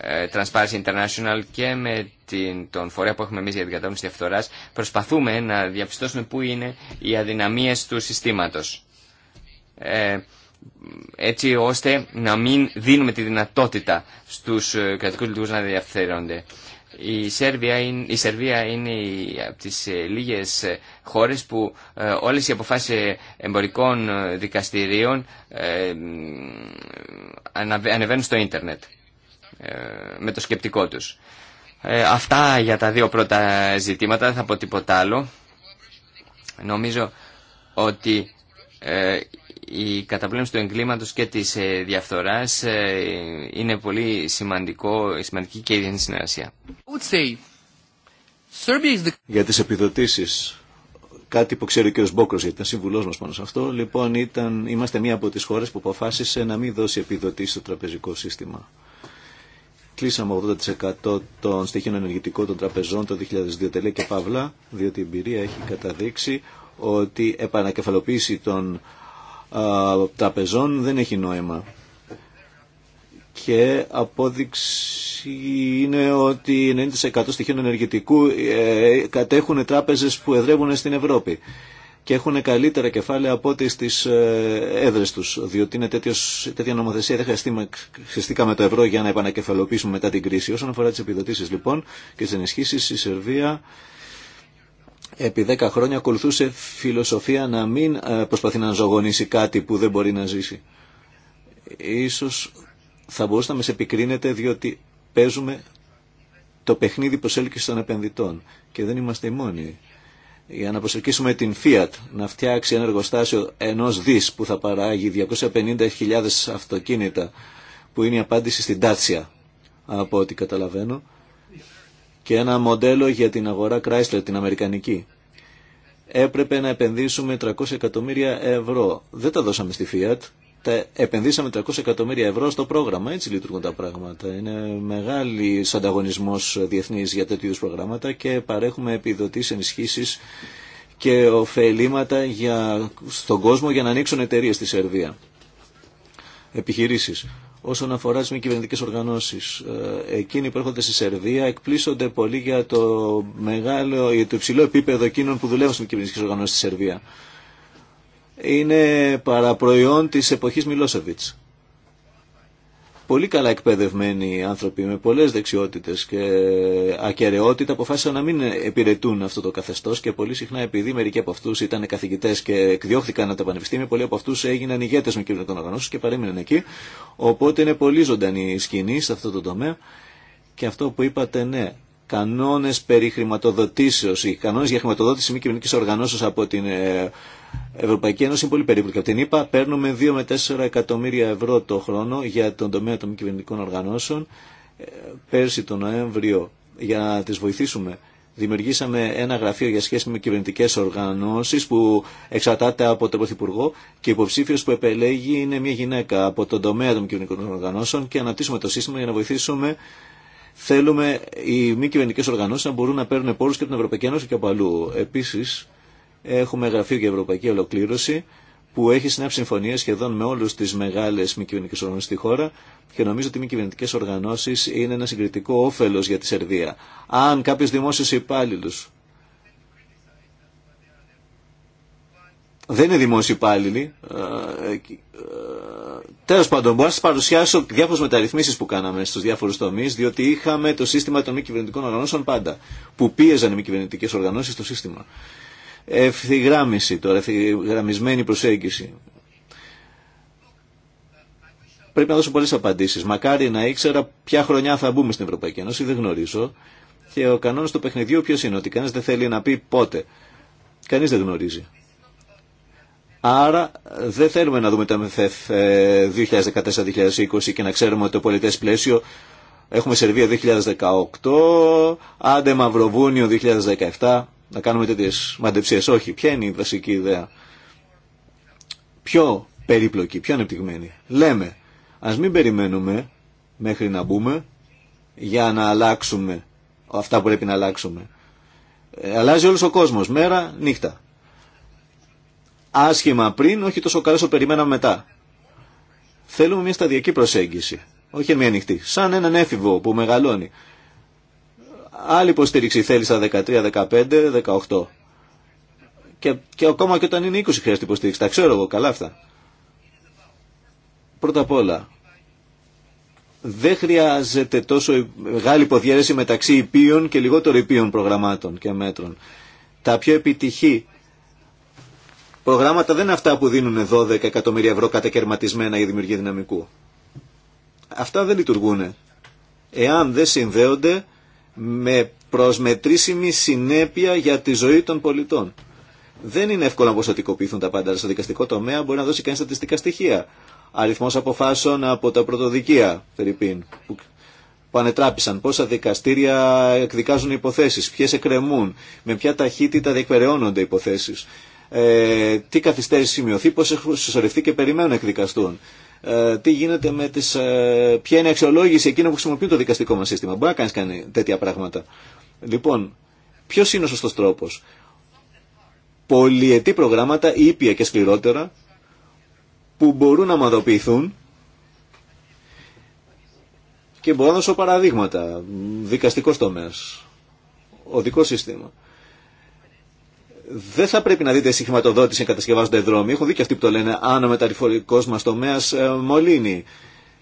ε, Transparency International και με την, τον φορέα που έχουμε εμείς για την κατάμυνση διαφθοράς προσπαθούμε να διαπιστώσουμε πού είναι οι αδυναμίες του συστήματος. Ε, έτσι ώστε να μην δίνουμε τη δυνατότητα στους ε, κρατικούς λειτουργούς να διαφθέρονται. Η Σερβία είναι, η Σερβία είναι από τις λίγες χώρες που όλες οι αποφάσεις εμπορικών δικαστηρίων ανεβαίνουν στο ίντερνετ. Ε, με το σκεπτικό τους. Ε, αυτά για τα δύο πρώτα ζητήματα, δεν θα πω τίποτα άλλο. Νομίζω ότι ε, η καταπλέμψη του εγκλήματος και της διαφθοράς είναι πολύ σημαντικό, σημαντική και η συνεργασία. Για τις επιδοτήσεις, κάτι που ξέρει ο κ. Μπόκρος, γιατί ήταν συμβουλός μας πάνω σε αυτό, λοιπόν ήταν, είμαστε μία από τις χώρες που αποφάσισε να μην δώσει επιδοτήσεις στο τραπεζικό σύστημα κλείσαμε 80% των στοιχείων ενεργητικών των τραπεζών το 2002 και παύλα, διότι η εμπειρία έχει καταδείξει ότι επανακεφαλοποίηση των α, τραπεζών δεν έχει νόημα. Και απόδειξη είναι ότι 90% στοιχείων ενεργητικού ε, κατέχουν τράπεζες που εδρεύουν στην Ευρώπη και έχουν καλύτερα κεφάλαια από ό,τι στι ε, έδρε του, διότι είναι τέτοιος, τέτοια νομοθεσία. Δεν χρειαστήκαμε το ευρώ για να επανακεφαλοποιήσουμε μετά την κρίση. Όσον αφορά τι επιδοτήσει λοιπόν και τι ενισχύσει, η Σερβία επί 10 χρόνια ακολουθούσε φιλοσοφία να μην ε, προσπαθεί να ζωγονήσει κάτι που δεν μπορεί να ζήσει. Ίσως θα μπορούσε να σε επικρίνεται διότι παίζουμε το παιχνίδι προσέλκυση των επενδυτών και δεν είμαστε οι μόνοι για να προσελκύσουμε την Fiat να φτιάξει ένα εργοστάσιο ενός δις που θα παράγει 250.000 αυτοκίνητα που είναι η απάντηση στην Τάτσια από ό,τι καταλαβαίνω και ένα μοντέλο για την αγορά Chrysler την Αμερικανική έπρεπε να επενδύσουμε 300 εκατομμύρια ευρώ δεν τα δώσαμε στη Fiat τα επενδύσαμε 300 εκατομμύρια ευρώ στο πρόγραμμα. Έτσι λειτουργούν τα πράγματα. Είναι μεγάλη ανταγωνισμό διεθνή για τέτοιου είδου προγράμματα και παρέχουμε επιδοτήσει, ενισχύσει και ωφελήματα για, στον κόσμο για να ανοίξουν εταιρείε στη Σερβία. Επιχειρήσει. Όσον αφορά τι μη κυβερνητικέ οργανώσει, ε, εκείνοι που έρχονται στη Σερβία εκπλήσονται πολύ για το, μεγάλο, για το υψηλό επίπεδο εκείνων που δουλεύουν στι μη κυβερνητικέ οργανώσει στη Σερβία είναι παραπροϊόν της εποχής Μιλόσεβιτς. Πολύ καλά εκπαιδευμένοι άνθρωποι με πολλές δεξιότητες και ακαιρεότητα αποφάσισαν να μην επιρετούν αυτό το καθεστώς και πολύ συχνά επειδή μερικοί από αυτούς ήταν καθηγητές και εκδιώχθηκαν από τα πανεπιστήμια, πολλοί από αυτούς έγιναν ηγέτες με κυβερνητικών οργανώσεων και παρέμειναν εκεί. Οπότε είναι πολύ ζωντανή η σκηνή σε αυτό το τομέα και αυτό που είπατε ναι, κανόνες περί χρηματοδοτήσεως ή κανόνες για χρηματοδότηση μη κυβερνητικής οργανώσεως από την ε, Ευρωπαϊκή Ένωση είναι πολύ περίπλοκη. Από την ΕΠΑ παίρνουμε 2 με 4 εκατομμύρια ευρώ το χρόνο για τον τομέα των κυβερνητικών οργανώσεων. Ε, πέρσι τον Νοέμβριο, για να τι βοηθήσουμε, δημιουργήσαμε ένα γραφείο για σχέση με κυβερνητικέ οργανώσει που εξαρτάται από τον Πρωθυπουργό και υποψήφιο που επελέγει είναι μια γυναίκα από τον τομέα των κυβερνητικών οργανώσεων και αναπτύσσουμε το σύστημα για να βοηθήσουμε. Θέλουμε οι μη κυβερνητικέ οργανώσει να μπορούν να παίρνουν πόρου και την Ευρωπαϊκή Ένωση και από αλλού. Επίση, Έχουμε γραφείο για ευρωπαϊκή ολοκλήρωση που έχει συνάψει συμφωνίε σχεδόν με όλου τι μεγάλε μη κυβερνητικέ οργανώσει στη χώρα και νομίζω ότι οι μη κυβερνητικέ οργανώσει είναι ένα συγκριτικό όφελο για τη Σερβία. Αν κάποιο δημόσιο υπάλληλο δεν είναι δημόσιοι υπάλληλοι. Ε, ε, Τέλο πάντων, μπορώ να σα παρουσιάσω διάφορε μεταρρυθμίσει που κάναμε στου διάφορου τομεί, διότι είχαμε το σύστημα των μη κυβερνητικών οργανώσεων πάντα, που πίεζαν οι μη κυβερνητικέ οργανώσει στο σύστημα ευθυγράμμιση τώρα, ευθυγραμμισμένη προσέγγιση. Πρέπει να δώσω πολλές απαντήσεις. Μακάρι να ήξερα ποια χρονιά θα μπούμε στην Ευρωπαϊκή Ένωση, δεν γνωρίζω. Και ο κανόνας του παιχνιδιού ποιος είναι, ότι κανείς δεν θέλει να πει πότε. Κανείς δεν γνωρίζει. Άρα δεν θέλουμε να δούμε τα ΜΕΘΕΘ 2014-2020 και να ξέρουμε ότι το πολιτές πλαίσιο έχουμε Σερβία 2018, άντε Μαυροβούνιο 2017 να κάνουμε τέτοιες μαντεψίες. Όχι, ποια είναι η βασική ιδέα. Πιο περίπλοκη, πιο ανεπτυγμένη. Λέμε, ας μην περιμένουμε μέχρι να μπούμε για να αλλάξουμε αυτά που πρέπει να αλλάξουμε. Ε, αλλάζει όλος ο κόσμος, μέρα, νύχτα. Άσχημα πριν, όχι τόσο καλό όσο περιμέναμε μετά. Θέλουμε μια σταδιακή προσέγγιση, όχι μια νυχτή. Σαν έναν έφηβο που μεγαλώνει άλλη υποστήριξη θέλει στα 13, 15, 18. Και, και ακόμα και όταν είναι 20 χρειάζεται υποστήριξη. Τα ξέρω εγώ καλά αυτά. Πρώτα απ' όλα, δεν χρειάζεται τόσο μεγάλη υποδιέρεση μεταξύ υπείων και λιγότερο υπείων προγραμμάτων και μέτρων. Τα πιο επιτυχή προγράμματα δεν είναι αυτά που δίνουν 12 εκατομμύρια ευρώ κατακαιρματισμένα για δημιουργία δυναμικού. Αυτά δεν λειτουργούν εάν δεν συνδέονται με προσμετρήσιμη συνέπεια για τη ζωή των πολιτών. Δεν είναι εύκολο να ποσοτικοποιηθούν τα πάντα. Στο δικαστικό τομέα μπορεί να δώσει κανεί στατιστικά στοιχεία. Αριθμό αποφάσεων από τα πρωτοδικεία, περιπίν, που ανετράπησαν. Πόσα δικαστήρια εκδικάζουν υποθέσει, ποιε εκκρεμούν, με ποια ταχύτητα διεκπεραιώνονται υποθέσει. Ε, τι καθυστέρηση σημειωθεί, πώ έχουν συσσωρευτεί και περιμένουν να εκδικαστούν. Ε, τι γίνεται με τις, ε, ποια είναι η αξιολόγηση εκείνων που χρησιμοποιούν το δικαστικό μας σύστημα. Μπορεί να κάνεις κάνει τέτοια πράγματα. Λοιπόν, ποιο είναι ο σωστός τρόπος. Πολυετή προγράμματα, ήπια και σκληρότερα, που μπορούν να μαδοποιηθούν και μπορώ να δώσω παραδείγματα. Δικαστικός τομέας, οδικό σύστημα δεν θα πρέπει να δείτε συγχρηματοδότηση να κατασκευάζονται δρόμοι. Έχουν και αυτοί που το λένε, αν ο μεταρρυφορικό μα τομέα ε, μολύνει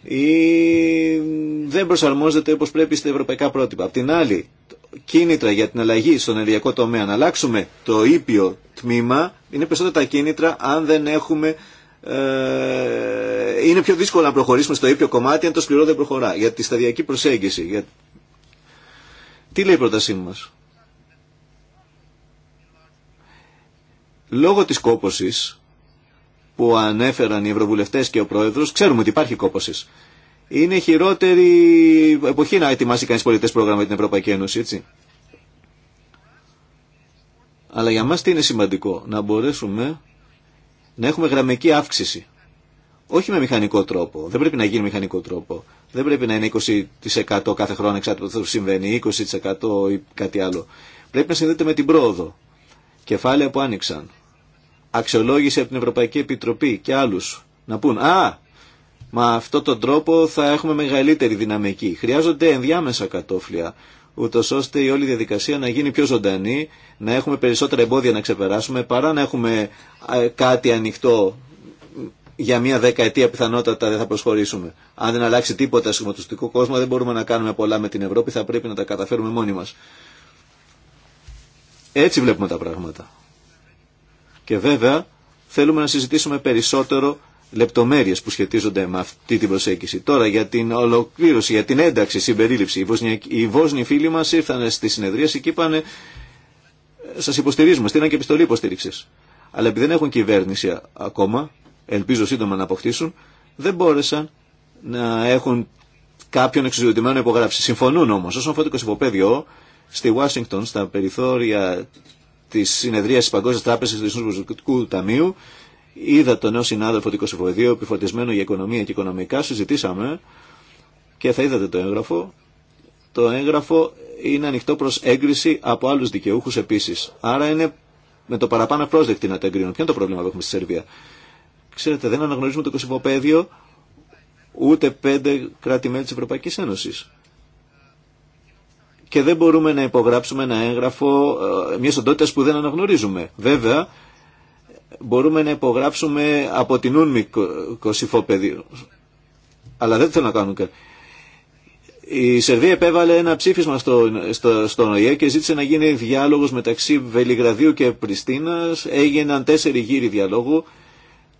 ή δεν προσαρμόζεται όπω πρέπει στα ευρωπαϊκά πρότυπα. Απ' την άλλη, κίνητρα για την αλλαγή στον ενεργειακό τομέα, να αλλάξουμε το ήπιο τμήμα, είναι περισσότερα τα κίνητρα αν δεν έχουμε. Ε, είναι πιο δύσκολο να προχωρήσουμε στο ήπιο κομμάτι αν το σκληρό δεν προχωρά. Για τη σταδιακή προσέγγιση. Για... Τι λέει η πρότασή μα. Λόγω της κόπωσης που ανέφεραν οι ευρωβουλευτές και ο πρόεδρος, ξέρουμε ότι υπάρχει κόπωσης. Είναι χειρότερη εποχή να ετοιμάσει κανείς πολιτές πρόγραμμα για την Ευρωπαϊκή Ένωση, έτσι. Αλλά για μας τι είναι σημαντικό, να μπορέσουμε να έχουμε γραμμική αύξηση. Όχι με μηχανικό τρόπο. Δεν πρέπει να γίνει μηχανικό τρόπο. Δεν πρέπει να είναι 20% κάθε χρόνο εξάρτητα το συμβαίνει, 20% ή κάτι άλλο. Πρέπει να συνδέεται με την πρόοδο. Κεφάλαια που άνοιξαν αξιολόγηση από την Ευρωπαϊκή Επιτροπή και άλλου να πούν «Α, μα αυτόν τον τρόπο θα έχουμε μεγαλύτερη δυναμική». Χρειάζονται ενδιάμεσα κατόφλια, ούτω ώστε η όλη διαδικασία να γίνει πιο ζωντανή, να έχουμε περισσότερα εμπόδια να ξεπεράσουμε, παρά να έχουμε κάτι ανοιχτό για μια δεκαετία πιθανότατα δεν θα προσχωρήσουμε. Αν δεν αλλάξει τίποτα στο κόσμο δεν μπορούμε να κάνουμε πολλά με την Ευρώπη, θα πρέπει να τα καταφέρουμε μόνοι μα. Έτσι βλέπουμε τα πράγματα. Και βέβαια θέλουμε να συζητήσουμε περισσότερο λεπτομέρειες που σχετίζονται με αυτή την προσέγγιση. Τώρα για την ολοκλήρωση, για την ένταξη, συμπερίληψη. Οι, Βόσνοι, Βόσνοι φίλοι μας ήρθαν στη συνεδρίαση και είπαν σας υποστηρίζουμε, στείλαν και επιστολή υποστήριξη. Αλλά επειδή δεν έχουν κυβέρνηση ακόμα, ελπίζω σύντομα να αποκτήσουν, δεν μπόρεσαν να έχουν κάποιον εξουσιοδοτημένο υπογράψει. Συμφωνούν όμως. Όσον αφορά το 25ο, στη Ουάσιγκτον, στα περιθώρια τη συνεδρία τη Παγκόσμια Τράπεζα του Ισού Ταμείου, είδα τον νέο συνάδελφο του Κωσυφοδίου επιφορτισμένο για οικονομία και οικονομικά, συζητήσαμε και θα είδατε το έγγραφο. Το έγγραφο είναι ανοιχτό προ έγκριση από άλλου δικαιούχου επίση. Άρα είναι με το παραπάνω πρόσδεκτη να το εγκρίνουν. Ποιο είναι το πρόβλημα που έχουμε στη Σερβία. Ξέρετε, δεν αναγνωρίζουμε το Κωσυφοπαίδιο ούτε πέντε κράτη-μέλη τη Ευρωπαϊκή Ένωση και δεν μπορούμε να υπογράψουμε ένα έγγραφο ε, μια οντότητα που δεν αναγνωρίζουμε. Βέβαια, μπορούμε να υπογράψουμε από την Ούνμη κοσυφό Αλλά δεν θέλω να κάνω κάτι. Η Σερβία επέβαλε ένα ψήφισμα στο, στο, στο ΟΗΕ και ζήτησε να γίνει διάλογος μεταξύ Βελιγραδίου και Πριστίνας. Έγιναν τέσσερι γύροι διαλόγου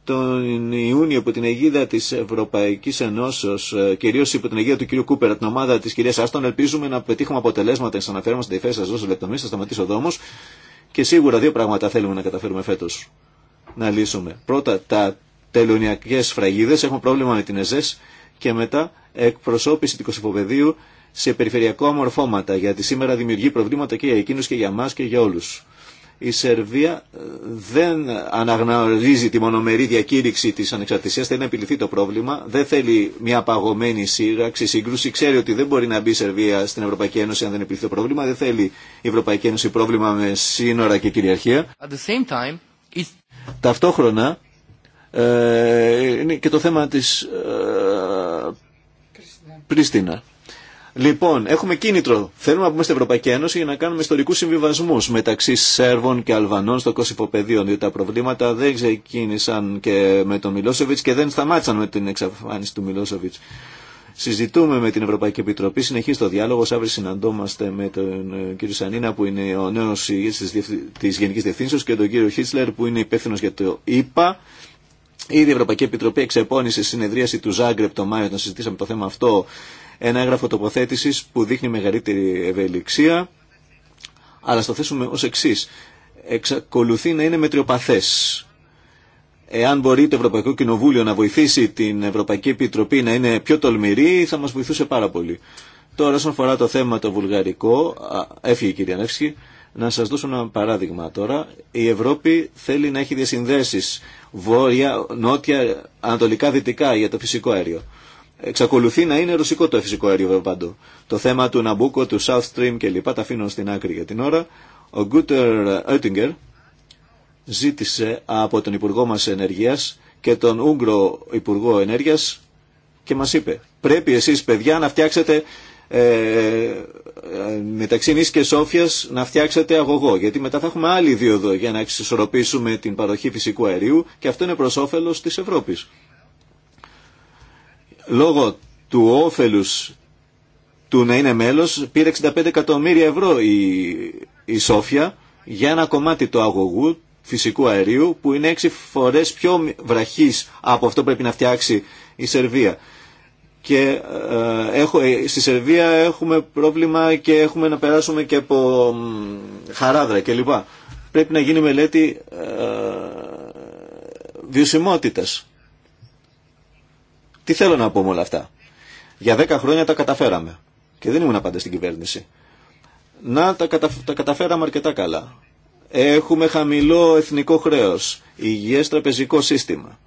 τον Ιούνιο υπό την αιγίδα τη Ευρωπαϊκή Ενώσεω, ε, κυρίω υπό την αιγίδα του κ. Κούπερα, την ομάδα τη κυρία Άστον, ελπίζουμε να πετύχουμε αποτελέσματα. Σα αναφέρομαι στην τυφέ σα, δώσω λεπτομέρειε, θα σταματήσω εδώ όμω. Και σίγουρα δύο πράγματα θέλουμε να καταφέρουμε φέτο να λύσουμε. Πρώτα, τα τελωνιακέ φραγίδε, έχουμε πρόβλημα με την ΕΖΕΣ και μετά εκπροσώπηση του Κωσυφοβεδίου σε περιφερειακό αμορφώματα, γιατί σήμερα δημιουργεί προβλήματα και για εκείνου και για εμά και για όλου η Σερβία ε, δεν αναγνωρίζει τη μονομερή διακήρυξη της ανεξαρτησίας, θέλει να επιληθεί το πρόβλημα, δεν θέλει μια παγωμένη σύραξη, σύγκρουση, ξέρει ότι δεν μπορεί να μπει η Σερβία στην Ευρωπαϊκή Ένωση αν δεν επιληθεί το πρόβλημα, δεν θέλει η Ευρωπαϊκή Ένωση πρόβλημα με σύνορα και κυριαρχία. time, Ταυτόχρονα ε, είναι και το θέμα της ε, Πρίστινα Λοιπόν, έχουμε κίνητρο. Θέλουμε να πούμε στην Ευρωπαϊκή Ένωση για να κάνουμε ιστορικού συμβιβασμού μεταξύ Σέρβων και Αλβανών στο Πεδίο, Διότι τα προβλήματα δεν ξεκίνησαν και με τον Μιλόσεβιτ και δεν σταμάτησαν με την εξαφάνιση του Μιλόσεβιτ. Συζητούμε με την Ευρωπαϊκή Επιτροπή, συνεχίζει το διάλογο. Αύριο συναντόμαστε με τον ε, κύριο Σανίνα που είναι ο νέο ηγέτη τη Γενική Διευθύνσεω και τον κύριο Χίτσλερ που είναι υπεύθυνο για το ΙΠΑ. η Ευρωπαϊκή Επιτροπή εξεπώνησε συνεδρίαση του Ζάγκρεπ το Μάιο, να συζητήσαμε το θέμα αυτό ένα έγγραφο τοποθέτησης που δείχνει μεγαλύτερη ευελιξία, αλλά στο θέσουμε ω εξή. Εξακολουθεί να είναι μετριοπαθέ. Εάν μπορεί το Ευρωπαϊκό Κοινοβούλιο να βοηθήσει την Ευρωπαϊκή Επιτροπή να είναι πιο τολμηρή, θα μας βοηθούσε πάρα πολύ. Τώρα, όσον αφορά το θέμα το βουλγαρικό, έφυγε η κυρία Νεύσκη, να σας δώσω ένα παράδειγμα τώρα. Η Ευρώπη θέλει να έχει διασυνδέσεις βόρεια, νότια, ανατολικά, δυτικά για το φυσικό αέριο εξακολουθεί να είναι ρωσικό το φυσικό αέριο παντού. Το θέμα του Ναμπούκο, του South Stream κλπ. Τα αφήνω στην άκρη για την ώρα. Ο Γκούτερ Oettinger ζήτησε από τον Υπουργό μας Ενεργείας και τον Ούγγρο Υπουργό Ενέργειας και μας είπε πρέπει εσείς παιδιά να φτιάξετε ε, μεταξύ Νης και Σόφιας να φτιάξετε αγωγό γιατί μετά θα έχουμε άλλη δίωδο για να εξισορροπήσουμε την παροχή φυσικού αερίου και αυτό είναι προς όφελος της Ευρώπης λόγω του όφελους του να είναι μέλος πήρε 65 εκατομμύρια ευρώ η, η Σόφια για ένα κομμάτι του αγωγού φυσικού αερίου που είναι έξι φορές πιο βραχής από αυτό που πρέπει να φτιάξει η Σερβία. Και ε, έχω, ε, στη Σερβία έχουμε πρόβλημα και έχουμε να περάσουμε και από ε, χαράδρα κλπ. Πρέπει να γίνει μελέτη ε, βιωσιμότητας τι θέλω να πω με όλα αυτά. Για 10 χρόνια τα καταφέραμε. Και δεν ήμουν πάντα στην κυβέρνηση. Να, τα, κατα... τα καταφέραμε αρκετά καλά. Έχουμε χαμηλό εθνικό χρέο. υγιές τραπεζικό σύστημα.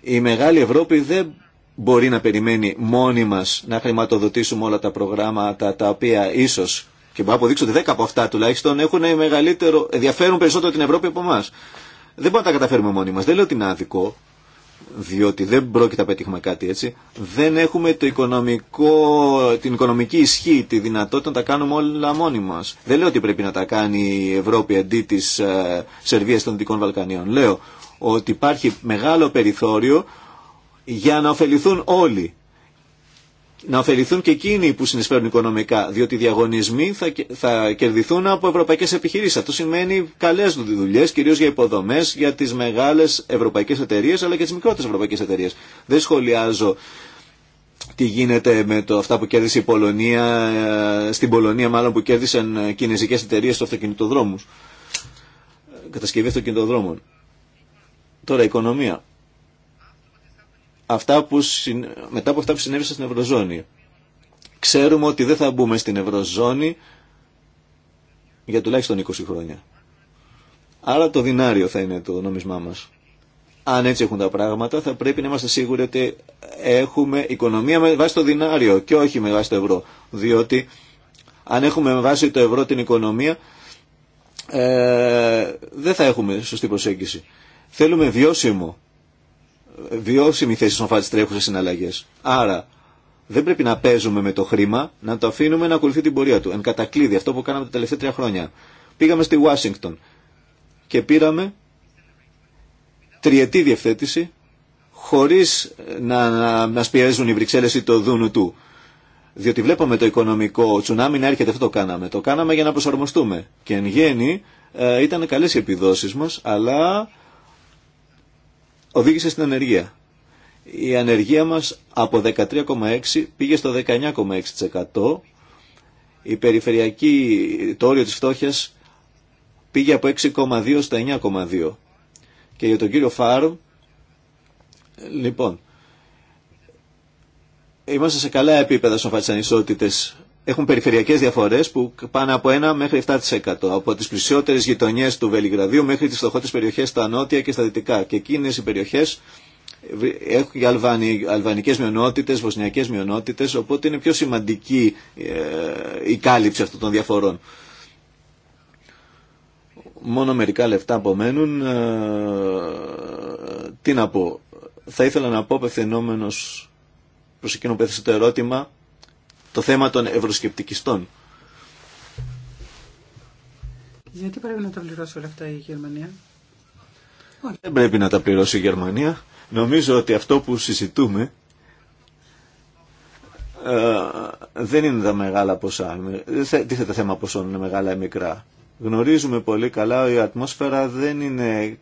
Η μεγάλη Ευρώπη δεν μπορεί να περιμένει μόνοι μα να χρηματοδοτήσουμε όλα τα προγράμματα τα οποία ίσω και μπορώ να αποδείξω ότι 10 από αυτά τουλάχιστον έχουν μεγαλύτερο, ενδιαφέρουν περισσότερο την Ευρώπη από εμά. Δεν μπορούμε να τα καταφέρουμε μόνοι μα. Δεν λέω ότι είναι άδικο διότι δεν πρόκειται να πετύχουμε κάτι έτσι, δεν έχουμε το οικονομικό, την οικονομική ισχύ, τη δυνατότητα να τα κάνουμε όλα μόνοι μας. Δεν λέω ότι πρέπει να τα κάνει η Ευρώπη αντί της ε, Σερβίας των Δυτικών Βαλκανίων. Λέω ότι υπάρχει μεγάλο περιθώριο για να ωφεληθούν όλοι να ωφεληθούν και εκείνοι που συνεισφέρουν οικονομικά, διότι οι διαγωνισμοί θα, θα κερδιθούν από ευρωπαϊκέ επιχειρήσει. Αυτό σημαίνει καλέ δουλειέ, κυρίω για υποδομέ, για τι μεγάλε ευρωπαϊκέ εταιρείε, αλλά και τι μικρότερε ευρωπαϊκέ εταιρείε. Δεν σχολιάζω τι γίνεται με το, αυτά που κέρδισε η Πολωνία, ε, στην Πολωνία μάλλον που κέρδισαν ε, κινέζικε εταιρείε στο αυτοκινητοδρόμου. Ε, Κατασκευή αυτοκινητοδρόμων. Τώρα, οικονομία αυτά που, μετά από αυτά που συνέβησαν στην Ευρωζώνη. Ξέρουμε ότι δεν θα μπούμε στην Ευρωζώνη για τουλάχιστον 20 χρόνια. Άρα το δινάριο θα είναι το νόμισμά μας. Αν έτσι έχουν τα πράγματα θα πρέπει να είμαστε σίγουροι ότι έχουμε οικονομία με βάση το δινάριο και όχι με βάση το ευρώ. Διότι αν έχουμε με βάση το ευρώ την οικονομία ε, δεν θα έχουμε σωστή προσέγγιση. Θέλουμε βιώσιμο βιώσιμη θέση στον φάτη τρέχουσε συναλλαγέ. Άρα δεν πρέπει να παίζουμε με το χρήμα, να το αφήνουμε να ακολουθεί την πορεία του. Εν κατακλείδη, αυτό που κάναμε τα τελευταία τρία χρόνια. Πήγαμε στη Ουάσιγκτον και πήραμε τριετή διευθέτηση χωρίς να, να μας πιέζουν οι Βρυξέλλες ή το δούνου του. Διότι βλέπαμε το οικονομικό τσουνάμι να έρχεται, αυτό το κάναμε. Το κάναμε για να προσαρμοστούμε. Και εν γέννη ε, ήταν καλές οι επιδόσεις μας, αλλά οδήγησε στην ανεργία. Η ανεργία μας από 13,6 πήγε στο 19,6%. Η περιφερειακή, το όριο της φτώχειας πήγε από 6,2 στα 9,2. Και για τον κύριο Φάρου, λοιπόν, είμαστε σε καλά επίπεδα στον φάτσαν έχουν περιφερειακές διαφορές που πάνε από 1 μέχρι 7% από τις πλησιότερες γειτονιές του Βελιγραδίου μέχρι τις φτωχότερες περιοχές στα νότια και στα δυτικά και εκείνες οι περιοχές έχουν και αλβανι, αλβανικές μειονότητες, βοσνιακές μειονότητες οπότε είναι πιο σημαντική ε, η κάλυψη αυτών των διαφορών μόνο μερικά λεφτά απομένουν ε, τι να πω θα ήθελα να πω απευθυνόμενος προς εκείνο που έθεσε το ερώτημα το θέμα των ευρωσκεπτικιστών. Γιατί πρέπει να τα πληρώσει όλα αυτά η Γερμανία. Δεν πρέπει να τα πληρώσει η Γερμανία. Νομίζω ότι αυτό που συζητούμε ε, δεν είναι τα μεγάλα ποσά. Δεν τα ποσών είναι μεγάλα ή μικρά. Γνωρίζουμε πολύ καλά η ατμόσφαιρα οτι δεν είναι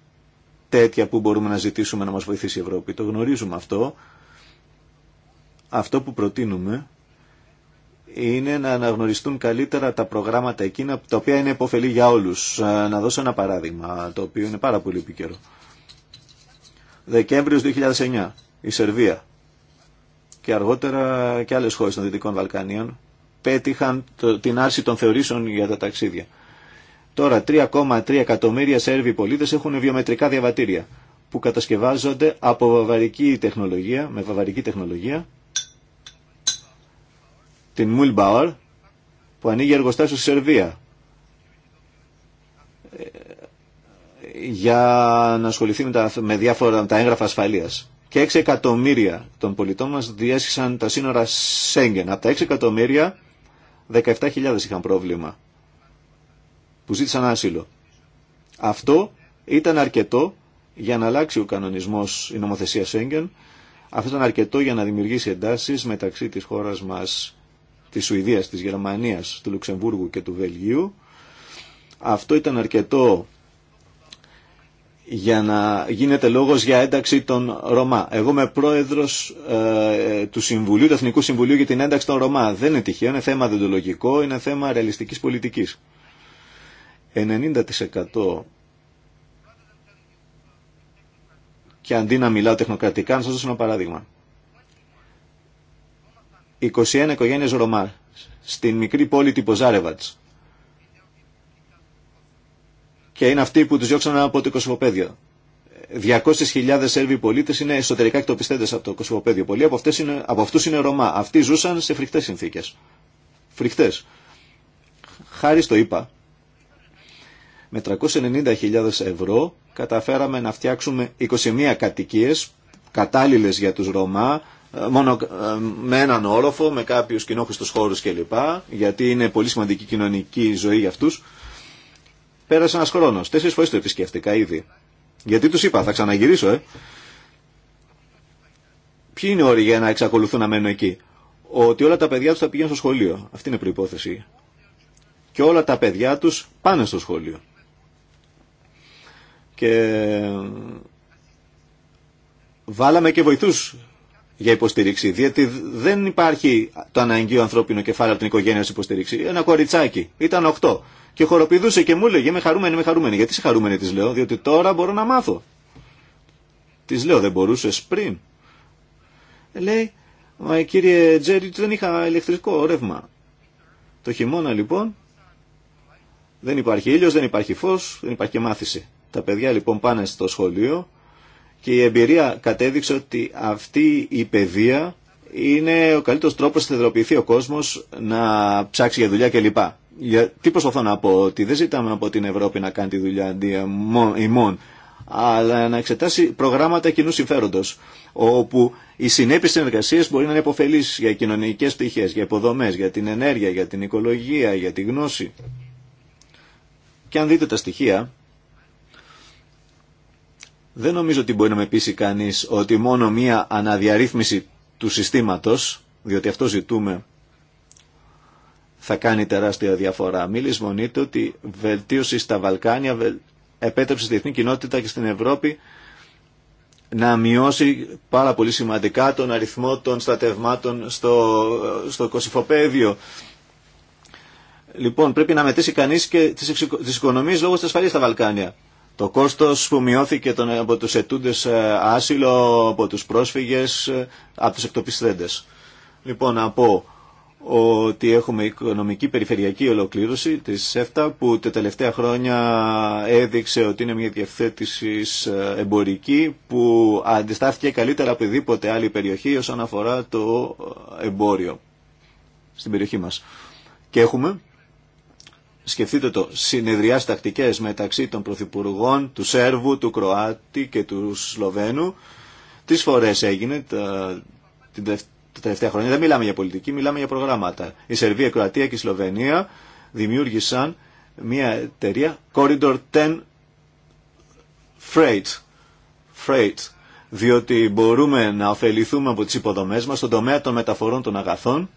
τέτοια που μπορούμε να ζητήσουμε να μας βοηθήσει η Ευρώπη. Το γνωρίζουμε αυτό. Αυτό που προτείνουμε είναι να αναγνωριστούν καλύτερα τα προγράμματα εκείνα τα οποία είναι υποφελή για όλους. Να δώσω ένα παράδειγμα το οποίο είναι πάρα πολύ επικαιρό. Δεκέμβριος 2009 η Σερβία και αργότερα και άλλες χώρες των Δυτικών Βαλκανίων πέτυχαν την άρση των θεωρήσεων για τα ταξίδια. Τώρα 3,3 εκατομμύρια Σέρβοι πολίτες έχουν βιομετρικά διαβατήρια που κατασκευάζονται από βαβαρική τεχνολογία, με βαβαρική τεχνολογία την Μουλμπαουρ που ανοίγει εργοστάσιο στη Σερβία ε, για να ασχοληθεί με, τα, με διάφορα τα έγγραφα ασφαλεία. Και 6 εκατομμύρια των πολιτών μας διέσχισαν τα σύνορα Σέγγεν. Από τα 6 εκατομμύρια 17.000 είχαν πρόβλημα που ζήτησαν άσυλο. Αυτό ήταν αρκετό για να αλλάξει ο κανονισμός η νομοθεσία Σέγγεν. Αυτό ήταν αρκετό για να δημιουργήσει εντάσει μεταξύ τη χώρα μας της Σουηδίας, της Γερμανίας, του Λουξεμβούργου και του Βελγίου. Αυτό ήταν αρκετό για να γίνεται λόγος για ένταξη των Ρωμά. Εγώ είμαι πρόεδρος ε, του Συμβουλίου, του Εθνικού Συμβουλίου για την ένταξη των Ρωμά. Δεν είναι τυχαίο, είναι θέμα δεντολογικό, είναι θέμα ρεαλιστικής πολιτικής. 90% και αντί να μιλάω τεχνοκρατικά, να σας δώσω ένα παράδειγμα. 21 οικογένειες Ρωμά... στην μικρή πόλη Ποζάρεβατ. Και είναι αυτοί που τους διώξαν από το Κοσμοπέδιο. 200.000 Σέρβοι πολίτε είναι εσωτερικά εκτοπιστέντε από το Κοσμοπέδιο. Πολλοί από, αυτές είναι, από είναι Ρωμά. Αυτοί ζούσαν σε φρικτές συνθήκες. Φρικτές. Χάρη στο είπα... με 390.000 ευρώ καταφέραμε να φτιάξουμε 21 κατοικίες κατάλληλες για τους Ρωμά μόνο ε, με έναν όροφο, με κάποιους κοινόχρηστους χώρους κλπ. Γιατί είναι πολύ σημαντική κοινωνική ζωή για αυτούς. Πέρασε ένας χρόνος. Τέσσερις φορές το επισκέφτηκα ήδη. Γιατί τους είπα, θα ξαναγυρίσω, ε. Ποιοι είναι οι όροι για να εξακολουθούν να μένουν εκεί. Ότι όλα τα παιδιά τους θα πηγαίνουν στο σχολείο. Αυτή είναι η προϋπόθεση. Και όλα τα παιδιά τους πάνε στο σχολείο. Και ε, βάλαμε και βοηθούς για υποστήριξη, διότι δεν υπάρχει το αναγκαίο ανθρώπινο κεφάλαιο από την οικογένεια ως υποστήριξη. Ένα κοριτσάκι, ήταν 8 και χοροπηδούσε και μου έλεγε Είμαι χαρούμενη, είμαι χαρούμενη. Γιατί είσαι χαρούμενη, τη λέω, διότι τώρα μπορώ να μάθω. Τη λέω, δεν μπορούσε πριν. Λέει, Μα κύριε Τζέρι, δεν είχα ηλεκτρικό ρεύμα. Το χειμώνα λοιπόν δεν υπάρχει ήλιο, δεν υπάρχει φω, δεν υπάρχει μάθηση. Τα παιδιά λοιπόν πάνε στο σχολείο και η εμπειρία κατέδειξε ότι αυτή η παιδεία είναι ο καλύτερος τρόπος να θεδροποιηθεί ο κόσμος να ψάξει για δουλειά κλπ. Για, τι προσπαθώ να πω, ότι δεν ζητάμε από την Ευρώπη να κάνει τη δουλειά ημών, αλλά να εξετάσει προγράμματα κοινού συμφέροντο, όπου οι συνέπειες συνεργασία μπορεί να είναι υποφελεί για κοινωνικέ πτυχέ, για υποδομέ, για την ενέργεια, για την οικολογία, για τη γνώση. Και αν δείτε τα στοιχεία, δεν νομίζω ότι μπορεί να με πείσει κανείς ότι μόνο μία αναδιαρρύθμιση του συστήματος, διότι αυτό ζητούμε, θα κάνει τεράστια διαφορά. Μη λησμονείτε ότι βελτίωση στα Βαλκάνια επέτρεψε στη διεθνή κοινότητα και στην Ευρώπη να μειώσει πάρα πολύ σημαντικά τον αριθμό των στρατευμάτων στο, στο Λοιπόν, πρέπει να μετήσει κανείς και τις, τις οικονομίες λόγω της ασφαλείας στα Βαλκάνια. Το κόστος που μειώθηκε τον, από τους ετούντες ε, άσυλο, από τους πρόσφυγες, ε, από τους εκτοπιστέντες. Λοιπόν, να πω ότι έχουμε οικονομική περιφερειακή ολοκλήρωση της ΕΦΤΑ που τα τελευταία χρόνια έδειξε ότι είναι μια διευθέτηση ε, εμπορική που αντιστάθηκε καλύτερα από οτιδήποτε άλλη περιοχή όσον αφορά το εμπόριο στην περιοχή μας. Και έχουμε σκεφτείτε το, συνεδριάς τακτικέ μεταξύ των Πρωθυπουργών, του Σέρβου, του Κροάτη και του Σλοβαίνου. Τι φορές έγινε τα, την, τα τελευταία χρόνια. Δεν μιλάμε για πολιτική, μιλάμε για προγράμματα. Η Σερβία, η Κροατία και η Σλοβενία δημιούργησαν μια εταιρεία Corridor 10 Freight. Freight διότι μπορούμε να ωφεληθούμε από τις υποδομές μας στον τομέα των μεταφορών των αγαθών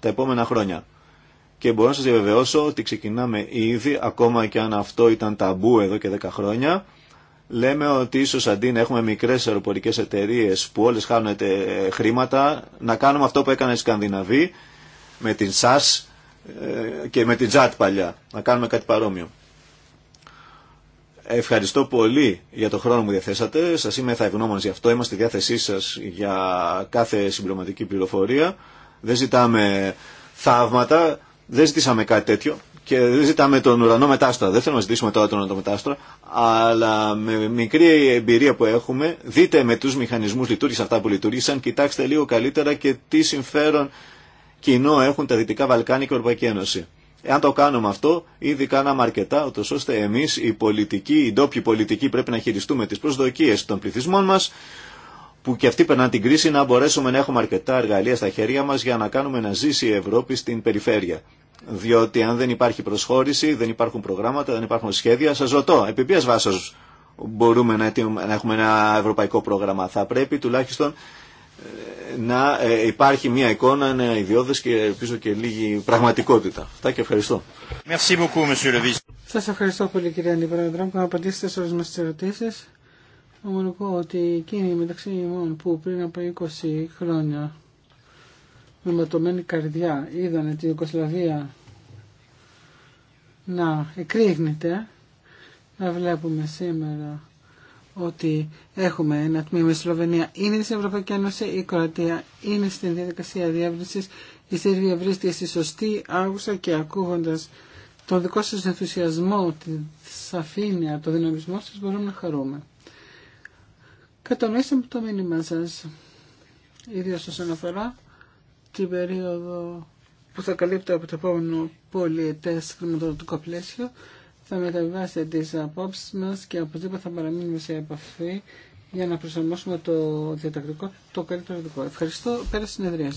τα επόμενα χρόνια και μπορώ να σας διαβεβαιώσω ότι ξεκινάμε ήδη, ακόμα και αν αυτό ήταν ταμπού εδώ και 10 χρόνια, λέμε ότι ίσως αντί να έχουμε μικρές αεροπορικές εταιρείε που όλες χάνουν ε, χρήματα, να κάνουμε αυτό που έκαναν οι Σκανδιναβοί με την ΣΑΣ ε, και με την ΤΖΑΤ παλιά, να κάνουμε κάτι παρόμοιο. Ευχαριστώ πολύ για τον χρόνο που διαθέσατε. Σας είμαι θα γι' αυτό. Είμαστε στη διάθεσή σας για κάθε συμπληρωματική πληροφορία. Δεν ζητάμε θαύματα δεν ζητήσαμε κάτι τέτοιο και δεν ζητάμε τον ουρανό μετάστρα. Δεν θέλουμε να ζητήσουμε τώρα τον ουρανό μετάστρα, αλλά με μικρή εμπειρία που έχουμε, δείτε με του μηχανισμού λειτουργήσαν αυτά που λειτουργήσαν, κοιτάξτε λίγο καλύτερα και τι συμφέρον κοινό έχουν τα Δυτικά Βαλκάνια και η Ευρωπαϊκή Ένωση. Εάν το κάνουμε αυτό, ήδη κάναμε αρκετά, ούτω ώστε εμεί οι πολιτικοί, οι ντόπιοι πολιτικοί πρέπει να χειριστούμε τι προσδοκίε των πληθυσμών μα, που και αυτοί περνάνε την κρίση, να μπορέσουμε να έχουμε αρκετά εργαλεία στα χέρια μας για να κάνουμε να ζήσει η Ευρώπη στην περιφέρεια. Διότι αν δεν υπάρχει προσχώρηση, δεν υπάρχουν προγράμματα, δεν υπάρχουν σχέδια, σας ρωτώ, επί ποιες βάσεις μπορούμε να έχουμε ένα ευρωπαϊκό πρόγραμμα. Θα πρέπει τουλάχιστον ε, να ε, υπάρχει μια εικόνα, ένα ιδιώδες και ελπίζω και λίγη πραγματικότητα. Αυτά και ευχαριστώ. Merci Σας ευχαριστώ πολύ κύριε Αντιπρόεδρο που απαντήσετε σε όλες μας τις ερωτήσεις ομολογώ ότι εκείνοι μεταξύ ημών που πριν από 20 χρόνια με ματωμένη καρδιά είδανε η Ιουκοσλαβία να εκρήγνεται, να βλέπουμε σήμερα ότι έχουμε ένα τμήμα η Σλοβενία είναι στην Ευρωπαϊκή Ένωση, η Κροατία είναι στην διαδικασία διεύρυνση, η Σερβία βρίσκεται στη σωστή άγουσα και ακούγοντα τον δικό σα ενθουσιασμό, τη σαφήνεια, το δυναμισμό σα, μπορούμε να χαρούμε. Κατανοήσαμε το μήνυμα σα, ιδίω όσον αφορά την περίοδο που θα καλύπτω από το επόμενο πολιετές χρηματοδοτικό πλαίσιο. Θα μεταβιβάσετε τι απόψει μα και οπωσδήποτε θα παραμείνουμε σε επαφή για να προσαρμόσουμε το διατακτικό το καλύτερο δικό. Ευχαριστώ. Πέρα συνεδρία.